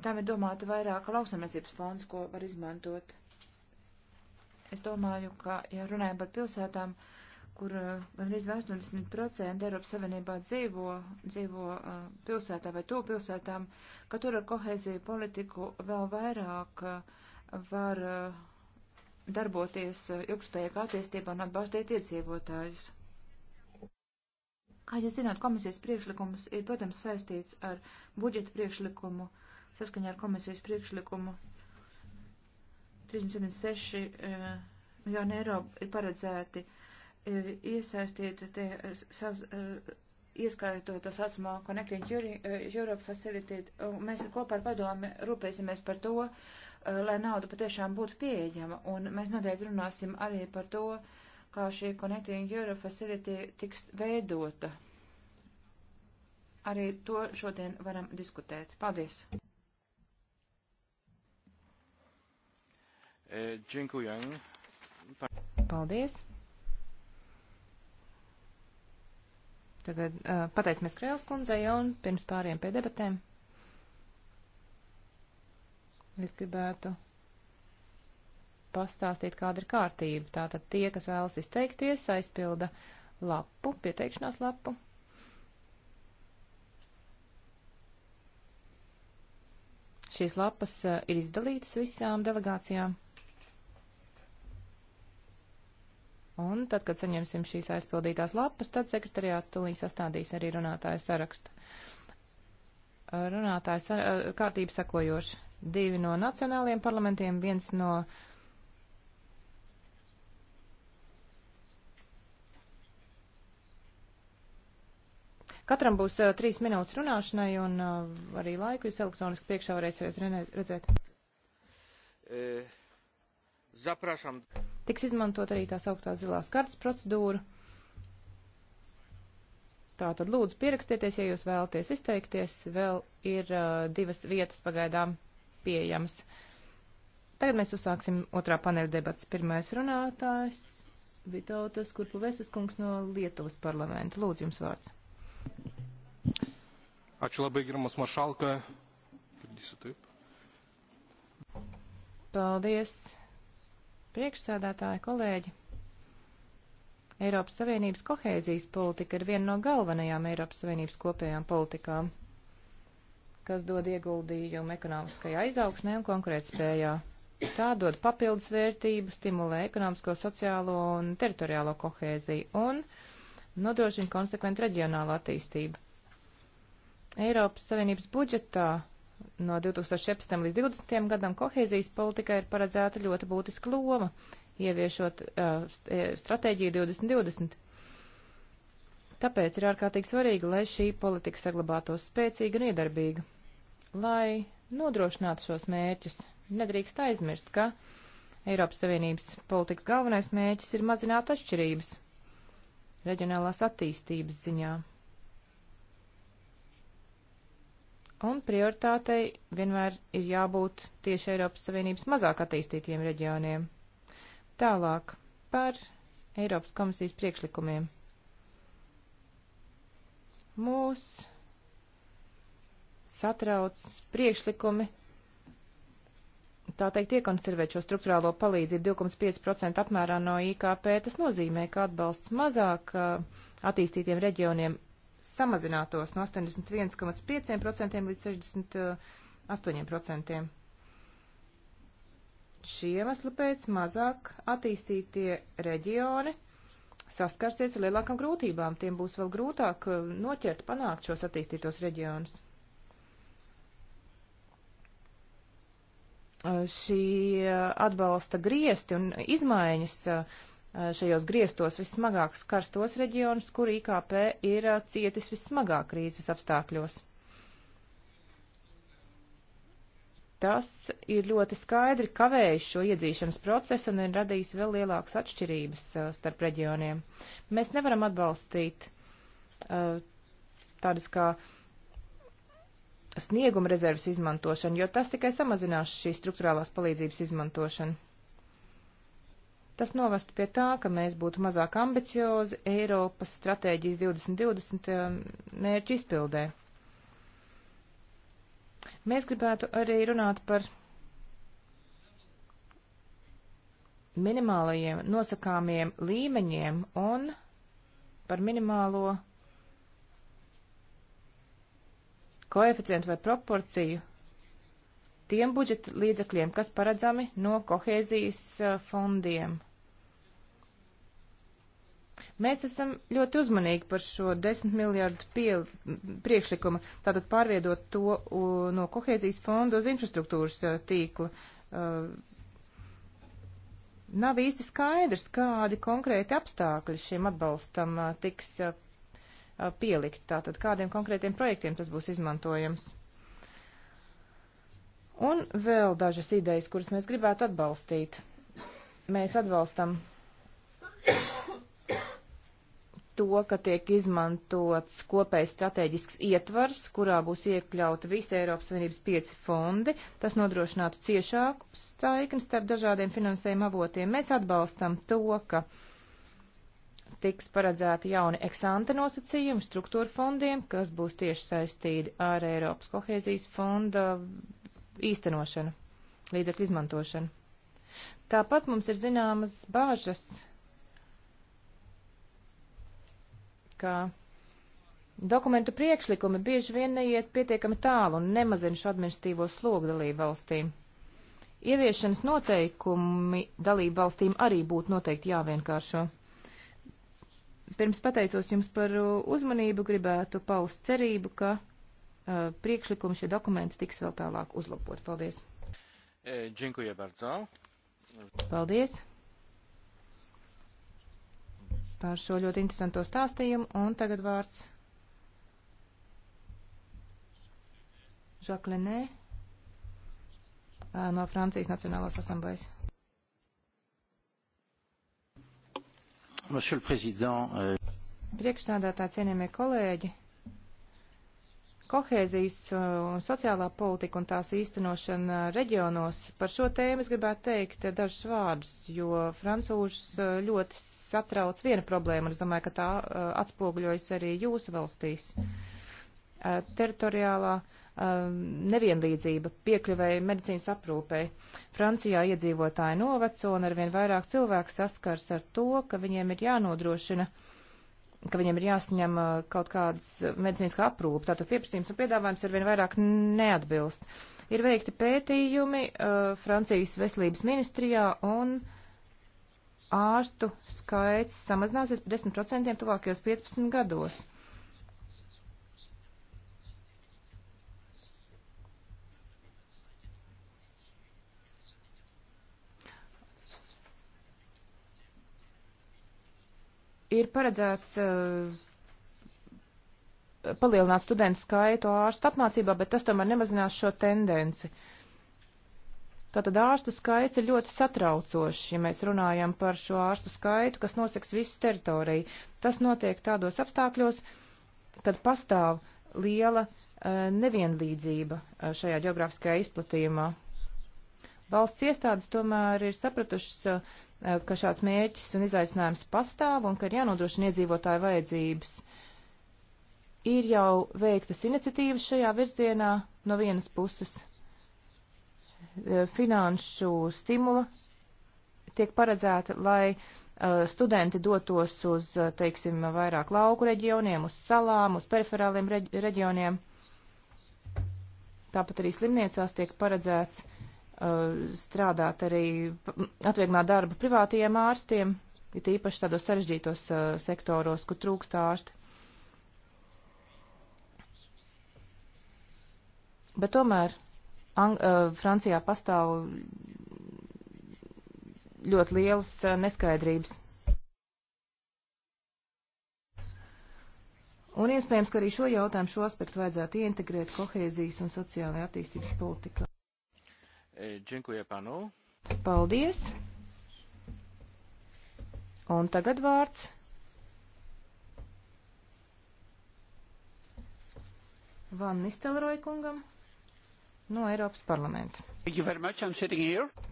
tam ir domāta vairāk lauksamniecības fonds, ko var izmantot. Es domāju, ka, ja runājam par pilsētām, uh, kur uh, gandrīz 80% Eiropas Savienībā dzīvo, dzīvo uh, pilsētā vai to pilsētām, ka tur ar kohēziju politiku vēl vairāk uh, var darboties ilgspējīgā attīstībā un atbalstīt iedzīvotājus. Kā jūs zināt, komisijas priekšlikums ir, protams, saistīts ar budžeta priekšlikumu, saskaņā ar komisijas priekšlikumu 376 eh, miljonu eiro ir paredzēti uh, iesaistīti, te, saz, e, ieskaitot tas atsmā Connecting e, Europe Facility. Mēs kopā ar padomi rūpēsimies par to, e, lai nauda patiešām būtu pieejama, un mēs noteikti runāsim arī par to, kā šī Connecting Europe Facility tiks veidota. Arī to šodien varam diskutēt. Paldies! Dziękuję. Paldies! Tagad uh, pateicamies Krēls kundzei un pirms pāriem pie debatēm. Es gribētu pastāstīt, kāda ir kārtība. Tātad tie, kas vēlas izteikties, aizpilda lapu, pieteikšanās lapu. Šīs lapas uh, ir izdalītas visām delegācijām. Un tad, kad saņemsim šīs aizpildītās lapas, tad sekretariāts tūlīt sastādīs arī runātāju sarakstu. Runātāju sar eh, kārtību sekojoši. Divi no nacionāliem parlamentiem, viens no. Katram būs uh, trīs minūtes runāšanai un uh, arī laiku jūs elektroniski priekšā varēsiet redzēt. E, zaprašam. Tiks izmantot arī tā sauktā zilās kartas procedūra. Tātad lūdzu pierakstieties, ja jūs vēlaties izteikties. Vēl ir uh, divas vietas pagaidām pieejamas. Tagad mēs uzsāksim otrā paneļa debats. Pirmais runātājs Vitautas Kurpuvesas kungs no Lietuvas parlamenta. Lūdzu, jums vārds. Ačiū labai, gerbamas maršalka. Girdisi taip. Paldies, priekšsēdētāji, kolēģi. Eiropas Savienības kohēzijas politika ir viena no galvenajām Eiropas Savienības kopējām politikām, kas dod ieguldījumu ekonomiskajā izaugsmē un konkurētspējā. Tā dod papildus vērtību, stimulē ekonomisko, sociālo un teritoriālo kohēziju un nodrošina konsekventu reģionālu attīstību. Eiropas Savienības budžetā No 2017 līdz 2020 gadam kohēzijas politikai ir paredzēta ļoti būtiska loma, ieviešot uh, e, stratēģiju 2020. Tāpēc ir ārkārtīgi svarīgi, lai šī politika saglabātos spēcīga un iedarbīga. Lai nodrošinātu šos mērķus, nedrīkst aizmirst, ka Eiropas Savienības politikas galvenais mērķis ir mazināt atšķirības reģionālās attīstības ziņā. Un prioritātei vienmēr ir jābūt tieši Eiropas Savienības mazāk attīstītiem reģioniem. Tālāk par Eiropas komisijas priekšlikumiem. Mūs satrauc priekšlikumi, tā teikt, iekonservēt šo struktūrālo palīdzību 2,5% apmērā no IKP. Tas nozīmē, ka atbalsts mazāk uh, attīstītiem reģioniem samazinātos no 81,5% līdz 68%. Eh, šī iemesla pēc mazāk attīstītie reģioni saskarsies ar lielākām grūtībām. Tiem būs vēl grūtāk eh, noķert, panākt šos attīstītos reģionus. Eh, šī atbalsta griesti un izmaiņas Eh, šajos griestos vismagāk skars tos reģionus, kur IKP ir eh, cietis vismagāk krīzes apstākļos. Tas ir ļoti skaidri kavējis šo iedzīšanas procesu un ir radījis vēl lielākas atšķirības eh, starp reģioniem. Mēs nevaram atbalstīt tādas kā snieguma rezerves izmantošanu, jo tas tikai samazinās šīs struktūrālās palīdzības izmantošanu. Tas novestu pie tā, ka mēs būtu mazāk ambiciozi Eiropas stratēģijas 2020 um, mērķu izpildē. Mēs gribētu arī runāt par minimālajiem nosakāmiem līmeņiem un par minimālo koeficientu vai proporciju tiem budžeta līdzekļiem, kas paredzami no kohēzijas uh, fondiem. Mēs esam ļoti uzmanīgi par šo 10 miljardu pie, priekšlikumu, tātad pārviedot to u, no kohēzijas fonda uz infrastruktūras uh, tīkla. Uh, nav īsti skaidrs, kādi konkrēti apstākļi šim atbalstam uh, tiks uh, uh, pielikt, tātad kādiem konkrētiem projektiem tas būs izmantojams. Un vēl dažas idejas, kuras mēs gribētu atbalstīt. Mēs atbalstam to, ka tiek izmantots kopējs strateģisks ietvars, kurā būs iekļauti visi Eiropas Savienības pieci fondi. Tas nodrošinātu ciešāku staikni starp dažādiem finansējuma avotiem. Mēs atbalstam to, ka tiks paredzēti jauni eksante nosacījumi struktūra fondiem, kas būs tieši saistīti ar Eiropas kohēzijas fonda īstenošanu, līdzekļu izmantošanu. Tāpat mums ir zināmas bāžas ka dokumentu priekšlikumi bieži vien neiet pietiekami tālu un nemazina šo administratīvo slogu dalību valstīm. Ieviešanas noteikumi dalību valstīm arī būtu noteikti jāvienkāršo. Pirms pateicos jums par uh, uzmanību, gribētu paust cerību, ka uh, priekšlikumi šie dokumenti tiks vēl tālāk uzlabot. Paldies! Eh, dziękuję bardzo. Paldies! par šo ļoti interesanto stāstījumu. Un tagad vārds Žaklinē no Francijas Nacionālās asamblejas. Euh, Priekšsādātā cienījamie kolēģi. Kohēzijas uh, un sociālā politika un tās īstenošana reģionos. Par šo tēmu es gribētu teikt dažus vārdus, jo francūžs uh, ļoti satrauc viena problēma, un es domāju, ka tā uh, atspoguļojas arī jūsu valstīs. Teritoriālā um, nevienlīdzība piekļuvēja medicīnas aprūpei. Francijā iedzīvotāji noveco un arvien vairāk cilvēku saskars ar to, ka viņiem ir jānodrošina uh, ka viņiem ir jāsaņem uh, kaut kādas medicīniskā aprūpa. Tātad pieprasījums un piedāvājums ar vien vairāk neatbilst. Ir veikti pētījumi uh, Francijas veselības ministrijā un ārstu skaits samazināsies par 10% tuvākajos 15 gados. ir paredzēts uh, palielināt studentu skaitu ārstu apmācībā, bet tas tomēr nemazinās šo tendenci. Tātad ārstu skaits ir ļoti satraucošs, ja mēs runājam par šo ārstu skaitu, kas noseks visu teritoriju. Tas notiek tādos apstākļos, kad pastāv liela uh, nevienlīdzība uh, šajā geogrāfiskajā izplatījumā. Valsts iestādes tomēr ir sapratušas uh, Eh, ka šāds mērķis un izaicinājums pastāv un ka ir jānodrošina iedzīvotāju vajadzības. Ir jau veiktas iniciatīvas šajā virzienā no vienas puses eh, finanšu stimula tiek paredzēta, lai uh, studenti dotos uz, teiksim, vairāk lauku reģioniem, uz salām, uz periferāliem reģioniem. Tāpat arī slimniecās tiek paredzēts uh, Uh, strādāt arī atvieglot darbu privātajiem ārstiem, it īpaši tādos sarežģītos uh, sektoros, kur trūkst ārsti. Bet tomēr Ang uh, Francijā pastāv ļoti lielas uh, neskaidrības. Un iespējams, ka arī šo jautājumu, šo aspektu vajadzētu ieintegrēt kohēzijas un sociālajā attīstības politikā. E, Džinkuja Panu. Paldies. Un tagad vārds. Van Nistelroja kungam no Eiropas parlamenta.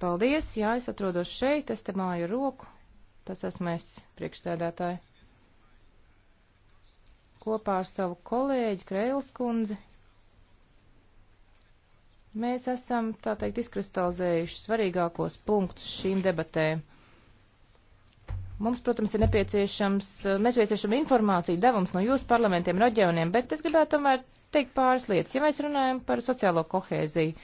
Paldies, jā, es atrodos šeit, es te māju roku. Tas esmu es, priekšsēdētāji. Kopā ar savu kolēģi Kreilskundzi Mēs esam, tā teikt, izkristalizējuši svarīgākos punktus šīm debatēm. Mums, protams, ir nepieciešams, eh, nepieciešama informācija devums no jūsu parlamentiem un reģioniem, bet es gribētu tomēr teikt pāris lietas. Ja mēs runājam par sociālo kohēziju,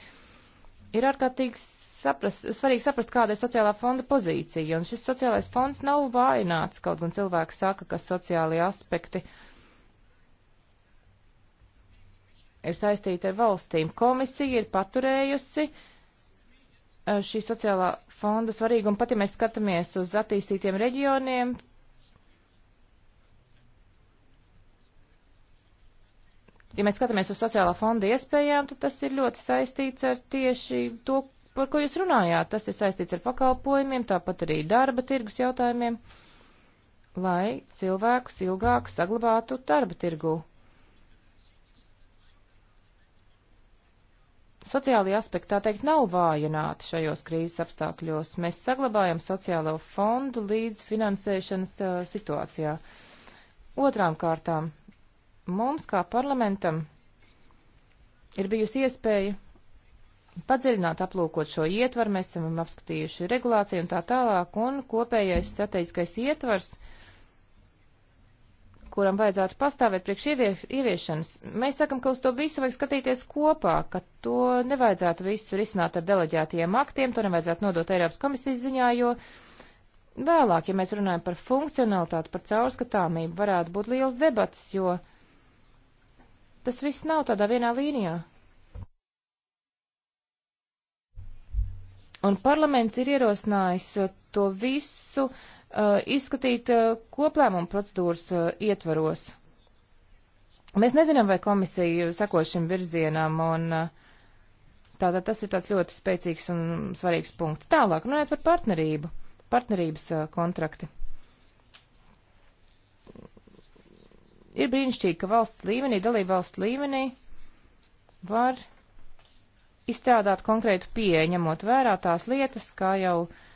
ir ārkārtīgi saprast, svarīgi saprast, kāda ir sociālā fonda pozīcija, un šis sociālais fonds nav vaināts, kaut gan cilvēki saka, ka sociālie aspekti uh, ir saistīta ar valstīm. Komisija ir paturējusi eh, šī sociālā fonda svarīgumu. Pat ja mēs skatāmies uz attīstītiem reģioniem, ja mēs skatāmies uz sociālā fonda iespējām, tad tas ir ļoti saistīts ar tieši to, par ko jūs runājāt. Tas ir saistīts ar pakalpojumiem, tāpat arī darba tirgus jautājumiem, lai cilvēkus ilgāk saglabātu darba tirgu. Sociālajā aspektā teikt nav vājināti šajos krīzes apstākļos. Mēs saglabājam sociālo fondu līdz finansēšanas uh, situācijā. Otrām kārtām, mums kā parlamentam ir bijusi iespēja padziļināt, aplūkot šo ietvaru, mēs esam apskatījuši regulāciju un tā tālāk, un kopējais strateģiskais ietvars uh, kuram vajadzētu pastāvēt priekš ievies, ieviešanas, mēs sakam, ka uz to visu vajag skatīties kopā, ka to nevajadzētu visu risināt ar deleģētajiem aktiem, to nevajadzētu nodot Eiropas komisijas ziņā, jo vēlāk, ja mēs runājam par funkcionalitāti, par caurskatāmību, varētu būt liels debats, jo tas viss nav tādā vienā līnijā. Un parlaments ir ierosinājis to visu uh, Uh, izskatīt uh, koplēmumu procedūras uh, ietvaros. Mēs nezinām, vai komisija seko šim virzienam, un tātad tas ir tāds ļoti spēcīgs un svarīgs punkts. Tālāk, runājot par partnerību, partnerības kontrakti. Ir brīnišķīgi, ka valsts līmenī, dalība valsts līmenī var izstrādāt konkrētu pieeja, ņemot vērā tās lietas, kā jau uh,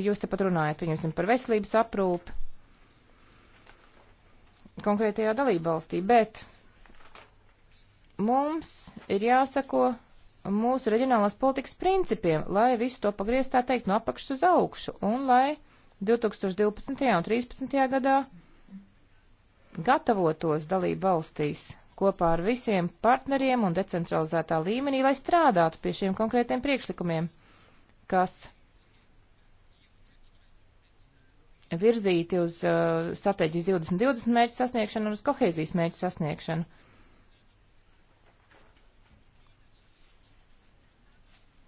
Jūs tepat runājat, viņam par veselības aprūpi konkrētajā dalībvalstī, bet mums ir jāsako mūsu reģionālās politikas principiem, lai visu to pagriezt, tā teikt, no apakšas uz augšu, un lai 2012. un 2013. gadā gatavotos dalību valstīs kopā ar visiem partneriem un decentralizētā līmenī, lai strādātu pie šiem konkrētiem priekšlikumiem, kas virzīti uz uh, strateģijas 2020 mērķu sasniegšanu un uz kohēzijas mērķu sasniegšanu.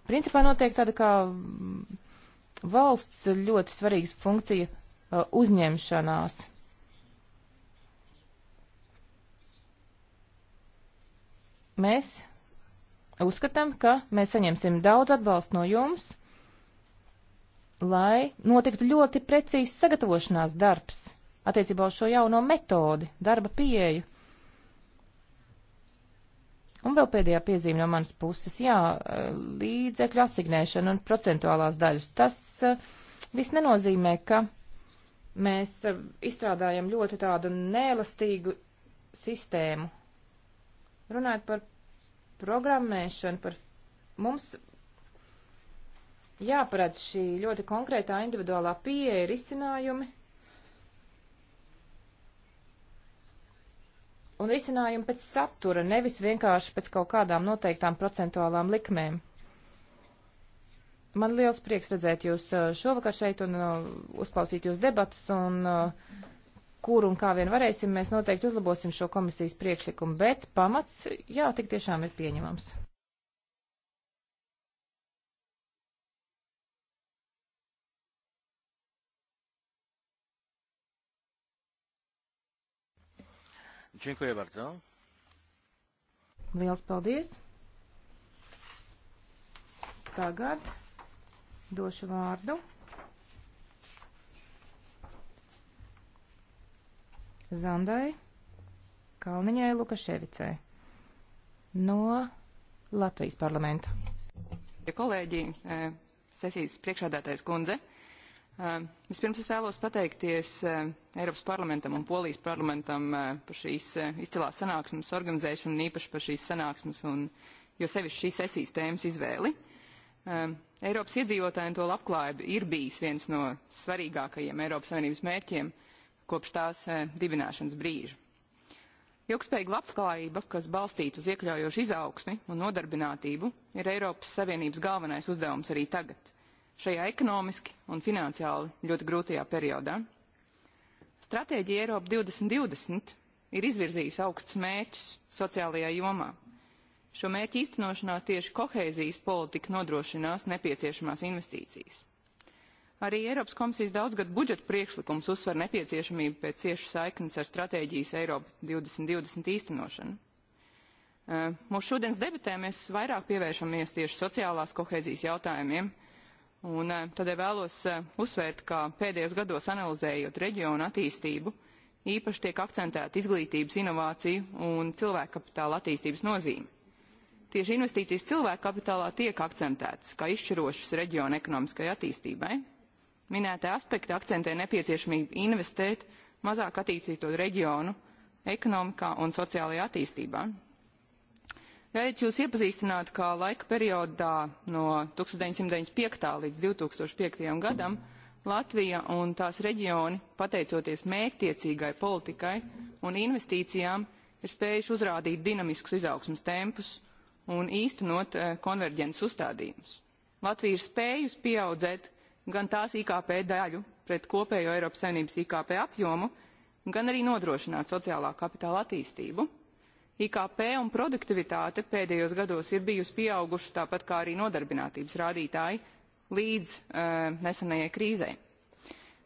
Principā notiek tāda kā valsts ļoti svarīgas funkcija uh, uzņemšanās. Mēs uzskatām, ka mēs saņemsim daudz atbalstu no jums lai notiktu ļoti precīzi sagatavošanās darbs attiecībā uz šo jauno metodi, darba pieeju. Un vēl pēdējā piezīme no manas puses, jā, līdzekļu asignēšana un procentuālās daļas. Tas eh, viss nenozīmē, ka mēs eh, izstrādājam ļoti tādu nēlastīgu sistēmu. Runājot par programmēšanu, par mums jāparedz šī ļoti konkrētā individuālā pieeja risinājumi. Un risinājumi pēc satura, nevis vienkārši pēc kaut kādām noteiktām procentuālām likmēm. Man liels prieks redzēt jūs uh, šovakar šeit un uh, uzklausīt jūs debatas, un uh, kur un kā vien varēsim, mēs noteikti uzlabosim šo komisijas priekšlikumu, bet pamats, jā, tik tiešām ir pieņemams. Dziękuję bardzo. Liels paldies. Tagad došu vārdu Zandai Kalniņai Lukaševicai no Latvijas parlamenta. Kolēģi, eh, sesijas priekšādātais kundze. Uh, vispirms es vēlos pateikties uh, Eiropas parlamentam un Polijas parlamentam uh, par šīs izcilās sanāksmes organizēšanu un īpaši par šīs sanāksmes un jo sevišķi šīs sesijas tēmas izvēli. Eiropas iedzīvotāju un to labklājību ir bijis viens no svarīgākajiem Eiropas Savienības mērķiem kopš tās dibināšanas brīža. Ilgspējīga labklājība, kas balstīta uz iekļaujošu izaugsmi un nodarbinātību, ir Eiropas Savienības galvenais uzdevums arī tagad šajā ekonomiski un finansiāli ļoti grūtajā periodā. Stratēģija Eiropa 2020 ir izvirzījusi augstus mērķus sociālajā jomā. Šo mērķu īstenošanā tieši kohēzijas politika nodrošinās nepieciešamās investīcijas. Arī Eiropas komisijas daudzgad budžeta priekšlikums uzsver nepieciešamību pēc ciešu saiknes ar stratēģijas Eiropa 2020 īstenošanu. Mūsu šodienas debatē mēs vairāk pievēršamies tieši sociālās kohēzijas jautājumiem – Un eh, tādēļ vēlos eh, uzsvērt, ka pēdējos gados analizējot reģionu attīstību, īpaši tiek akcentēta izglītības, inovāciju un cilvēku kapitāla attīstības nozīme. Tieši investīcijas cilvēku kapitālā tiek akcentētas kā izšķirošas reģiona ekonomiskai attīstībai. Minētie aspekti akcentē nepieciešamību investēt mazāk attīstīto reģionu ekonomikā un sociālajā attīstībā, Gribētu jūs iepazīstināt, kā laika periodā no 1995. līdz 2005. gadam Latvija un tās reģioni, pateicoties mērķtiecīgai politikai un investīcijām, ir spējuši uzrādīt dinamiskus izaugsmus tempus un īstenot eh, konverģences uzstādījumus. Latvija ir spējusi pieaudzēt gan tās IKP daļu pret kopējo Eiropas Savienības IKP apjomu, gan arī nodrošināt sociālā kapitāla attīstību. IKP un produktivitāte pēdējos gados ir bijusi pieauguši, tāpat kā arī nodarbinātības rādītāji, līdz uh, nesenajai krīzei.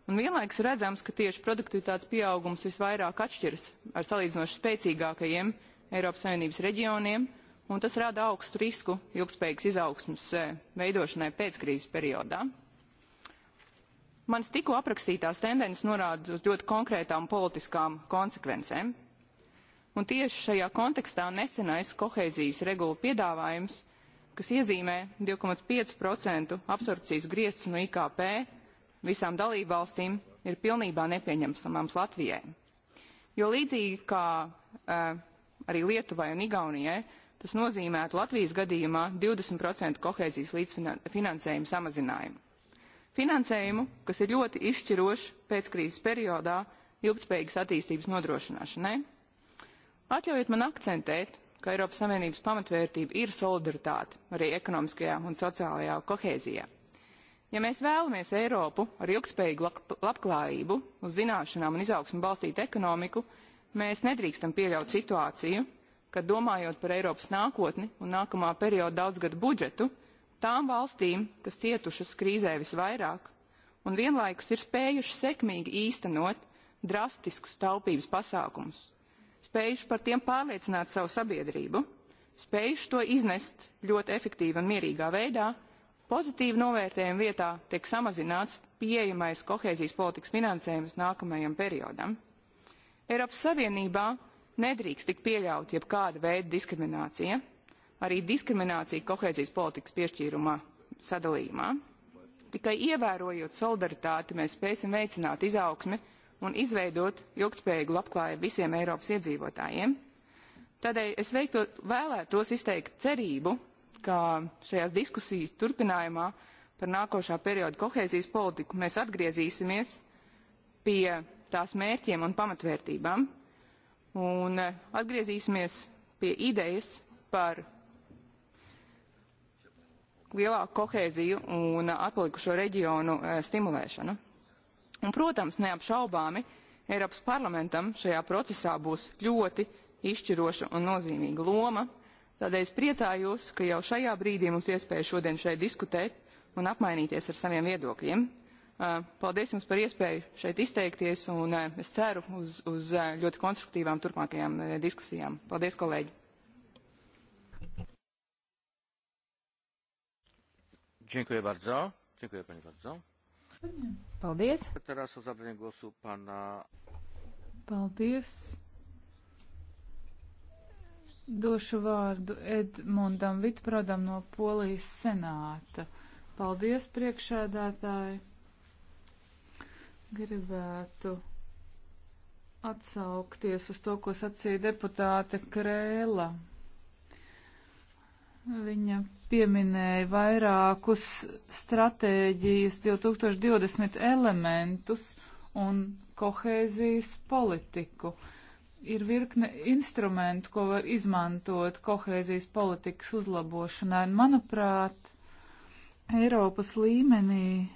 Un vienlaikus redzams, ka tieši produktivitātes pieaugums visvairāk atšķiras ar salīdzinoši spēcīgākajiem Eiropas Savienības reģioniem, un tas rada augstu risku ilgspējīgas izaugsmas uh, veidošanai pēckrīzes periodā. Manas tikko aprakstītās tendences norāda uz ļoti konkrētām politiskām konsekvencēm, Un tieši šajā kontekstā nesenais kohēzijas regula piedāvājums, kas iezīmē 2,5% absorpcijas griezts no IKP visām dalībvalstīm, ir pilnībā nepieņemsams Latvijai. Jo līdzīgi kā uh, arī Lietuvai un Igaunijai, tas nozīmētu Latvijas gadījumā 20% kohēzijas līdzfinansējumu samazinājumu. Finansējumu, kas ir ļoti izšķirošs pēckrīzes periodā ilgtspējīgas attīstības nodrošināšanai, Atļaujiet man akcentēt, ka Eiropas Savienības pamatvērtība ir solidaritāte arī ekonomiskajā un sociālajā kohēzijā. Ja mēs vēlamies Eiropu ar ilgspējīgu labklājību, uz zināšanām un izaugsmu balstītu ekonomiku, mēs nedrīkstam pieļaut situāciju, kad domājot par Eiropas nākotni un nākamā perioda daudzgadu budžetu, tām valstīm, kas cietušas krīzē visvairāk un vienlaikus ir spējušas sekmīgi īstenot drastiskus taupības pasākumus, spējuši par tiem pārliecināt savu sabiedrību, spējuši to iznest ļoti efektīvi un mierīgā veidā, pozitīvi novērtējuma vietā tiek samazināts pieejamais kohēzijas politikas finansējums nākamajam periodam. Eiropas Savienībā nedrīkst tik pieļaut jebkāda veida diskriminācija, arī diskriminācija kohēzijas politikas piešķīrumā sadalījumā. Tikai ievērojot solidaritāti, mēs spēsim veicināt izaugsmi un izveidot ilgtspējīgu labklājību visiem Eiropas iedzīvotājiem. Tādēļ es veikto, vēlētos izteikt cerību, ka šajās diskusijas turpinājumā par nākošā perioda kohēzijas politiku mēs atgriezīsimies pie tās mērķiem un pamatvērtībām un eh, atgriezīsimies pie idejas par lielāku kohēziju un atpalikušo reģionu eh, stimulēšanu. Un, protams, neapšaubāmi Eiropas parlamentam šajā procesā būs ļoti izšķiroša un nozīmīga loma. Tādēļ es priecājos, ka jau šajā brīdī mums iespēja šodien šeit diskutēt un apmainīties ar saviem viedokļiem. Uh, paldies jums par iespēju šeit izteikties, un uh, es ceru uz, uz uh, ļoti konstruktīvām turpmākajām diskusijām. Paldies, kolēģi! Dziękuję bardzo. Dziękuję pani bardzo. Paldies! Paldies! Došu vārdu Edmundam Vitprodam no Polijas senāta. Paldies, priekšēdētāji! Gribētu atsaukties uz to, ko sacīja deputāte Krēla. Viņa pieminēja vairākus stratēģijas 2020 elementus un kohēzijas politiku. Ir virkne instrumentu, ko var izmantot kohēzijas politikas uzlabošanai, un manuprāt, Eiropas līmenī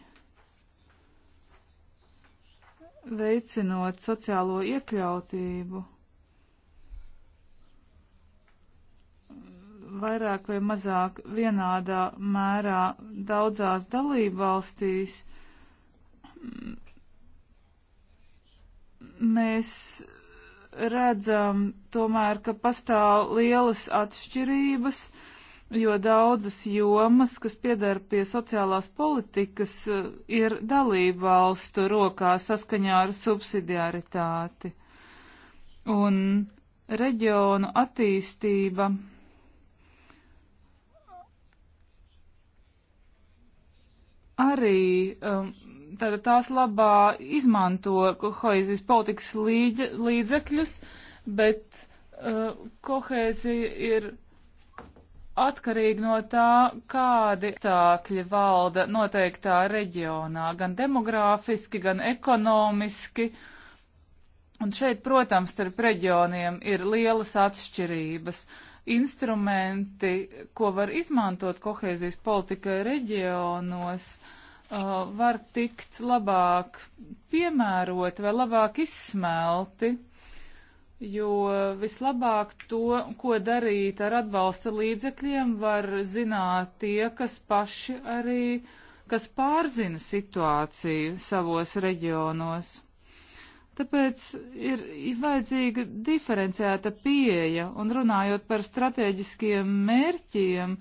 veicinot sociālo iekļautību vairāk vai mazāk vienādā mērā daudzās dalībvalstīs, mēs redzam tomēr, ka pastāv lielas atšķirības, jo daudzas jomas, kas piedara pie sociālās politikas, ir dalībvalstu rokā saskaņā ar subsidiaritāti. Un reģionu attīstība arī um, tātad tās labā izmanto kohēzijas politikas līdz, līdzekļus, bet uh, kohēzija ir atkarīga no tā, kādi stākļi valda noteiktā reģionā, gan demogrāfiski, gan ekonomiski. Un šeit, protams, starp reģioniem ir lielas atšķirības. Uh, instrumenti, ko var izmantot kohēzijas politikai reģionos, uh, var tikt labāk piemēroti vai labāk izsmelti, jo vislabāk to, ko darīt ar atbalsta līdzekļiem, var zināt tie, kas paši arī, kas pārzina situāciju savos reģionos. Tāpēc ir vajadzīga diferenciēta pieeja, un runājot par strateģiskiem mērķiem,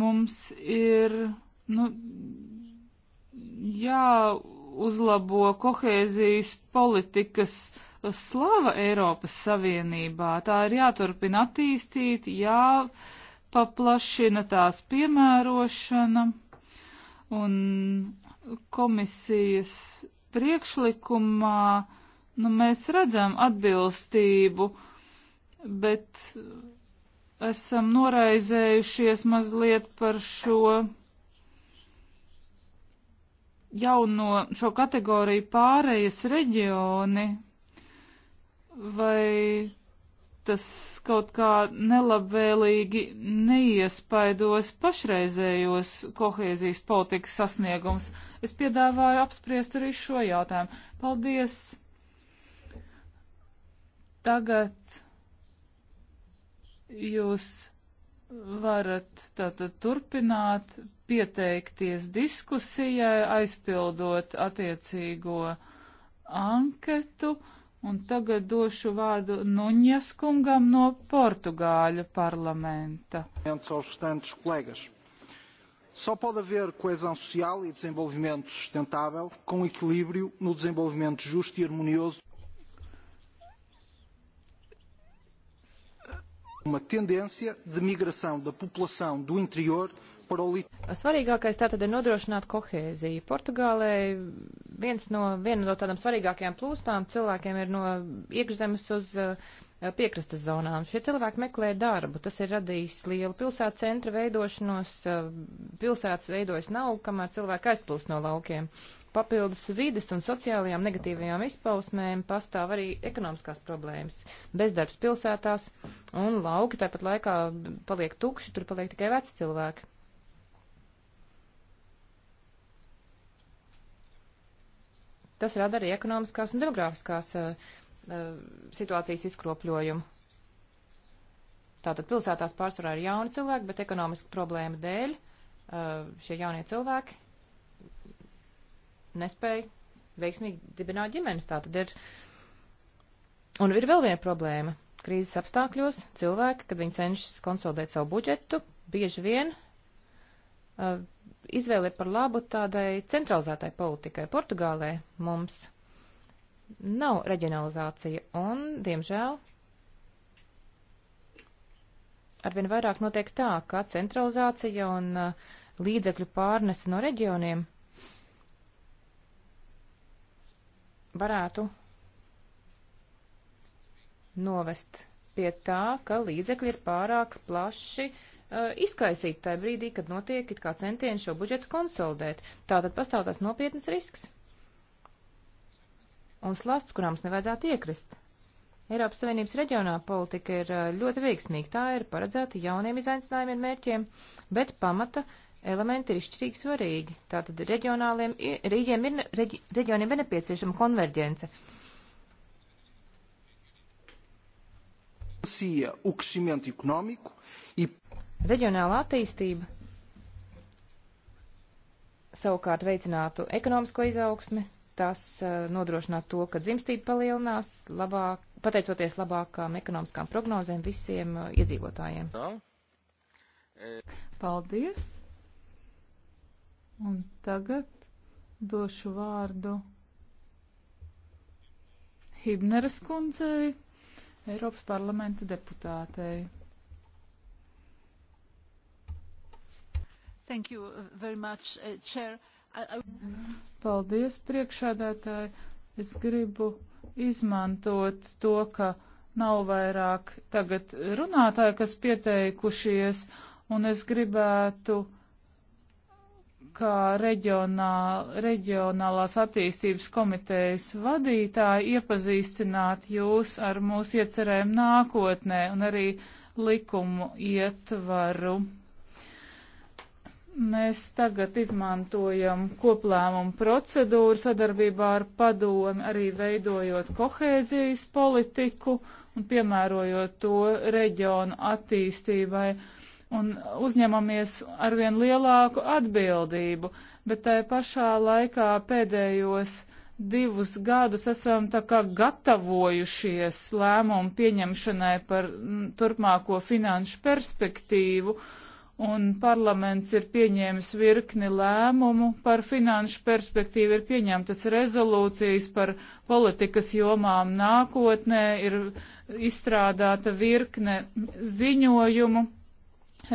mums ir nu, jāuzlabo kohēzijas politikas slava Eiropas Savienībā. Tā ir jāturpina attīstīt, jāpaplašina tās piemērošana, un komisijas priekšlikumā, nu, mēs redzam atbilstību, bet esam noraizējušies mazliet par šo jauno, šo kategoriju pārējas reģioni, vai tas kaut kā nelabvēlīgi neiespaidos pašreizējos kohēzijas politikas sasniegums es piedāvāju apspriest arī šo jautājumu. Paldies! Tagad jūs varat tātad turpināt pieteikties diskusijai, aizpildot attiecīgo anketu, un tagad došu vārdu Nuņas kungam no Portugāļu parlamenta. Viens, Só pode haver coesão social e desenvolvimento sustentável com equilíbrio no desenvolvimento justo e harmonioso. Uma tendência de migração da população do interior para o Svarīgākais tātad ir nodrošināt kohēziju. Portugālē viens no, viena no tādām svarīgākajām plūsmām cilvēkiem ir no iekšzemes uz uh, Eh, piekrastes zonām. Šie cilvēki meklē darbu, tas ir radījis lielu pilsētu centra veidošanos, eh, pilsētas veidojas nav, kamēr cilvēki aizplūst no laukiem. Papildus vides un sociālajām negatīvajām izpausmēm pastāv arī ekonomiskās problēmas. Bezdarbs pilsētās un lauki tāpat laikā paliek tukši, tur paliek tikai veci cilvēki. Tas rada arī ekonomiskās un demogrāfiskās uh, eh, Eh, situācijas izkropļojumu. Tātad pilsētās pārsvarā ir jauni cilvēki, bet ekonomiska problēma dēļ eh, šie jaunie cilvēki nespēja veiksmīgi dibināt ģimenes. Tātad ir. Un ir vēl viena problēma. Krīzes apstākļos cilvēki, kad viņi cenšas konsolidēt savu budžetu, bieži vien eh, izvēle ir par labu tādai centralizētai politikai. Portugālē mums nav reģionalizācija un, diemžēl, arvien vairāk notiek tā, ka centralizācija un uh, līdzekļu pārnese no reģioniem varētu novest pie tā, ka līdzekļi ir pārāk plaši uh, izkaisīti tajā brīdī, kad notiek it kā centieni šo budžetu konsolidēt. Tātad pastāv tāds nopietnas risks un slasts, kurām mums nevajadzētu iekrist. Eiropas Savienības reģionā politika ir ļoti veiksmīga. Tā ir paredzēta jauniem izaicinājumiem, mērķiem, bet pamata elementi ir izšķirīgi svarīgi. Tātad reģionāliem rīģiem ir, reģi, reģioniem ir nepieciešama konverģence. E Reģionāla attīstība savukārt veicinātu ekonomisko izaugsmi, tas eh, nodrošināt to, ka dzimstība palielinās, labāk, pateicoties labākām ekonomiskām prognozēm visiem eh, iedzīvotājiem. Paldies! Un tagad došu vārdu Hibneras kundzei, Eiropas parlamenta deputātei. Thank you uh, very much, uh, Chair. Uh, Paldies, priekšādātāji. Es gribu izmantot to, ka nav vairāk tagad runātāji, kas pieteikušies, un es gribētu kā reģionā, reģionālās attīstības komitejas vadītāji iepazīstināt jūs ar mūsu iecerēm nākotnē un arī likumu ietvaru. Mēs tagad izmantojam koplēmumu procedūru sadarbībā ar padomi, arī veidojot kohēzijas politiku un piemērojot to reģionu attīstībai un uzņemamies arvien lielāku atbildību, bet tai pašā laikā pēdējos divus gadus esam tā kā gatavojušies lēmumu pieņemšanai par turpmāko finanšu perspektīvu. Uh, un parlaments ir pieņēmis virkni lēmumu par finanšu perspektīvu, ir pieņemtas rezolūcijas par politikas jomām nākotnē, ir izstrādāta virkne ziņojumu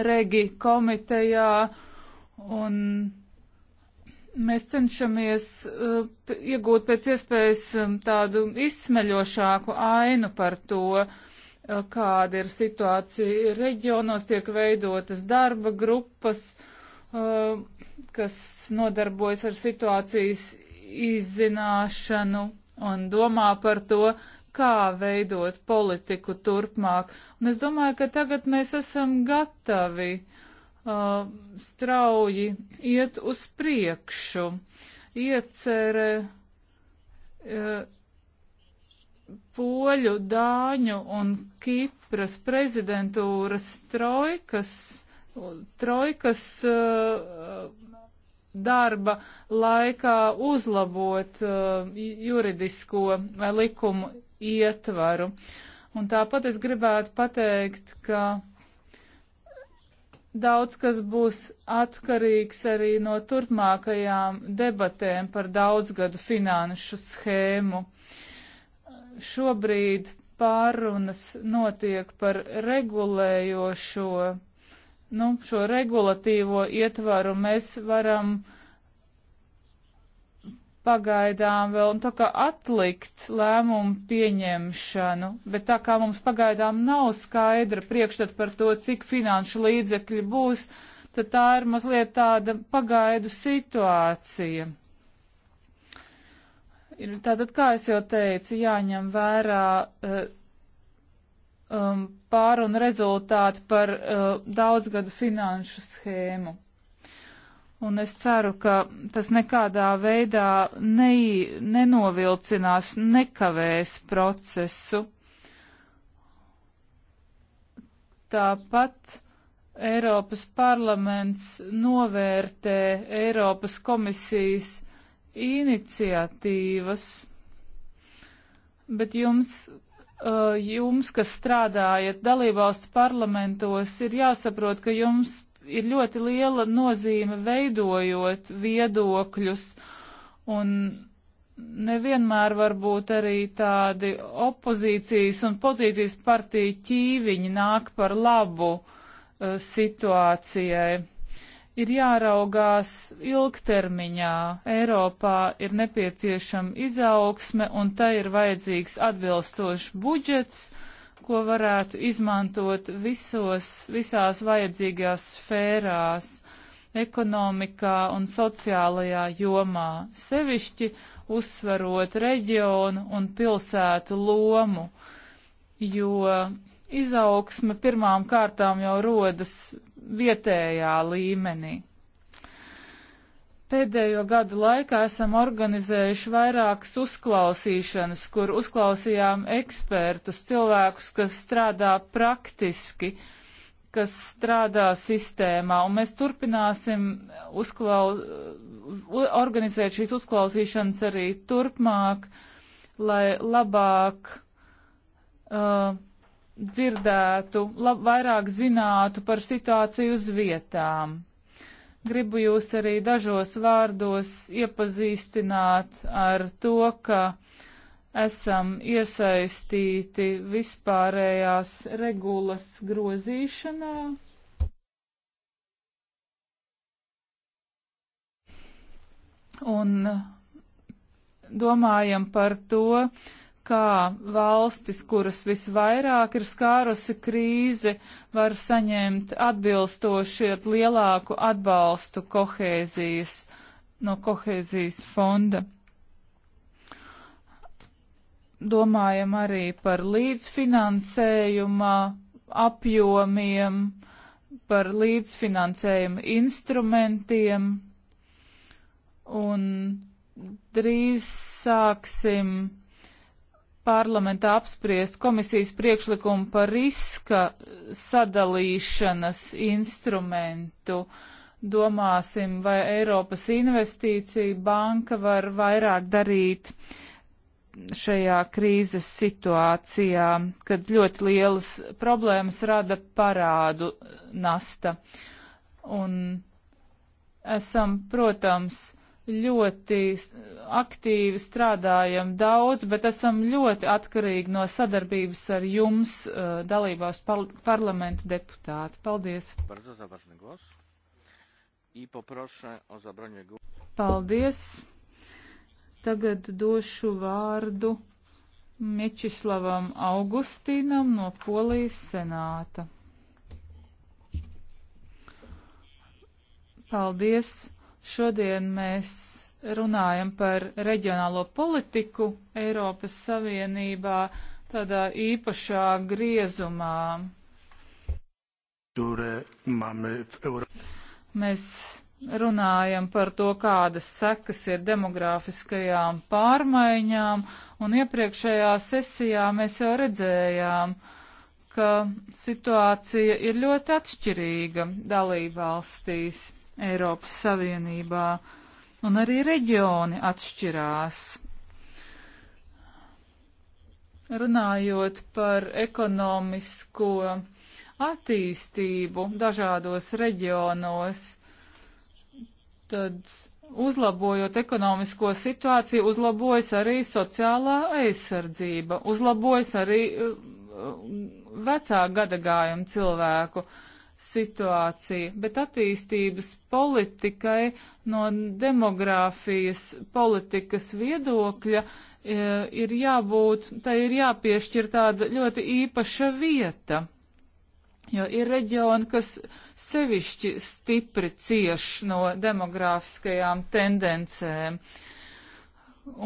regi komitejā, un mēs cenšamies uh, iegūt pēc iespējas um, tādu izsmeļošāku ainu par to, uh, Eh, kāda ir situācija reģionos, tiek veidotas darba grupas, eh, kas nodarbojas ar situācijas izzināšanu un domā par to, kā veidot politiku turpmāk. Un es domāju, ka tagad mēs esam gatavi uh, strauji iet uz priekšu. Iecere uh, poļu, dāņu un Kipras prezidentūras trojkas, trojkas uh, darba laikā uzlabot uh, juridisko vai uh, likumu ietvaru. Un tāpat es gribētu pateikt, ka daudz kas būs atkarīgs arī no turpmākajām debatēm par daudzgadu finanšu schēmu. Uh, šobrīd pārunas notiek par regulējošo, nu, šo regulatīvo ietvaru mēs varam pagaidām vēl, nu, tā kā atlikt lēmumu pieņemšanu, bet tā kā mums pagaidām nav skaidra priekšstat par to, cik finanšu līdzekļi būs, tad tā ir mazliet tāda pagaidu situācija. Ir tātad, kā es jau teicu, jāņem vērā uh, um, pārunu rezultāti par uh, daudzgadu finanšu schēmu. Un es ceru, ka tas nekādā veidā nei, nenovilcinās, nekavēs procesu. Tāpat Eiropas parlaments novērtē Eiropas komisijas iniciatīvas, bet jums, uh, jums, kas strādājat dalībvalstu parlamentos, ir jāsaprot, ka jums ir ļoti liela nozīme veidojot viedokļus un nevienmēr varbūt arī tādi opozīcijas un pozīcijas partiju ķīviņi nāk par labu uh, situācijai ir jāraugās ilgtermiņā. Eiropā ir nepieciešama izaugsme un tai ir vajadzīgs atbilstošs budžets, ko varētu izmantot visos, visās vajadzīgās sfērās ekonomikā un sociālajā jomā, sevišķi uzsvarot reģionu un pilsētu lomu, jo izaugsme pirmām kārtām jau rodas vietējā līmenī. Pēdējo gadu laikā esam organizējuši vairākas uzklausīšanas, kur uzklausījām ekspertus, cilvēkus, kas strādā praktiski, kas strādā sistēmā, un mēs turpināsim uzklau... organizēt šīs uzklausīšanas arī turpmāk, lai labāk uh, dzirdētu, lab, vairāk zinātu par situāciju uz vietām. Gribu jūs arī dažos vārdos iepazīstināt ar to, ka esam iesaistīti vispārējās regulas grozīšanā. Un domājam par to, kā valstis, kuras visvairāk ir skārusi krīze, var saņemt atbilstošiet lielāku atbalstu kohēzijas, no kohēzijas fonda. Domājam arī par līdzfinansējuma apjomiem, par līdzfinansējuma instrumentiem un drīz sāksim parlamentā apspriest komisijas priekšlikumu par riska sadalīšanas instrumentu. Domāsim, vai Eiropas investīcija banka var vairāk darīt šajā krīzes situācijā, kad ļoti lielas problēmas rada parādu nasta. Un esam, protams, ļoti aktīvi strādājam daudz, bet esam ļoti atkarīgi no sadarbības ar jums, uh, dalībās par parlamentu deputāti. Paldies! Paldies! Tagad došu vārdu Miečislavam Augustīnam no Polijas senāta. Paldies! Šodien mēs runājam par reģionālo politiku Eiropas Savienībā tādā īpašā griezumā. Mēs runājam par to, kādas sekas ir demografiskajām pārmaiņām, un iepriekšējā sesijā mēs jau redzējām, ka situācija ir ļoti atšķirīga dalībvalstīs. valstīs. Eiropas Savienībā, un arī reģioni atšķirās. Runājot par ekonomisko attīstību dažādos reģionos, tad uzlabojot ekonomisko situāciju, uzlabojas arī sociālā aizsardzība, uzlabojas arī uh, uh, vecā gadagājuma cilvēku uh, situācija, bet attīstības politikai no demogrāfijas politikas viedokļa e, ir jābūt, tai ir jāpiešķir tāda ļoti īpaša vieta. Jo ir reģioni, kas sevišķi stipri cieš no demogrāfiskajām tendencēm.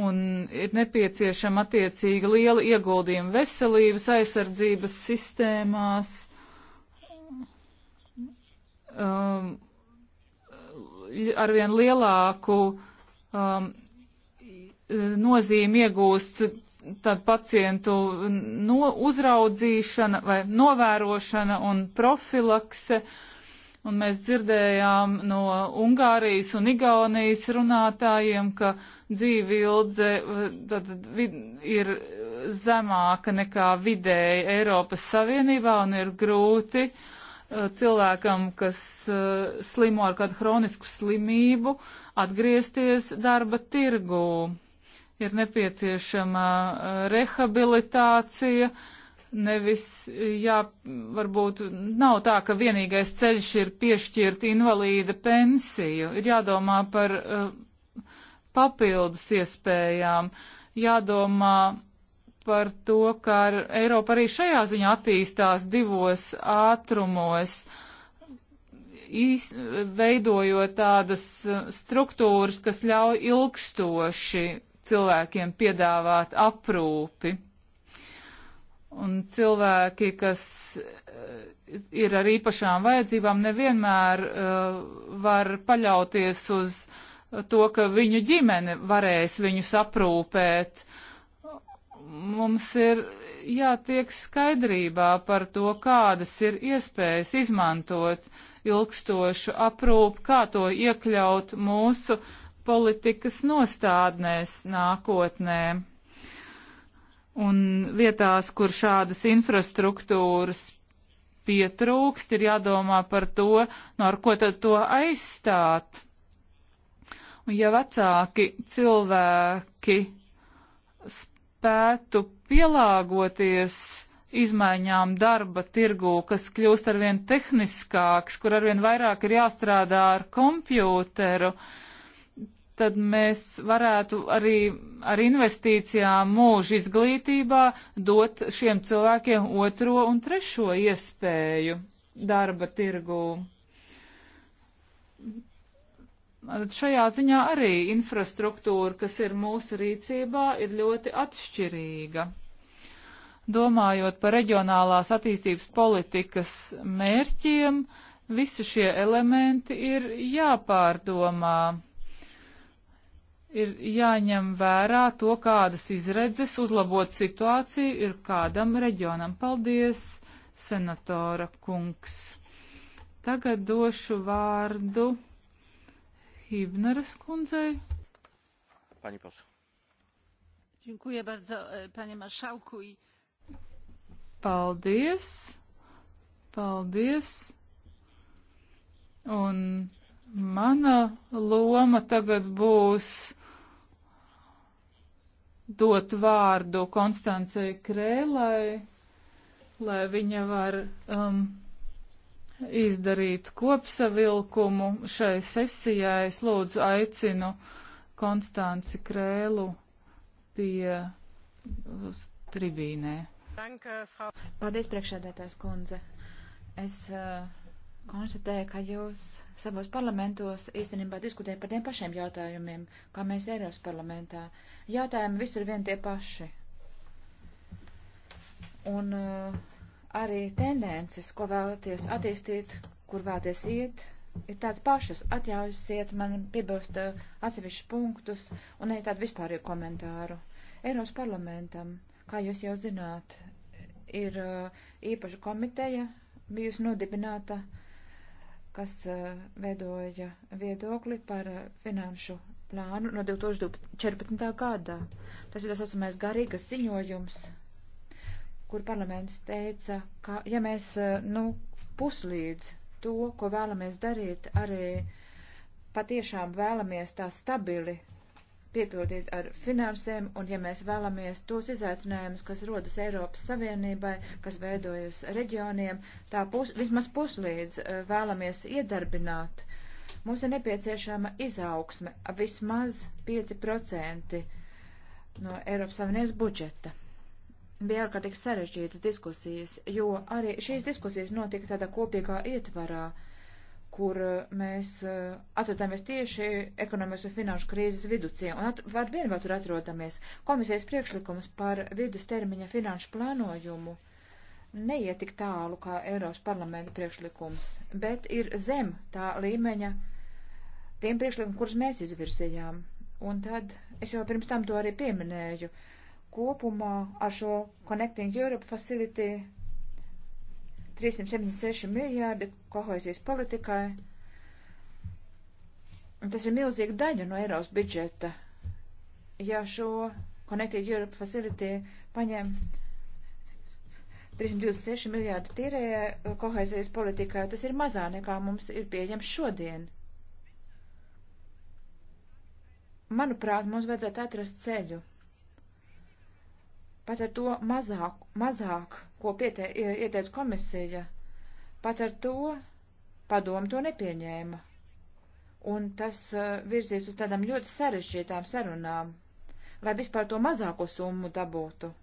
Un ir nepieciešama attiecīga liela ieguldījuma veselības aizsardzības sistēmās, um, arvien lielāku um, nozīmi iegūst tad pacientu no, uzraudzīšana vai novērošana un profilakse. Un mēs dzirdējām no Ungārijas un Igaunijas runātājiem, ka dzīve ilgze ir zemāka nekā vidēji Eiropas Savienībā un ir grūti uh, Eh, cilvēkam, kas eh, slimo ar kādu hronisku slimību, atgriezties darba tirgū. Ir nepieciešama eh, rehabilitācija, nevis, jā, varbūt nav tā, ka vienīgais ceļš ir piešķirt invalīda pensiju. Ir jādomā par papildus iespējām, jādomā par to, ka ar Eiropa arī šajā ziņā attīstās divos ātrumos, īs, veidojot tādas uh, struktūras, kas ļauj ilgstoši cilvēkiem piedāvāt aprūpi. Un cilvēki, kas uh, ir ar īpašām vajadzībām, nevienmēr uh, var paļauties uz to, ka viņu ģimene varēs viņus aprūpēt. Uh, mums ir jātiek skaidrībā par to, kādas ir iespējas izmantot ilgstošu aprūpu, kā to iekļaut mūsu politikas nostādnēs nākotnē. Un vietās, kur šādas infrastruktūras pietrūkst, ir jādomā par to, no ar ko tad to aizstāt. Un ja vecāki cilvēki spētu pielāgoties izmaiņām darba tirgū, kas kļūst arvien tehniskāks, kur arvien vairāk ir jāstrādā ar kompjūteru, tad mēs varētu arī ar investīcijām mūža izglītībā dot šiem cilvēkiem otro un trešo iespēju darba tirgū šajā ziņā arī infrastruktūra, kas ir mūsu rīcībā, ir ļoti atšķirīga. Domājot par reģionālās attīstības politikas mērķiem, visi šie elementi ir jāpārdomā. Ir jāņem vērā to, kādas izredzes uzlabot situāciju ir kādam reģionam. Paldies, senatora kungs. Tagad došu vārdu Hibneres kundzei. Pani poseł. Dziękuję bardzo, e, panie marszałku. I... Paldies. Paldies. Un mana loma tagad būs dot vārdu Konstancei Krēlai, lai viņa var um, izdarīt kopsavilkumu šai sesijai. Es lūdzu aicinu Konstanci Krēlu pie tribīnē. Paldies, priekšēdētājs kundze. Es uh, konstatēju, ka jūs savos parlamentos īstenībā diskutējat par tiem pašiem jautājumiem, kā mēs Eiropas parlamentā. Jautājumi visur vien tie paši. Un uh, arī tendences, ko vēlaties attīstīt, kur vēlaties iet, ir tādas pašas. Atļaujusiet man piebilst uh, atsevišķus punktus un arī tādu vispārīgu komentāru. Eiros parlamentam, kā jūs jau zināt, ir uh, īpaša komiteja bijusi nodibināta, kas uh, veidoja viedokli par finanšu plānu no 2014. gada. Tas ir tas, kas mēs garīgas ziņojums kur parlaments teica, ka ja mēs, eh, nu, puslīdz to, ko vēlamies darīt, arī patiešām vēlamies tā stabili piepildīt ar finansēm, un ja mēs vēlamies tos izaicinājumus, kas rodas Eiropas Savienībai, kas veidojas reģioniem, tā pus, vismaz puslīdz eh, vēlamies iedarbināt, mums ir nepieciešama izaugsme vismaz 5% no Eiropas Savienības budžeta bija ārkārtīgi sarežģītas diskusijas, jo arī šīs diskusijas notika tādā kopīgā ietvarā, kur uh, mēs uh, atrodāmies tieši ekonomikas un finanšu krīzes viducie, un at, var vien vēl tur atrodamies. Komisijas priekšlikums par vidus termiņa finanšu plānojumu neiet tik tālu kā Eiropas parlamenta priekšlikums, bet ir zem tā līmeņa tiem priekšlikumiem, kurus mēs izvirzījām. Un tad es jau pirms tam to arī pieminēju. Uh, kopumā ar šo Connecting Europe Facility 376 miljārdi kohēzijas politikai. Un tas ir milzīga daļa no Eiropas budžeta. Ja šo Connected Europe Facility paņem 326 miljārdu tīrējā eh, kohēzijas politikā, tas ir mazā nekā mums ir pieejams šodien. Manuprāt, mums vajadzētu atrast ceļu pat ar to mazāk, mazāk ko piete, ieteica komisija, pat ar to padomu to nepieņēma. Un tas e, virzies uz tādām ļoti sarežģītām sarunām, lai vispār to mazāko summu dabūtu.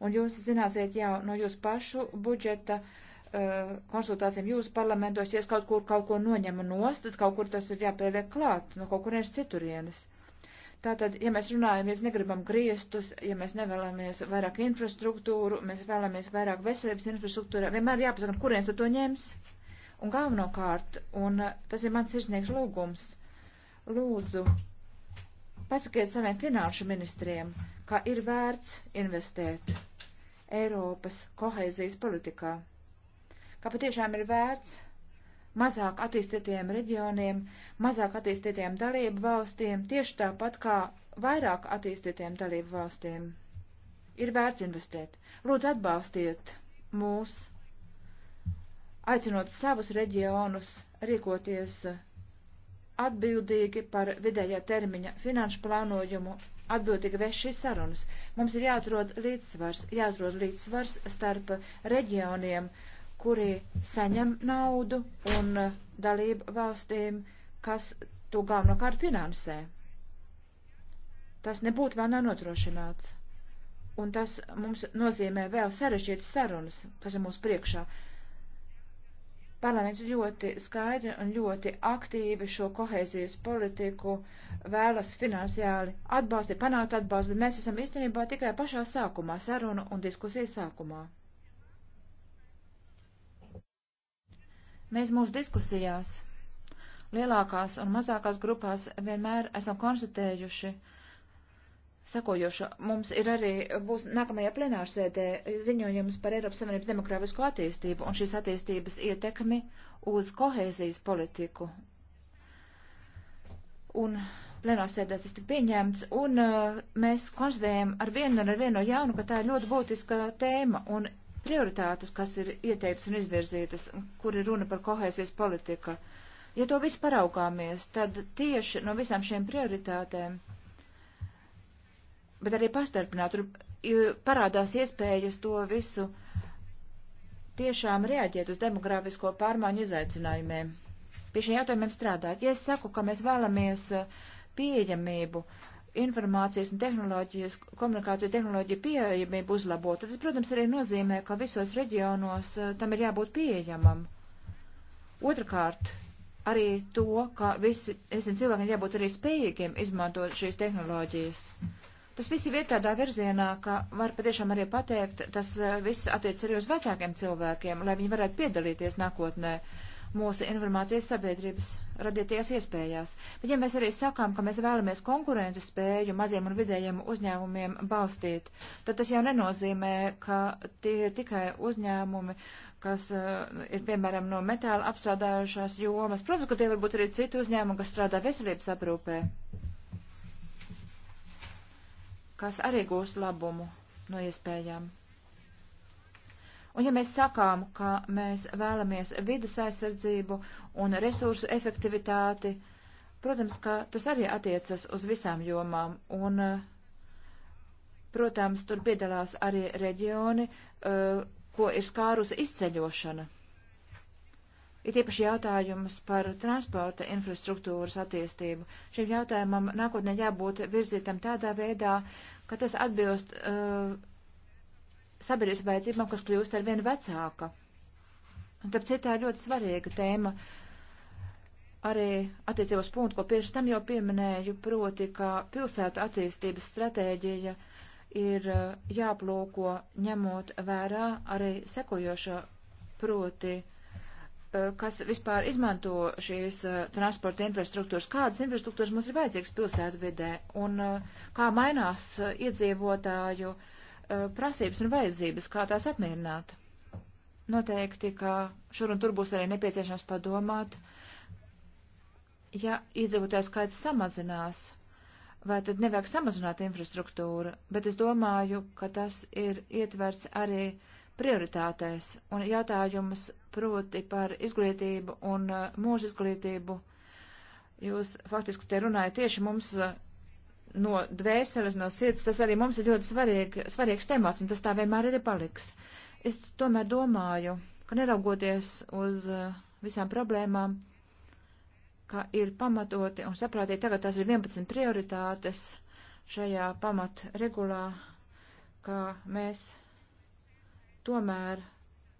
Un jūs zināsiet jau no jūsu pašu budžeta uh, konsultācijām jūsu parlamentos, ja es kaut kur kaut ko noņemu nost, tad kaut kur tas ir jāpieliek klāt no kaut kurienes citurienes. Tātad, ja mēs runājam, ja mēs negribam griestus, ja mēs nevēlamies vairāk infrastruktūru, mēs vēlamies vairāk veselības infrastruktūru, vienmēr jāpasaka, kurienes tu to ņems. Un galvenokārt, un eh, tas ir mans sirsnieks lūgums, lūdzu, pasakiet saviem finanšu ministriem, ka ir vērts investēt Eiropas kohēzijas politikā, ka patiešām ir vērts mazāk attīstītiem reģioniem, mazāk attīstītiem dalību valstīm, tieši tāpat kā vairāk attīstītiem dalību valstīm. Ir vērts investēt. Lūdzu, atbalstiet mūs, aicinot savus reģionus rīkoties atbildīgi par vidējā termiņa finanšu plānojumu, atbildīgi vēst šīs sarunas. Mums ir jāatrod līdzsvars, jāatrod līdzsvars starp reģioniem, uh, kuri saņem naudu un dalību valstīm, kas to galvenokārt finansē. Tas nebūtu vēl nav nodrošināts. Un tas mums nozīmē vēl sarežģītas sarunas, kas ir mūsu priekšā. Parlaments ļoti skaidri un ļoti aktīvi šo kohēzijas politiku vēlas finansiāli atbalstīt, panākt atbalstu, bet mēs esam īstenībā tikai pašā sākumā, sarunu un diskusiju sākumā. Mēs mūsu diskusijās lielākās un mazākās grupās vienmēr esam konstatējuši, Sekojoša mums ir arī, būs nākamajā plenārsēdē ziņojums par Eiropas Savienības demokrātisko attīstību un šīs attīstības ietekmi uz kohēzijas politiku. Un plenārsēdē tas tika pieņemts, un uh, mēs konstatējam ar vienu un ar vienu no jaunu, ka tā ir ļoti būtiska tēma, un prioritātes, kas ir ieteiktas un izvirzītas, kur ir runa par kohēsijas politika. Ja to visu paraugāmies, tad tieši no visām šiem prioritātēm, bet arī pastarpināt, tur parādās iespējas to visu tiešām reaģēt uz demografisko pārmaiņu izaicinājumiem. Pie šiem jautājumiem strādāt. Ja es saku, ka mēs vēlamies uh, pieejamību, uh, informācijas un tehnoloģijas, komunikācija tehnoloģija pieejamība uzlabota, tas, protams, arī nozīmē, ka visos reģionos eh, tam ir jābūt pieejamam. Otrakārt, arī to, ka visi, esam cilvēkiem jābūt arī spējīgiem izmantot šīs tehnoloģijas. Tas viss ir tādā virzienā, ka var patiešām arī pateikt, tas eh, viss attiec arī uz vecākiem cilvēkiem, lai viņi varētu piedalīties nākotnē mūsu informācijas sabiedrības radītajās iespējās. Bet ja mēs arī sakām, ka mēs vēlamies konkurences spēju maziem un vidējiem uzņēmumiem balstīt, tad tas jau nenozīmē, ka tie ir tikai uzņēmumi, kas uh, ir, piemēram, no metāla apstrādājušās jomas. Protams, ka tie var būt arī citi uzņēmumi, kas strādā veselības aprūpē, kas arī gūst labumu no iespējām. Un ja mēs sakām, ka mēs vēlamies vidas aizsardzību un resursu efektivitāti, protams, ka tas arī attiecas uz visām jomām. Un, eh, protams, tur piedalās arī reģioni, eh, ko ir skārusi izceļošana. Ir īpaši jautājums par transporta infrastruktūras attīstību. Šim jautājumam nākotnē jābūt virzītam tādā veidā, ka tas atbilst uh, sabiedrības vajadzībām, kas kļūst ar vien vecāka. Un tāpēc tā ir ļoti svarīga tēma. Arī attiecībos punktu, ko pirms tam jau pieminēju, proti, ka pilsētu attīstības stratēģija ir eh, jāplūko ņemot vērā arī sekojošo proti, eh, kas vispār izmanto šīs eh, transporta infrastruktūras, kādas infrastruktūras mums ir vajadzīgas pilsētu vidē un kā mainās iedzīvotāju uh, Eh, prasības un vajadzības, kā tās apmierināt. Noteikti, ka šur un tur būs arī nepieciešams padomāt, ja iedzīvotāju skaits samazinās, vai tad nevajag samazināt infrastruktūru, bet es domāju, ka tas ir ietverts arī prioritātēs un jautājums proti par izglītību un eh, mūža izglītību. Jūs faktiski te runājat tieši mums eh, no dvēseles, no sirds, tas arī mums ir ļoti svarīgi, svarīgs temats, un tas tā vienmēr arī paliks. Es tomēr domāju, ka neraugoties uz uh, visām problēmām, ka ir pamatoti un saprātīgi tagad tās ir 11 prioritātes šajā pamat regulā, ka mēs tomēr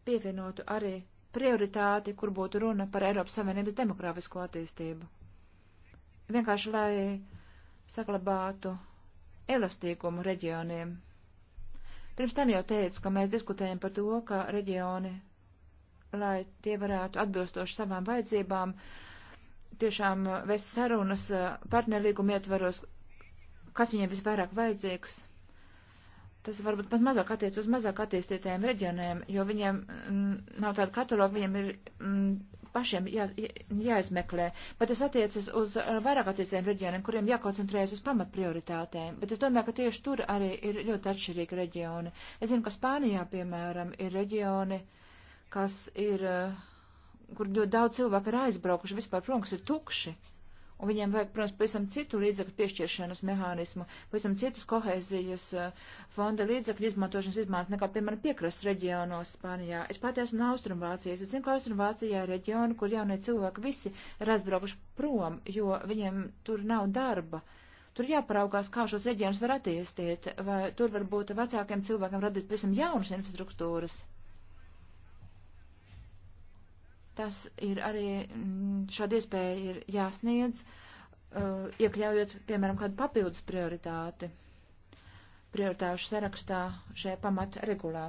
pievienotu arī prioritāti, kur būtu runa par Eiropas Savienības demokrāfisko attīstību. Vienkārši, lai saglabātu elastīgumu reģioniem. Pirms tam jau teicu, ka mēs diskutējam par to, ka reģioni, lai tie varētu atbilstoši savām vajadzībām, tiešām vest sarunas eh, partnerlīguma ietvaros, kas viņiem visvairāk vajadzīgs. Tas varbūt pat mazāk attiec uz mazāk attīstītajiem reģioniem, jo viņiem m, mm, nav tāda kataloga, viņiem ir m, mm, pašiem jā, jāizmeklē, bet tas attiecas uz vairāk attīstītiem reģioniem, kuriem jākoncentrējas uz pamatprioritātēm. Bet es domāju, ka tieši tur arī ir ļoti atšķirīgi reģioni. Es zinu, ka Spānijā, piemēram, ir reģioni, kas ir, eh, kur ļoti daudz cilvēku ir aizbraukuši vispār prom, kas ir tukši. Un viņiem vajag, protams, pavisam citu līdzekļu piešķiršanas mehānismu, pavisam citus kohēzijas eh, fonda līdzekļu izmantošanas izmaiņas nekā, piemēram, piekrasts reģionos Spānijā. Es pati esmu no Austrumvācijas. Es zinu, ka Austrumvācijā ir reģioni, kur jaunie cilvēki visi ir aizbraukuši prom, jo viņiem tur nav darba. Tur jāparaugās, kā šos reģionus var attīstīt, vai tur varbūt vecākiem cilvēkiem radīt pavisam jaunas infrastruktūras tas ir arī mm, šāda iespēja ir jāsniedz, uh, iekļaujot, piemēram, kādu papildus prioritāti prioritāšu sarakstā šajā pamat regulā,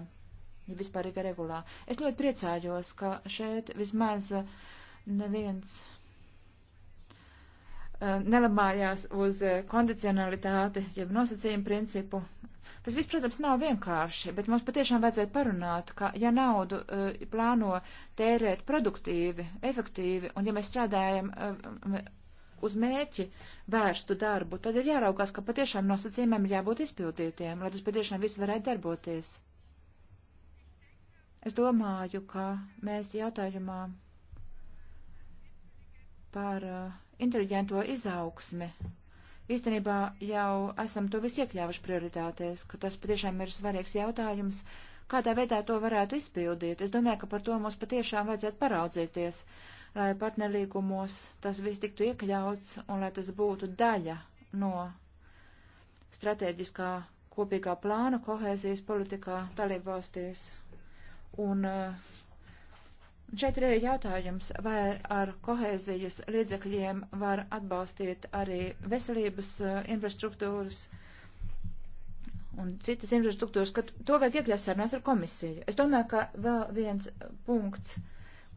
ja vispārīga regulā. Es ļoti priecājos, ka šeit vismaz neviens nelamājās uz eh, kondicionalitāti, jeb nosacījumu principu. Tas viss, protams, nav vienkārši, bet mums patiešām vajadzētu parunāt, ka ja naudu uh, plāno tērēt produktīvi, efektīvi, un ja mēs strādājam uh, uz mērķi vērstu darbu, tad ir jāraukās, ka patiešām nosacījumiem ir jābūt izpildītiem, lai tas patiešām viss varētu darboties. Es domāju, ka mēs jautājumā par uh, inteliģento izaugsmi. Īstenībā jau esam to visu iekļāvuši prioritātēs, ka tas patiešām ir svarīgs jautājums, kādā veidā to varētu izpildīt. Es domāju, ka par to mums patiešām vajadzētu paraudzīties, lai partnerlīgumos tas viss tiktu iekļauts un lai tas būtu daļa no stratēģiskā kopīgā plāna kohēzijas politikā dalībvalstīs. Un uh, Šeit ir jautājums, vai ar kohēzijas līdzekļiem var atbalstīt arī veselības eh, infrastruktūras un citas infrastruktūras, ka to vajag iekļaut sarunās ar komisiju. Es domāju, ka vēl viens punkts,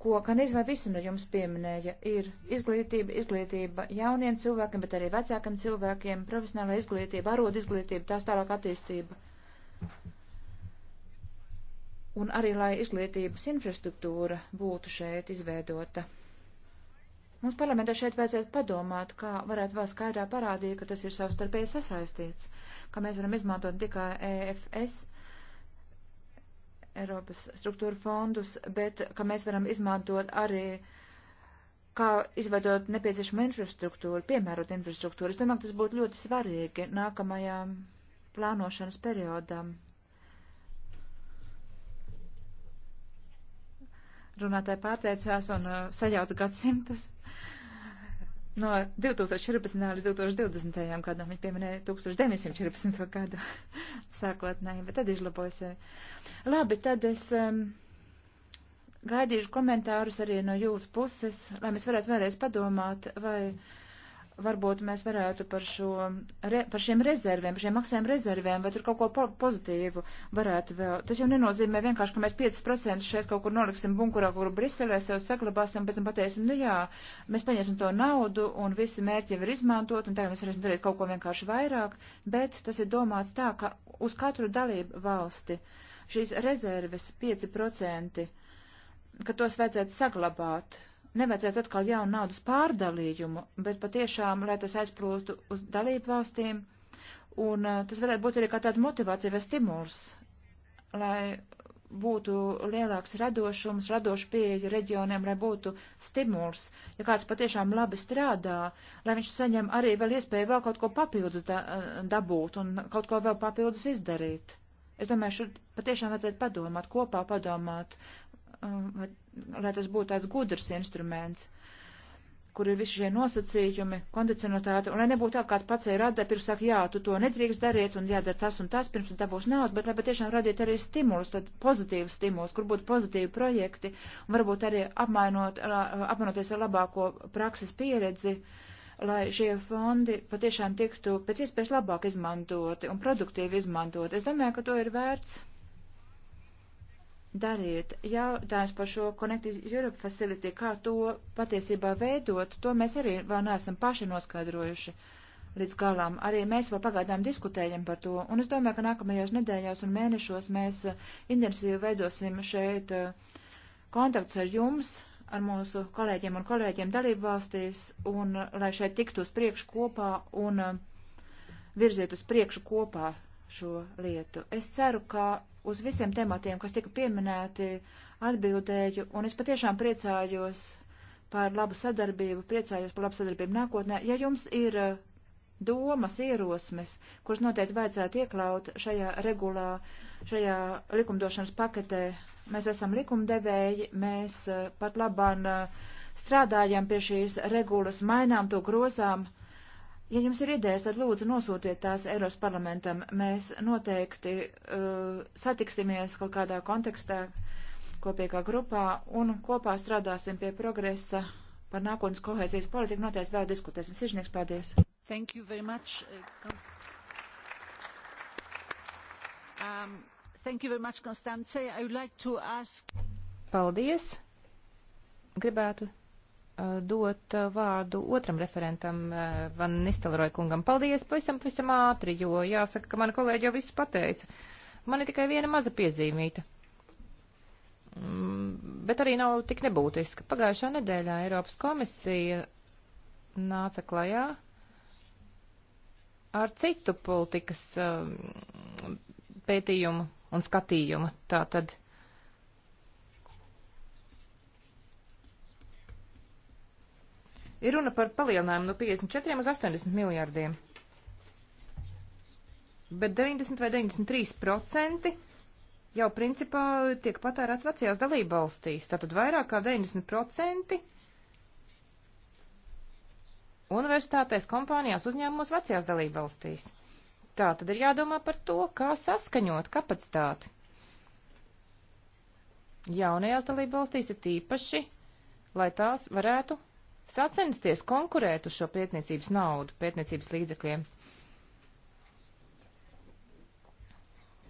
ko gan izvēl visi no jums pieminēja, ir izglītība, izglītība jauniem cilvēkiem, bet arī vecākiem cilvēkiem, profesionāla izglītība, arod izglītība, tās tālāk attīstība un arī, lai izglītības infrastruktūra būtu šeit izveidota. Mums parlamentā šeit vajadzētu padomāt, kā varētu vēl skaidrā parādīt, ka tas ir savstarpēji sasaistīts, ka mēs varam izmantot tikai EFS, Eiropas struktūra fondus, bet ka mēs varam izmantot arī, kā izveidot nepieciešamu infrastruktūru, piemērot infrastruktūru. Es domāju, ka tas būtu ļoti svarīgi nākamajām plānošanas periodām. runātāji pārteicās un uh, sajauca gadsimtas. No 2014. līdz 2020. gadam viņi pieminēja 1914. gadu sākotnēji, bet tad izlabojas. Labi, tad es um, gaidīšu komentārus arī no jūsu puses, lai mēs varētu vēlreiz padomāt, vai. Uh, varbūt mēs varētu par, šo, re, par šiem rezerviem, par šiem maksājuma rezerviem, vai tur kaut ko po pozitīvu varētu vēl. Tas jau nenozīmē vienkārši, ka mēs 5% šeit kaut kur noliksim bunkurā, kur Briselē sev saglabāsim, pēc tam pateiksim, nu jā, mēs paņemsim to naudu un visi mērķi jau ir izmantot, un tagad mēs varēsim darīt kaut ko vienkārši vairāk, bet tas ir domāts tā, ka uz katru dalību valsti šīs rezerves 5%, ka tos vajadzētu saglabāt nevajadzētu atkal jaunu naudas pārdalījumu, bet patiešām, lai tas aizplūstu uz dalību valstīm, un uh, tas varētu būt arī kā tāda motivācija vai stimuls, lai būtu lielāks radošums, radoša pieeja reģioniem, lai būtu stimuls. Ja kāds patiešām labi strādā, lai viņš saņem arī vēl iespēju vēl kaut ko papildus da uh, dabūt un kaut ko vēl papildus izdarīt. Es domāju, šur patiešām vajadzētu padomāt, kopā padomāt Um, lai tas būtu tāds gudrs instruments, kur ir visi šie nosacījumi, kondicionatāte, un lai nebūtu tā, kāds pats ir rada, pirms saka, jā, tu to nedrīkst darīt, un jādara tas un tas, pirms tu dabūsi naudu, bet lai patiešām radītu arī stimulus, tad pozitīvus stimulus, kur būtu pozitīvi projekti, un varbūt arī apmainot, apmainoties ar labāko prakses pieredzi, lai šie fondi patiešām tiktu pēc iespējas labāk izmantoti un produktīvi izmantoti. Es domāju, ka to ir vērts darīt. Jautājums par šo Connected Europe Facility, kā to patiesībā veidot, to mēs arī vēl neesam paši noskaidrojuši līdz galam. Arī mēs vēl pagaidām diskutējam par to, un es domāju, ka nākamajās nedēļās un mēnešos mēs uh, intensīvi veidosim šeit uh, kontakts ar jums, ar mūsu kolēģiem un kolēģiem dalību valstīs, un uh, lai šeit tiktu uz priekšu kopā un virzīt uz priekšu kopā šo lietu. Es ceru, ka uz visiem tematiem, kas tika pieminēti, atbildēju, un es patiešām priecājos par labu sadarbību, priecājos par labu sadarbību nākotnē. Ja jums ir eh, domas, ierosmes, kuras noteikti vajadzētu iekļaut šajā regulā, šajā likumdošanas paketē, mēs esam likumdevēji, mēs eh, pat labāk eh, strādājam pie šīs regulas, mainām to grozām. Ja jums ir idejas, tad lūdzu nosūtiet tās Eiros parlamentam. Mēs noteikti uh, satiksimies kaut kādā kontekstā, kopīgā grupā un kopā strādāsim pie progresa par nākotnes kohēzijas politiku. Noteikti vēl diskutēsim. Sižnieks, paldies! Thank you very much. Eh, um, thank you very much, Constance. I would like to ask. Paldies. Gribētu Eh, dot eh, vārdu otram referentam eh, Van Nistelroja kungam. Paldies pavisam, pavisam ātri, jo jāsaka, ka mani kolēģi jau visu pateica. Man ir tikai viena maza piezīmīta. Mm, bet arī nav tik nebūtiska. Pagājušā nedēļā Eiropas komisija nāca klajā ar citu politikas ehm, pētījumu un skatījumu. Tātad Ir runa par palielinājumu no 54 uz 80 miljārdiem. Bet 90 vai 93 procenti jau principā tiek patērēts vecajās dalībvalstīs. Tātad vairāk kā 90 procenti universitātēs, kompānijās, uzņēmumos vecajās dalībvalstīs. Tā tad ir jādomā par to, kā saskaņot kapacitāti. Jaunajās dalībvalstīs ir tīpaši, lai tās varētu sacensties konkurēt uz šo pētniecības naudu, pētniecības līdzekļiem.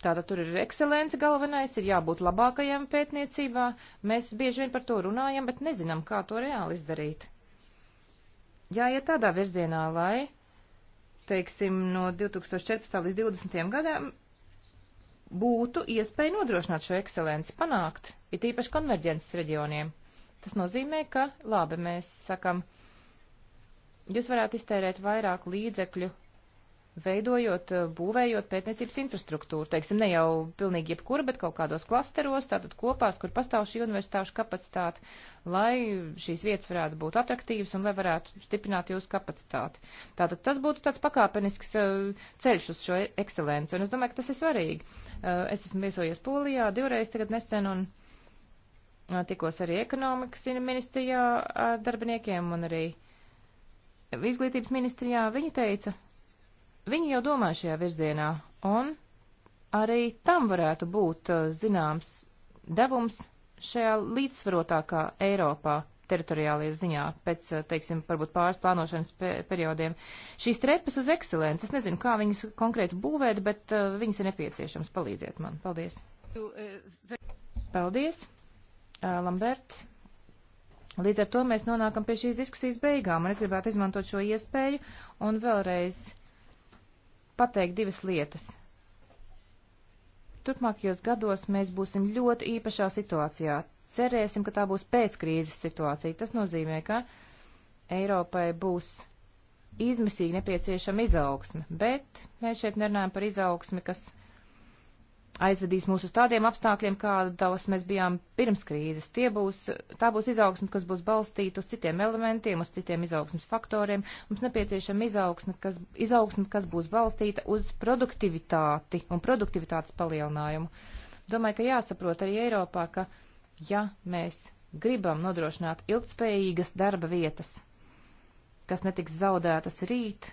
Tātad tur ir ekscelence galvenais, ir jābūt labākajam pētniecībā. Mēs bieži vien par to runājam, bet nezinām, kā to reāli izdarīt. Jāiet tādā virzienā, lai, teiksim, no 2014. līdz 2020. gadam būtu iespēja nodrošināt šo ekscelenci, panākt, it īpaši konverģences reģioniem. Tas nozīmē, ka, labi, mēs sakam, jūs varētu iztērēt vairāk līdzekļu, veidojot, eh, būvējot pētniecības infrastruktūru, teiksim, ne jau pilnīgi jebkura, bet kaut kādos klasteros, tātad kopās, kur pastāv šī universitāšu kapacitāte, lai šīs vietas varētu būt atraktīvas un lai varētu stiprināt jūsu kapacitāti. Tātad tas būtu tāds pakāpenisks uh, ceļš uz šo ekscelenci, un es domāju, ka tas ir svarīgi. Uh, es esmu viesojies Polijā divreiz tagad nesen, un tikos arī ekonomikas ministrijā ar darbiniekiem un arī izglītības ministrijā. Viņi teica, viņi jau domā šajā virzienā, un arī tam varētu būt zināms devums šajā līdzsvarotākā Eiropā teritoriālajā ziņā pēc, teiksim, varbūt pāris plānošanas pe periodiem. Šīs trepas uz ekscelences, es nezinu, kā viņas konkrēti būvēt, bet uh, viņas ir nepieciešams. Palīdziet man. Paldies. Paldies. Lamberts. Līdz ar to mēs nonākam pie šīs diskusijas beigām, un es gribētu izmantot šo iespēju un vēlreiz pateikt divas lietas. Turpmākajos gados mēs būsim ļoti īpašā situācijā. Cerēsim, ka tā būs pēckrīzes situācija. Tas nozīmē, ka Eiropai būs izmisīgi nepieciešama izaugsme, bet mēs šeit nerunājam par izaugsmi, kas aizvedīs mūs uz tādiem apstākļiem, kādos mēs bijām pirms krīzes. Tie būs, tā būs izaugsme, kas būs balstīta uz citiem elementiem, uz citiem izaugsmes faktoriem. Mums nepieciešama izaugsme, kas, izaugsme, kas būs balstīta uz produktivitāti un produktivitātes palielinājumu. Domāju, ka jāsaprot arī Eiropā, ka ja mēs gribam nodrošināt ilgtspējīgas darba vietas, kas netiks zaudētas rīt,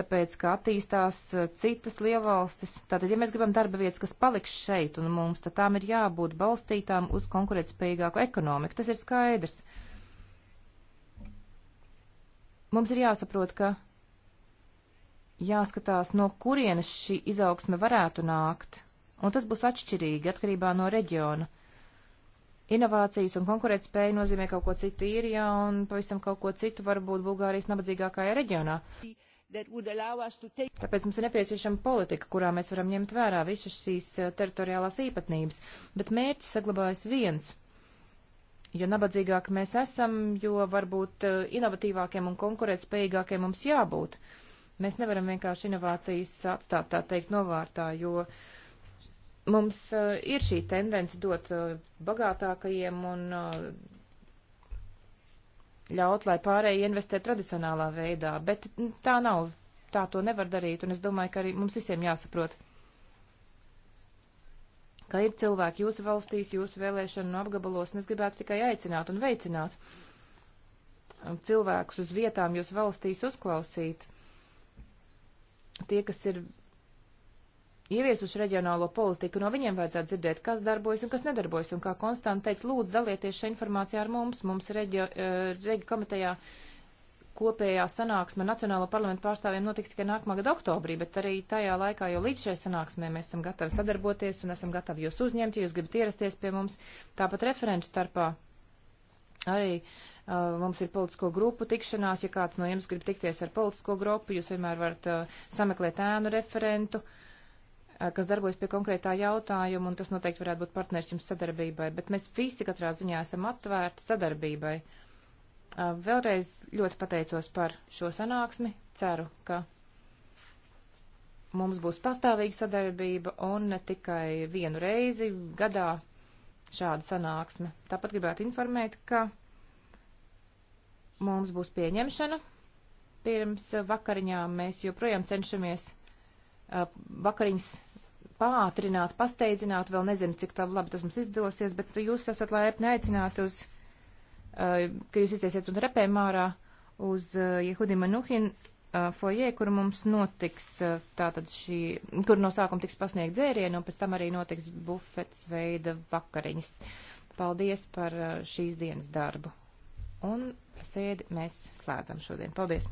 tāpēc, ka attīstās uh, citas lielvalstis. Tātad, ja mēs gribam darba vietas, kas paliks šeit un mums, tad tām ir jābūt balstītām uz konkurētspējīgāku ekonomiku. Tas ir skaidrs. Mums ir jāsaprot, ka jāskatās, no kurienes šī izaugsme varētu nākt, un tas būs atšķirīgi atkarībā no reģiona. Inovācijas un konkurētspēja nozīmē kaut ko citu īrijā un pavisam kaut ko citu varbūt Bulgārijas nabadzīgākajā reģionā. Uh, Tāpēc mums ir nepieciešama politika, kurā mēs varam ņemt vērā visas šīs eh, teritoriālās īpatnības, bet mērķis saglabājas viens. Jo nabadzīgāki mēs esam, jo varbūt eh, inovatīvākiem un konkurētspējīgākiem mums jābūt. Mēs nevaram vienkārši inovācijas atstāt tā teikt novārtā, jo mums eh, ir šī tendence dot bagātākajiem un ļaut, lai pārējie investē tradicionālā veidā, bet tā nav, tā to nevar darīt, un es domāju, ka arī mums visiem jāsaprot, ka ir cilvēki jūsu valstīs, jūsu vēlēšanu apgabalos, un es gribētu tikai aicināt un veicināt cilvēkus uz vietām jūsu valstīs uzklausīt. Tie, kas ir ieviesuši reģionālo politiku, no viņiem vajadzētu dzirdēt, kas darbojas un kas nedarbojas. Un kā Konstanta teica, lūdzu dalieties šajā informācijā ar mums. Mums reģio, eh, reģi komitejā kopējā sanāksme Nacionālo parlamentu pārstāvjiem notiks tikai nākamā gada oktobrī, bet arī tajā laikā jau līdz šai sanāksmē mēs esam gatavi sadarboties un esam gatavi jūs uzņemt, ja jūs gribat ierasties pie mums. Tāpat referenču starpā arī uh, mums ir politisko grupu tikšanās. Ja kāds no jums grib tikties ar politisko grupu, jūs vienmēr varat uh, sameklēt ēnu referentu. Uh, Eh, kas darbojas pie konkrētā jautājuma, un tas noteikti varētu būt partners jums sadarbībai, bet mēs visi katrā ziņā esam atvērti sadarbībai. Eh, vēlreiz ļoti pateicos par šo sanāksmi, ceru, ka mums būs pastāvīga sadarbība un ne tikai vienu reizi gadā šāda sanāksme. Tāpat gribētu informēt, ka mums būs pieņemšana. Pirms vakariņām mēs joprojām cenšamies vakariņas pātrināt, pasteidzināt, vēl nezinu, cik tā labi tas mums izdosies, bet nu, jūs esat laipni aicināti uz, ka jūs iziesiet un repēm ārā uz Jehudim Anuhin foje, kur mums notiks tātad šī, kur no sākuma tiks pasniegt dzērienu, un pēc tam arī notiks bufets veida vakariņas. Paldies par šīs dienas darbu. Un sēdi mēs slēdzam šodien. Paldies!